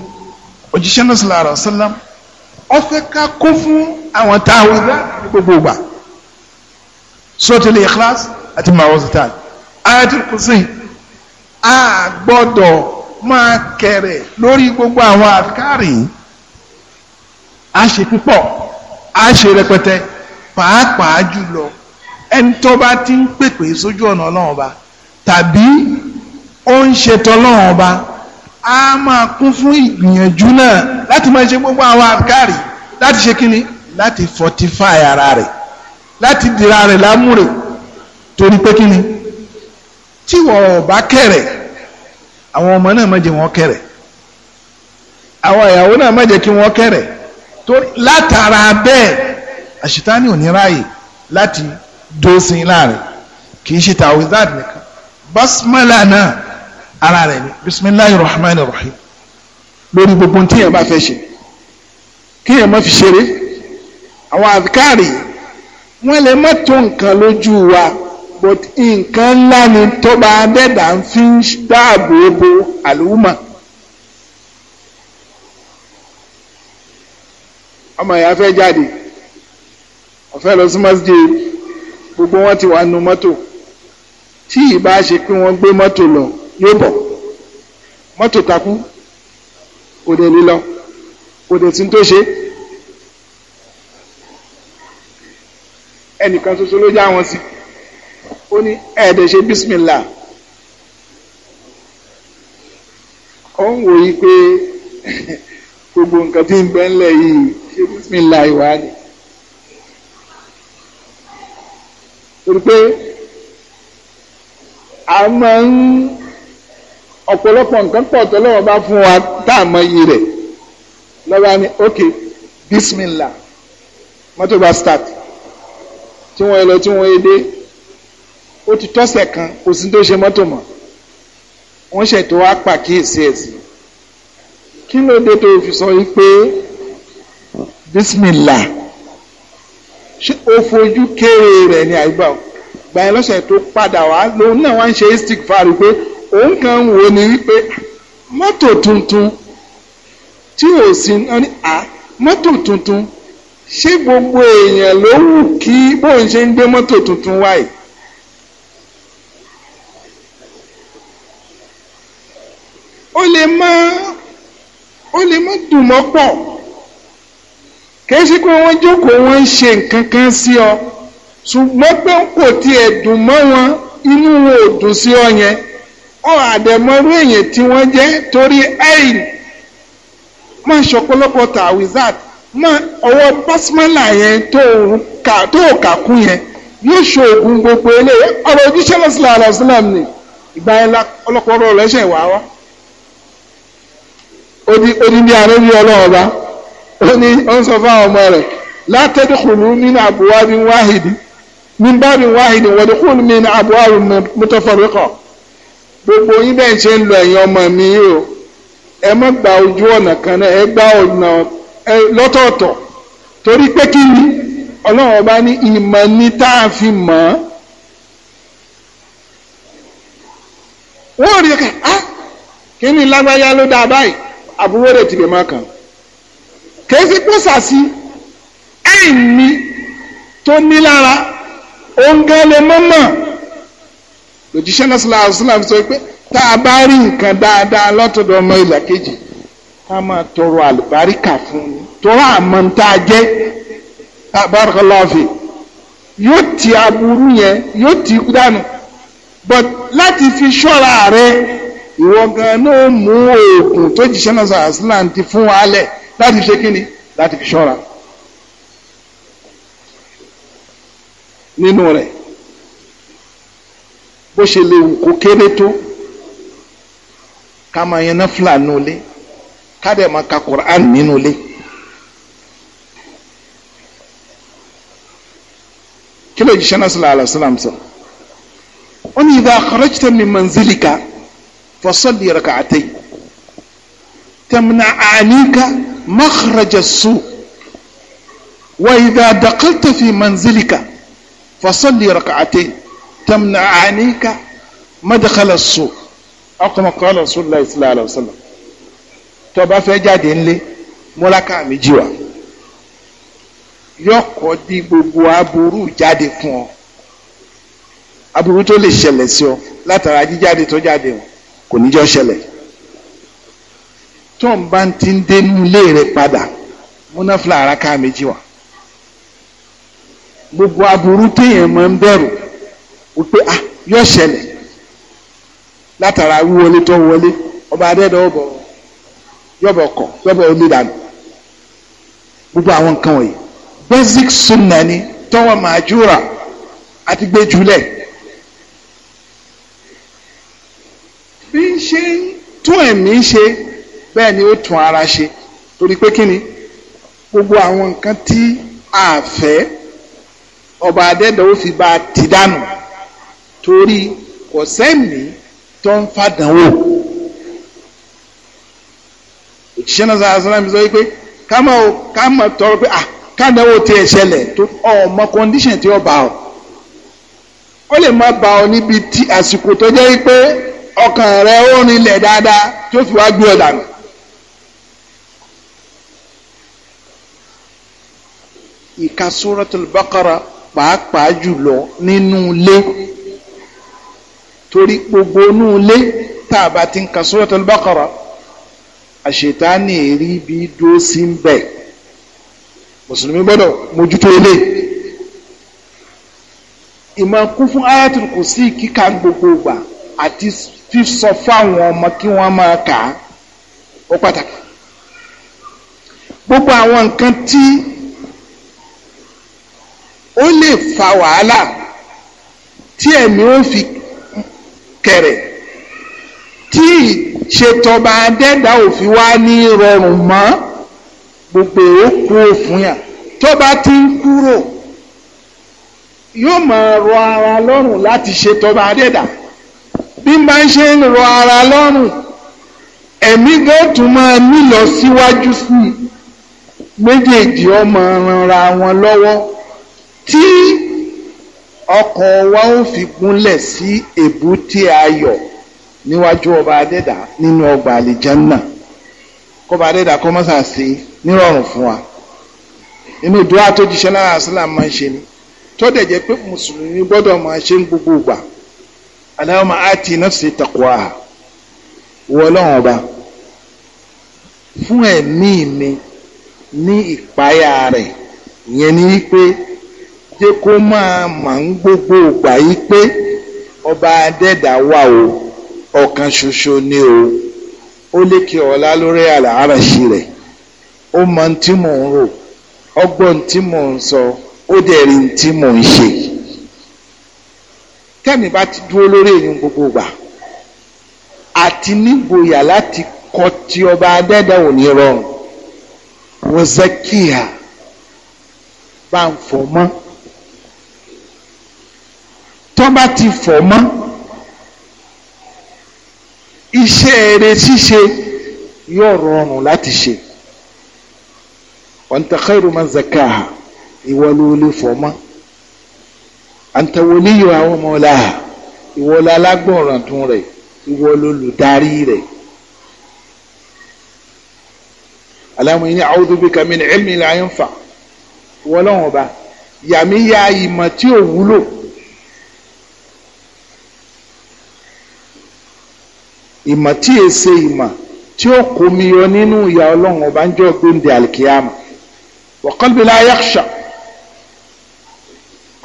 òjíṣẹ́ náà sallallahu alaihi wasallam ọfẹ ká kó fún àwọn táwọn ìgbà ní gbogbo ìgbà sọtìlẹ ikhlas àti mawuzitan ayatul kursi a gbọ́dọ̀ máa kẹrẹ lórí gbogbo àwọn àkárì a ṣe púpọ̀ a ṣe rẹpẹtẹ pàápàá jùlọ ẹni tó bá ti ń pèpè sójú ọ̀nà ọlọ́run ọba tàbí ó ń ṣetọ́ ọlọ́run ọba a máa kún fún ìgbìyànjú náà láti máa ṣe gbogbo àwọn àbíkárì láti ṣe kíni láti fortify ara rẹ̀ láti dira rẹ̀ lámúre torí pé kíni tí wọ́n bá kẹ̀rẹ̀ àwọn ọmọ náà má jẹ́ wọ́n kẹ̀rẹ̀ àwọn ìyàwó náà má jẹ́ kí wọ́n kẹ̀rẹ̀ torí látara bẹ́ẹ̀ àṣetánì ò ní ráàyè láti dósin láàrin kì í ṣe tàwíńdà nìkan basmala náà ara rẹ̀ ni bisimilayi rahman rahim lórí gbogbo tí yẹn bá fẹ́ ṣe kí yẹn má fi ṣeré àwọn àdìkárì wọ́n lè má tó nǹkan lójú wa but nǹkan ńlá ni tọ́ba adẹ́dà ń fi dáàbò bo àlùmọ̀. ọmọ ìyá fẹ́ jáde ọ̀fẹ́ lọ sí masjid gbogbo wọn ti wà nù mọ́tò tí ì bá ṣe pé wọ́n gbé mọ́tò lọ yóò bọ̀ mọ́tò takú òde ní lọ òde tí ń tó ṣe ẹnìkan ṣoṣo ló já wọn sí ó ní ẹ̀ẹ́dẹ̀ ṣe bísímìlà ó ń wòye pé gbogbo nǹkan tí ń bẹ ńlẹ̀ yìí ṣe bísímìlà ìwà torí pé a máa ń ọ̀pọ̀lọpọ̀ nǹkan pọ̀ tọ́lọ́wọ́ bá fún wa tá a mọ iye rẹ̀ lọ́wọ́ ni ok bismillah mọ́tò bá start tí wọ́n lọ tí wọ́n dé ó ti tọ́sẹ̀ kan kò sí tó ṣe mọ́tò mọ́ wọ́n ṣètò wá pàkíyèsí ẹ̀ sí kí ló dé tó fi sọ yìí pé bismillah ṣé o fojú kéré rẹ̀ ní àyíbá o gbàyẹn lọ́sẹ̀ tó padà wá lòun náà wá ń ṣe istikfar pé òun kan wò ní wípé mọ́tò tuntun tí ò sí ní à mọ́tò tuntun ṣé gbogbo èèyàn ló wù kí bóun ṣe ń gbé mọ́tò tuntun wáyé. ó lè má ó lè má dùn mọ́ pọ̀ kì í ṣe pé wọ́n jókòó wọ́n ń ṣe nǹkan kan sí ọ ṣùgbọ́n pé kò tiẹ̀ dùn mọ́ wọn inú wọn ò dùn sí ọ yẹn ọ àdẹ̀mọ́rú èèyàn tí wọ́n jẹ́ torí ẹ̀yìn máa ṣọpọlọpọ tàwízàt máa ọwọ́ pásímọ́là yẹn tó ò kà kún yẹn yóò ṣoògùn gbogbo eléyìí ọ̀rọ̀ ojúṣe lọ́sílẹ̀ àlọ́sílẹ̀ ni ìgbà yẹn ọlọ́pọ̀ ọ̀rọ̀ wá ó ní ọmọ rẹ̀ nínú àbúwá wáhìdì min min gbogbo yín bẹ́ẹ̀ ṣe ń lọ ẹ̀yin ọmọ mi o ẹ má gba ojú ọ̀nà kan náà ẹ gba ọ̀nà lọ́tọ̀ọ̀tọ̀ torí pé kí ni ọlọ́run ọba ní ìmọ̀ ni tá a fi mọ̀ ọ́ wọ́n rí ẹ̀ka á kí ni lágbájá ló dáa báyìí àbúrò rẹ̀ tìbẹ̀ máa kàn kì í fi pọ́sà sí ẹ̀yìn mi tó ní lára òun lè mọ́ mọ́ lòjíṣẹ́ lọ́sọ̀lá àṣìlám sọ pé tá a bá rí nǹkan dáadáa lọ́tọ̀dọ̀ ọmọ ìlà kejì ká máa tọrọ àlùbáríkà fún un tọrọ àmọ́ ń ah, yóò ti aburú yẹn yóò ti dànù but láti fi ṣọ́ra rẹ̀ ìwọ gan náà mú oògùn tó jíṣẹ́ náà sọ ti fún wa lẹ̀ láti ṣe kí ni láti fi ṣọ́ra nínú rẹ̀ bó ṣe lè wù kó kéré tó ká máa yan náfìlà nù lé ká dẹ̀ máa ka Qur'an nínú lé. kí ló jíṣẹ́ náà sallallahu alaihi wasallam sọ ó ní idha kharajta min manzilika fasalli rak'atay tamna'anika makhraja as-su' wa idha daqalta fi manzilika fasalli rak'atay tamna'anika madakala so ọkùnrin kan lọ sùn láì sílẹ̀ àlọ́ sọ̀lọ̀ tó bá fẹ́ jáde ńlẹ̀ múláká méjì wá yọkọ̀ di gbogbo aburú jáde fún ọ aburú tó lè ṣẹlẹ̀ sí ọ látara jíjáde tó jáde ọ kò níjọ́ ṣẹlẹ̀ tó ń bá ti ń dénú ilé rẹ padà múnáfìlà àràká méjì wá gbogbo aburú téèyàn máa ń bẹ̀rù wípé ah yóò ṣẹlẹ̀ látara wíwọlé tó wọlé ọba adẹ́dọ̀ ọbọ̀ yọ̀bọ̀ kọ̀ yọ̀bọ̀ onídàánù gbogbo àwọn nǹkan wọ̀nyí basic sunna ni tọwọ́ màjúra àti gbé jùlẹ̀ bí ń ṣe tún ẹ̀mí ṣe bẹ́ẹ̀ ni ó tún ara ṣe torí pé kí ni gbogbo àwọn nǹkan tí a fẹ́ ọba adẹ́dọ̀ ó fi bá a ti dànù torí kò sẹ́ni tó ń fàdánwò òṣìṣẹ́ náà sọ àṣírà mi sọ wípé ká mọ̀ ká mọ̀ tọrọ pé ah, kádánwò tiẹ̀ ṣẹlẹ̀ tó ọmọ kọ́ndíṣàn tí ó bá ọ ó lè má bá ọ níbi tí àsìkò tó jẹ́ wípé ọkàn rẹ ó rinlẹ̀ dáadáa tó fi wá gbé ọ dànù. ìka Suratul Baqara pàápàá jùlọ nínú ilé torí gbogbo inú ilé tá a bá ti ń ka Suratul Baqara àṣetáni èrí bí dúró sí ń bẹ̀ mùsùlùmí gbọ́dọ̀ mójútó ilé ìmọ̀ kún fún Ayatul Kursi kíkà gbogbo ìgbà àti sísọ fáwọn ọmọ kí wọ́n máa kà á ó pàtàkì gbogbo àwọn nǹkan tí ó lè fa wàhálà tí ẹ̀mí ó fi kẹ̀rẹ̀ tí ìṣètọ́ba adẹ́dá òfin wá ní rọrùn mọ́ gbogbo òkú òfin yà tó bá ti ń kúrò yóò máa rọ ara lọ́rùn láti ṣètọ́ba adẹ́dá bí n bá ń ṣe ń rọ ara lọ́rùn ẹ̀mí gan tún máa nílọ síwájú sí i méjèèjì ọmọ ranra wọn lọ́wọ́ tí. ọkọ̀ wa ó fi gúnlẹ̀ sí a ayọ̀ níwájú ọba adẹ́dà nínú ọgbà àlìjánà kọba adẹ́dà kọ́ mọ́sà sí nírọ̀rùn fún wa inú ìdúrà tó jíṣẹ́ lára àṣìlá máa ń ṣe ni tó jẹ́ pé mùsùlùmí gbogbo ìgbà wọ ọba fún ẹ̀mí mi ní ìpáyà jẹ́ kó máa mà ń gbogbo ìgbà yìí pé ọba adẹ́dà wà o ọ̀kan ṣoṣo ni o ó lékè ọ̀la lórí àlàáràṣì rẹ̀ ó mọ ohun tí mò ń rò ọgbọ́n tí mò ń sọ ó dẹ̀ rí ohun tí mò ń ṣe tẹ́mi bá ti dúró lórí èyí gbogbo ìgbà àti nígboyà láti kọ́ tí ọba adẹ́dà ò rọrùn wọ́n zẹ́kìá bá ń fọ́ mọ́ tó bá ti fọ̀ mọ́ iṣẹ́ eré ṣíṣe yóò rọrùn láti ṣe anta khairu man zakaha ìwọ ló lè fọ̀ mọ́ anta waliyu àwọn mawlaha ìwọ ló alágbọ̀nràn tún rẹ̀ ìwọ ló lùdarí rẹ̀. aláwọn yìí ní a'udhu bika min ilmin la yanfa wọ́n lọ́wọ́n ba yàmi ya ìmọ̀ tí ò wúlò. ìmọ̀ tí è ṣe ìmọ̀ tí ó kó mi yọ nínú ìyà ọlọ́run ọba ń jọ gbéǹde àlìkíyàmù wa qalbi la yakhsha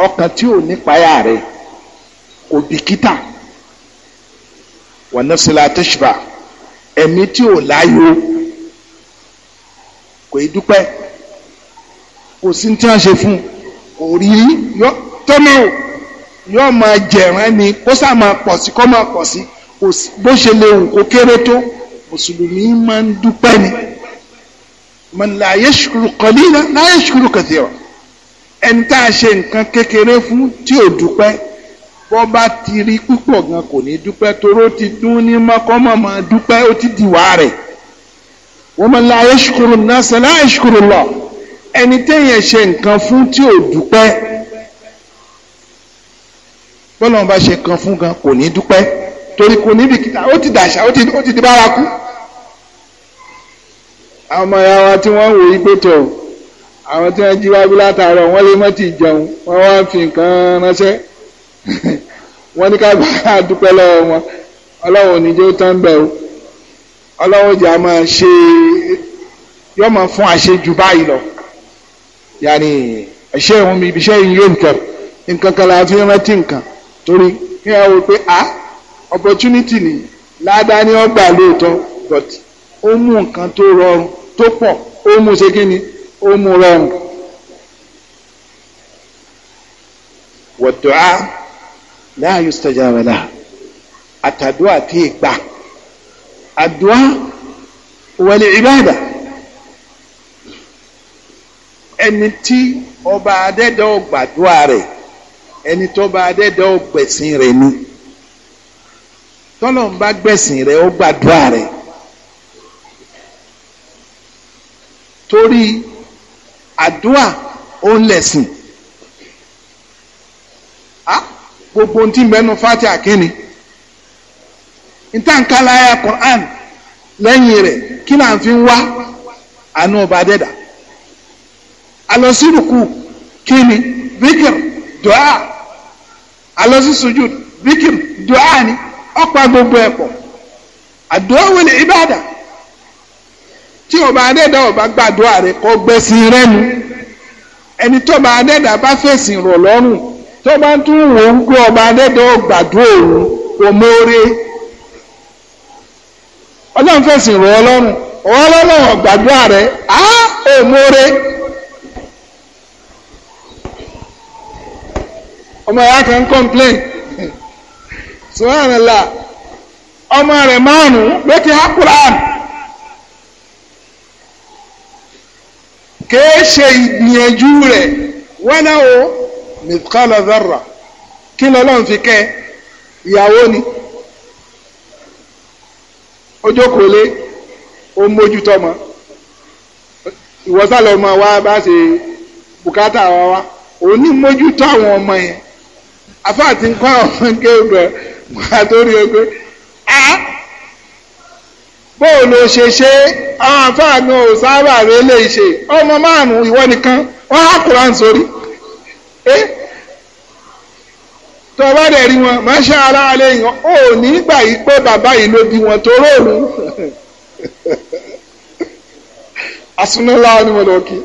ọkàn tí ò ní payà rẹ kò bìkítà wa nafsi la tashba ẹ̀mí tí ò láyò kò í dúpẹ́ kò sí tí wọ́n ṣe fún un òrí tọ́nà yóò máa jẹ̀rán ni kó sá máa pọ̀ sí kó máa pọ̀ sí bó ṣe lè wù kó kéré tó mùsùlùmí máa ń dúpẹ́ ni man la yashkuru qalila la yashkuru kathira ẹni tá a ṣe nǹkan kékeré fún tí ò dúpẹ́ bọ́ bá ti rí púpọ̀ gan kò ní dúpẹ́ toró ti dún ní mọ́kọ́mọ́ máa dúpẹ́ ó ti dìwà rẹ̀ wa man la yashkuru nasa la yashkuru Allah ẹni téèyàn ṣe nǹkan fún tí ò dúpẹ́ bọ́lá wọn bá ṣe kan fún gan kò ní dúpẹ́ torí kò níbi kíta ó ti dàṣà ó ti di bárakú àwọn ọmọ ya wa tí wọ́n ń wò yí pé tọ̀ àwọn tí wọ́n jí wájú látàárọ̀ wọ́n lè mọ́tì jẹun wọ́n wá fi nǹkan ránṣẹ́ wọ́n ní ká bá a dúpẹ́ lọ́wọ́ wọn ọlọ́run oníjó tán bẹ́ẹ̀ o ọlọ́run jà máa ṣe yọ máa fún àṣejù báyìí lọ yàní ẹ̀ṣẹ́ ìhun mi ibiṣẹ́ yìí yóò nǹkan nǹkan kan la fi rántí nǹkan torí kí wọ́n wò pé Ah, opportunity ni ládàá ni ó gbà lóòótọ́ but ó mú nǹkan tó rọrùn tó pọ̀ ó mú ṣe kí ni ó mú rọrùn. wọ̀dọ̀á láàyò sọ̀jàwẹ̀là àtàdúrà tí ì gbà àdúrà wọlé ìbáàdà ẹni tí ọba adẹ́dọ̀ gbàdúrà rẹ̀ ẹni tó ọba adẹ́dọ̀ gbẹ̀sìn rẹ̀ ni. tọ́lọ́n bá gbẹ̀sìn rẹ ó gbàdúrà rẹ torí àdúrà ó ń lẹ̀sìn á gbogbo ohun tí ń bẹnu fati àkínni ntànkáláyà Quran lẹ́yìn rẹ̀ kí là ń fi wá àánú ọba dẹ́dà alọ́sírùkù kíni bíkìr dùá alọ́sísùjù bíkìr dùá ni. ọkpa gbogbo ẹ̀ pọ̀ àdúrà wo lè tí ọba adẹ́dà ọba gbàdúrà rẹ kọ gbẹ̀sìn rẹ̀ ẹni tọ́ba adẹ́dà bá fèsì rọ̀ lọ́rùn tọ́ba tún wò ó gbọ́ ọba adẹ́dà ọgbàdúrà òun ọlọ́run rọ̀ ọlọ́run ọgbàdúrà á ọmọ ya kan complain subhanallah ọmọ rẹ̀ márùn-ún ló ti há quran kèé ṣe ìgbìyànjú rẹ̀ wọ́nà o mithqala dharra kí lọ́lọ́run fi kẹ́ ìyàwó ni ojókòólé ó ń mójútó ọmọ ìwọ́sàlẹ̀ ọmọ wa bá ṣe bùkátà wa wa òun ní mójútó àwọn ọmọ yẹn afáàtì ń kọ́ àwọn ọmọ kéwòn bẹ̀rẹ̀ wà á tó rí o pé a bóò ló ṣe ṣe àwọn afáàmì ò sábà rẹ lè ṣe ọmọ márùn ìwọ nìkan wọn á Kùránì sórí ẹ tó o bá dẹ̀ rí wọn máṣá ara alẹ́ yìí ò ní gbà yí pé bàbá yìí ló bí wọn tó rọrùn asúnáláwọ ni mo lọ kí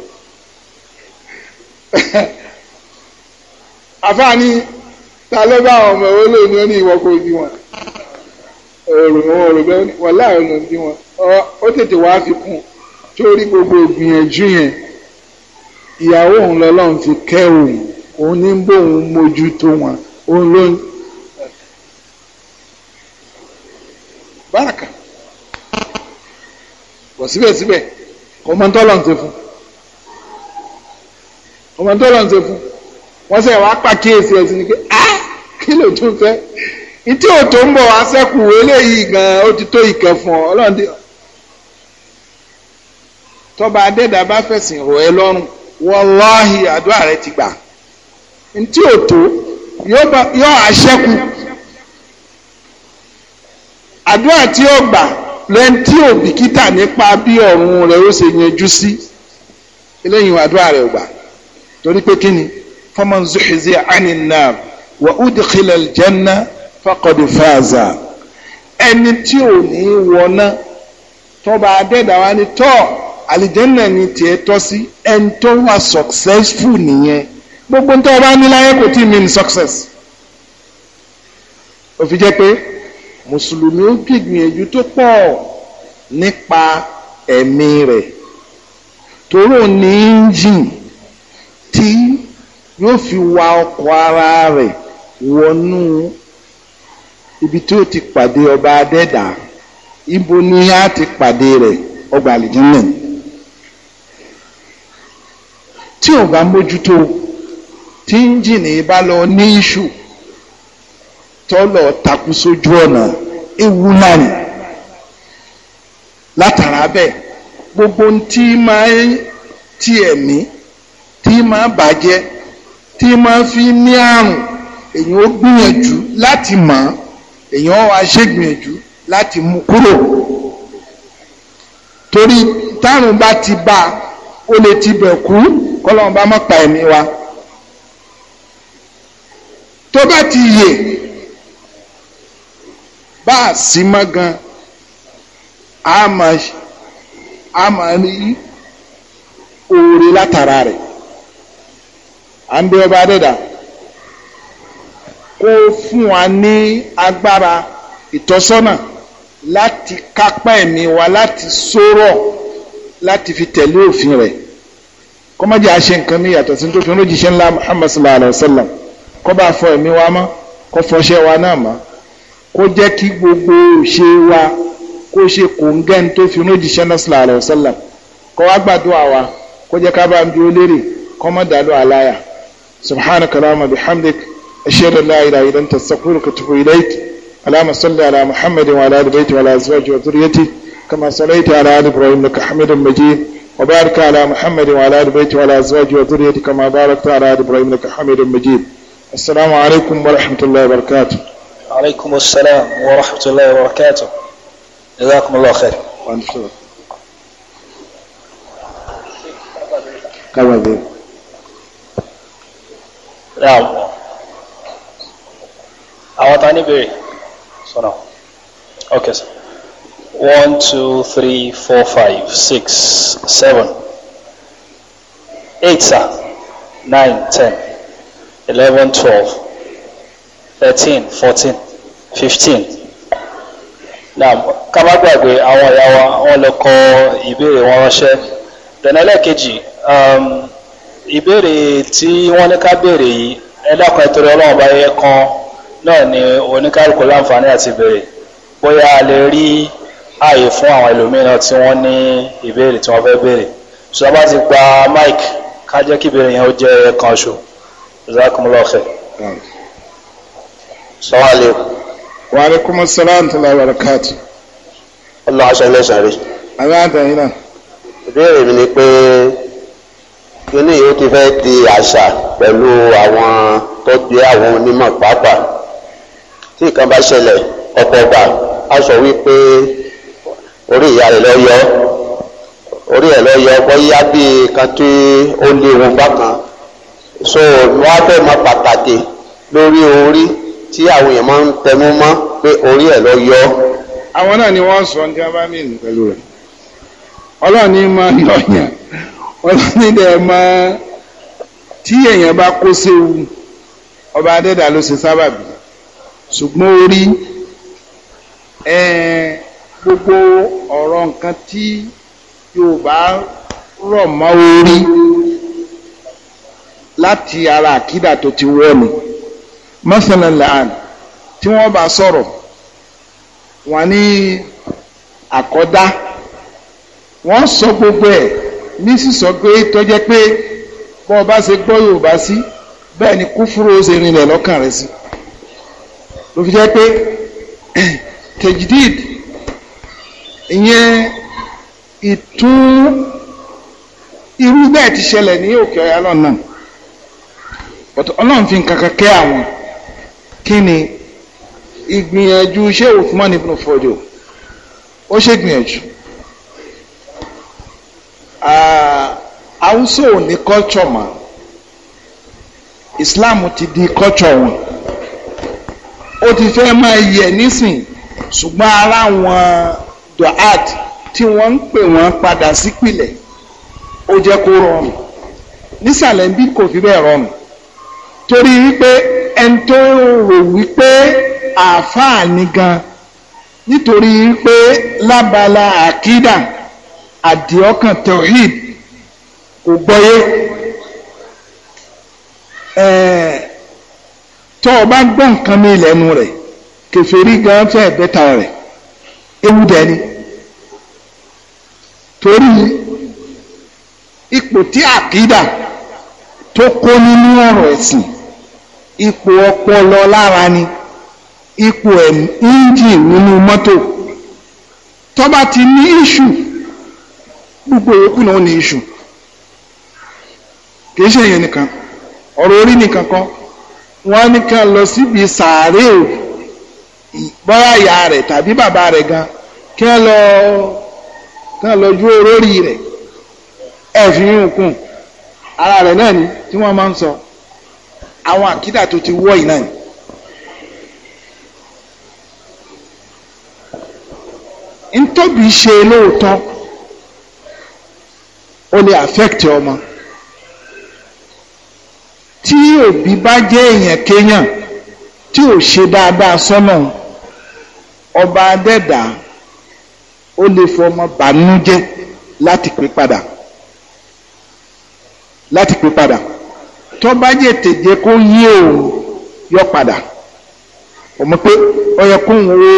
àfáà ni ta ló bá àwọn ọmọ ewé lónìí ó ní ìwọ kò di wọn ọ̀rọ̀ wọn ọ̀rọ̀ bẹ́ẹ̀ wọ́n láàrin ló di wọn ó tètè wá fi kún tí ó rí gbogbo ìgbìyànjú yẹn ìyàwó òun lọ́lọ́run ti kẹ́ òun òun ní bóun mójútó wọn òun ló ń. báràkà bọ̀ síbẹ̀síbẹ̀ ọmọ tọ́lọ̀ ń ṣe fún ọmọ tọ́lọ̀ ń ṣe fún wọ́n sẹ̀ wá pàkíyèsí ẹ̀ sí ni pé áá. Ah, kí ló tún fẹ́ ìtí ò tó ń bọ̀ wá sẹ́kù eléyìí gan-an ó ti tó ìkẹ́ fún ọ ọlọ́run tọ́ba adẹ́dà bá fẹ̀sìn rò ẹ́ lọ́rùn wọláhì àdúrà rẹ ti gbà ntí ò tó yọ àṣẹ́kù àdúrà tí ó gbà lẹ́ni tí nípa bí ọ̀run rẹ̀ ó ṣe yanjú sí eléyìí àdúrà rẹ̀ ò gbà torí pé kí ni faman zuhziya anin wa udkhila aljanna faqad faza ẹni tí ò ní wọná tọba adẹ́dàwá ni tọ́ àlìjẹ́nà ni tiẹ̀ tọ́ sí ẹni tó wà successful nìyẹn gbogbo ń tọ́ ọba níláyé kò tí ì mean success ó fi jẹ́ pé mùsùlùmí ó gbìyànjú tó pọ̀ nípa ẹ̀mí rẹ̀ tòró ní engine tí yóò fi wa ọkọ̀ ara rẹ̀ wọnú ibi tí ó ti pàdé ọba adẹ́dà ibo ni a ti pàdé rẹ̀ ọgbà àlìjẹ́nà tí ò bá mójútó tí ẹ́ńjìnì bá lọ ní iṣu tọ́lọ̀ takú sójú ọ̀nà ewu náà ni látara bẹ́ẹ̀ gbogbo tí máa ń ti ẹ̀mí tí máa bàjẹ́ tí máa fi ní èyàn ó gbìyànjú láti mọ̀ èyàn ó wá ṣe gbìyànjú láti mú kúrò torí tárùn bá ti bá ó lè ti bẹ̀ kú kọ́lọ́n bá má pa ẹ̀mí wa tó bá ti yè bá a sí mọ́ gan a máa a máa rí oore látara rẹ̀ à ń bẹ ọba dẹ́dà kó fún wa ní agbára ìtọ́sọ́nà láti kápá ẹ̀mí wa láti sọ̀rọ̀ láti fi tẹ̀lé òfin rẹ̀ kọ́mọ́jà ṣe nǹkan ní yàtọ̀ sí tó fi ránjíṣẹ́ ńlá Muhammad sallallahu alayhi wa sallam kó bá fọ ẹ̀mí wa mọ́ kó fọṣẹ́ wa náà mọ́ kó jẹ́ kí gbogbo ṣe wa kó ṣe kòńgẹ́ni tó fi ránjíṣẹ́ ńlá sallallahu alayhi wá gbàdúrà wa kó jẹ́ ká bá ń bí ó lérè kọ́mọ́dàlú àláyà subhanaka Allahumma bihamdik. أشهد أن لا إله إلا أنت أستغفرك وأتوب إليك اللهم صل على محمد وعلى آل بيته وعلى أزواجه وذريته كما صليت على آل إبراهيم إنك حميد مجيد وبارك على محمد وعلى آل بيته وعلى أزواجه وذريته كما باركت على آل إبراهيم إنك حميد مجيد السلام عليكم ورحمة الله وبركاته عليكم السلام ورحمة الله وبركاته جزاكم الله خير وانتم كما نعم Our tiny ní So now, okay. sir one two three four five six seven eight sir nine ten eleven twelve thirteen fourteen fifteen Now, ká má gbàgbé àwọn ìyá wa wọ́n lọ kọ ìbéèrè wọn ránṣẹ́ tẹ̀nẹ́lẹ̀ kejì um, ìbéèrè tí wọ́n ní ká béèrè yìí ẹ dákun ẹ torí ọlọ́run bá yẹ kan náà ni oníkálukú láǹfààní àti béèrè bóyá a lè rí ààyè fún àwọn ẹlòmíràn tí wọ́n ní ìbéèrè tí wọ́n fẹ́ béèrè ṣùgbọ́n bá ti gba mike ká jẹ́ kí ìbéèrè yẹn ó jẹ́ kan ṣo ìzákùnmọ́lọ́fẹ̀. sọ́wọ́n àlè. wa alaikum assalam tó lára káàtì. ọlọ́ aṣọ ẹlẹ́sàn rí. aláǹtà yìí náà. ìbéèrè mi ni pé kíní yóò ti fẹ́ di àṣà pẹ̀lú àwọn tó jẹ́ àwọn onímọ̀ pàápàá tí nǹkan bá ṣẹlẹ̀ ọ̀pọ̀ ọgbà á sọ wípé orí ìyá rẹ̀ lọ yọ orí ẹ̀ lọ yọ bóyá bíi kan tí ó léwu bákan so wọ́n á fẹ́ mọ pàtàkì lórí orí tí àwọn èèyàn máa ń tẹnu mọ́ pé orí ẹ̀ lọ yọ. àwọn náà ni wọ́n sọ ní abámínú pẹ̀lú rẹ̀ ọlọ́run ní máa yọ̀yàn ọlọ́run ní dẹ̀ máa tí èèyàn bá kó séwu ọba adẹ́dà ló ṣe sábàbí ṣùgbọ́n ó rí gbogbo ọ̀rọ̀ nǹkan tí Yorùbá rọ̀ mọ́ orí láti ara àkídà tó ti wọ́ ni mọ́sánà làn tí wọ́n bá sọ̀rọ̀ wọ́n ní àkọ́dá wọ́n sọ gbogbo ẹ̀ ní sísọ pé tó jẹ́ pé bọ́ọ̀ bá ṣe gbọ́ Yorùbá sí bẹ́ẹ̀ ni kúfúrú ó ṣe rinlẹ̀ lọ́kàn rẹ̀ sí. Si ló fi jẹ́ pé tajdid ìyẹn ìtún irú bẹ́ẹ̀ ti ṣẹlẹ̀ ní òkè ọ̀yà lọ́nà ọlọ́run fi nǹkan kan kẹ́ àwọn kí ni ìgbìyànjú ṣé Uthman ibn Fodio ó ṣe gbìyànjú àwùsọ ò ní culture mọ́ Islam ti di culture wọn ó ti fẹ́ máa yẹ nísìn ṣùgbọ́n ara wọn dọ̀hát tí wọ́n ń pè wọ́n padà sípìlẹ̀ ó jẹ́ kó rọrùn nísàlẹ̀ bí kò fi bẹ́ẹ̀ rọrùn torí wípé ẹni tó rò wípé àáfàá ni gan nítorí wípé lábala àkídà àdìọ́kàn tawhid kò gbọ́yé tó o bá gbọ́ nǹkan mi lẹ́nu rẹ̀ kèfèrí gan fẹ́ bẹ́tà rẹ̀ ewu dẹni torí ipò tí àkídà tó kó nínú ọ̀rọ̀ ẹ̀sìn ipò ọpọlọ lára ni ipò ẹ́ńjì nínú mọ́tò tó ti ní iṣu gbogbo yòókù náà ní iṣu kì í ṣe èèyàn nìkan ọ̀rọ̀ orí nìkan kan wọ́n ní kan lọ síbi sàárè bọ́yá ìyá rẹ̀ tàbí bàbá rẹ̀ gan kí wọ́n lọ kí wọ́n lọ ju orórí rẹ̀ ẹ̀ fi ń kùn ara rẹ̀ náà ni tí wọ́n máa ń sọ àwọn àkídà tó ti wọ́ yìí náà ni. ntọ́bi ṣe lóòótọ́ ó lè affect ọmọ tí òbí bá jẹ́ èèyàn kéèyàn tí ò ṣe dáadáa sọ́nà ọba adẹ́dà ó lè fọmọ bànújẹ́ láti pè padà láti pè padà tó bá jẹ́ tèjé kó yí òun yọ padà ọmọ pé ó yẹ kóun ó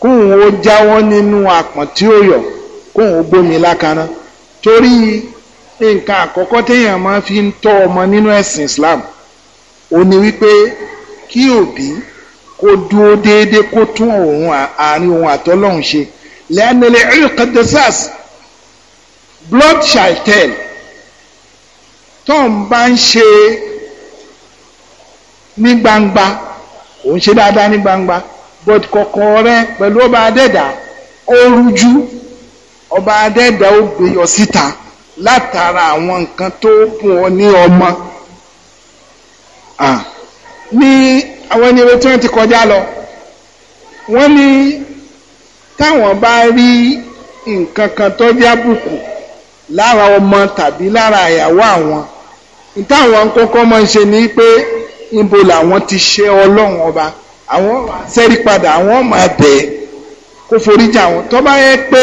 kóun ó jáwọ́ nínú àpọ̀n tí ó yọ kóun ó gbómi lákanná torí nǹkan àkọ́kọ́ téèyàn máa fi ń tọ́ ọmọ nínú ẹ̀sìn Islam ó ní wípé kí òbí kó dúró déédéé kó tún òun àárín òun àtọ́lọ́hún ṣe lẹ́nulẹ̀ ẹ̀rọ̀kẹ́dẹ́sàs blood shall tell tóun bá ń ṣe ní gbangba òun ṣe dáadáa ní gbangba but kọ̀kọ̀ rẹ pẹ̀lú ọba adẹ́dà ó rújú ọba adẹ́dà ó gbé yọ síta. Si látara àwọn nǹkan tó fún ọ ní ọmọ ah. ní àwọn ẹni tí wọ́n ti kọjá lọ wọ́n ní táwọn bá rí nǹkan kan tó jábùkù lára ọmọ tàbí lára ìyàwó àwọn táwọn kọ́kọ́ máa ń ṣe ni pé níbo làwọn ti ṣe ọlọ́run ọba àwọn sẹ́rí padà àwọn máa bẹ̀ kó foríjà wọn tó bá yẹ pé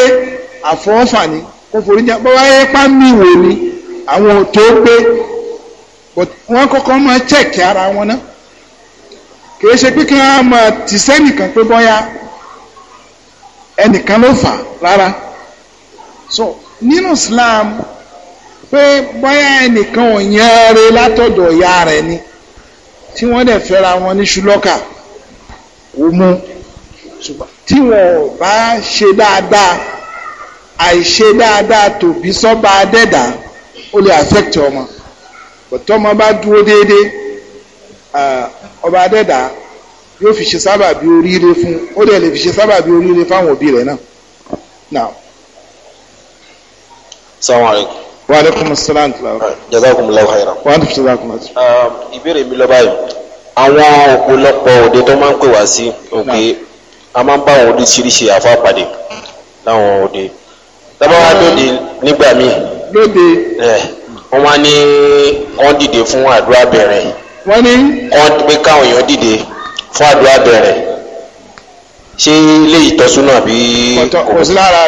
àfọwọ́fà ni kó forí jẹ bọ́ wáyé pàmì ìwò ni àwọn ò tó gbé wọ́n kọ́kọ́ máa chẹ́ẹ̀kì ara wọn náà kì ṣe pé kí wọ́n máa tì sẹ́nìkan pé bọ́yá ẹnìkan ló fà rárá so nínú Islam pé bọ́yá ẹnìkan ò yẹn re látọ̀dọ̀ ìyá rẹ̀ ni tí wọ́n dẹ̀ fẹ́ra wọn ní ṣùlọ́kà kò mú tí wọ́n bá ṣe dáadáa àìṣe dáadáa tòbí sọ́ba adẹ́dà ó lè affect ọmọ bọ̀tọ́ ọmọ bá dúró déédéé ọba adẹ́dà yóò fi ṣe sábà bí oríire fún ó dẹ̀ lè fi ṣe sábà bí oríire fáwọn òbí rẹ̀ náà. now. salaam aleykum. wa aleykum salaam tula. jazakumullahu khairan. wa aleykum salaam tula. Um, ìbéèrè mi lọ báyìí àwọn ọ̀pọ̀lọpọ̀ òde tó máa ń pè wá sí òkè a máa ń bá àwọn oríṣiríṣi àfa pàdé láwọn òde tọ́ba wa dóde nígbà míì. lóde. ẹ wọ́n wá ní wọ́n dìde fún àdúrà bẹ̀rẹ̀. wọ́n ní. wọ́n pé káwọn èèyàn dìde fún àdúrà bẹ̀rẹ̀ ṣé ilé ìtọ́sùn náà bí. kò sí lára.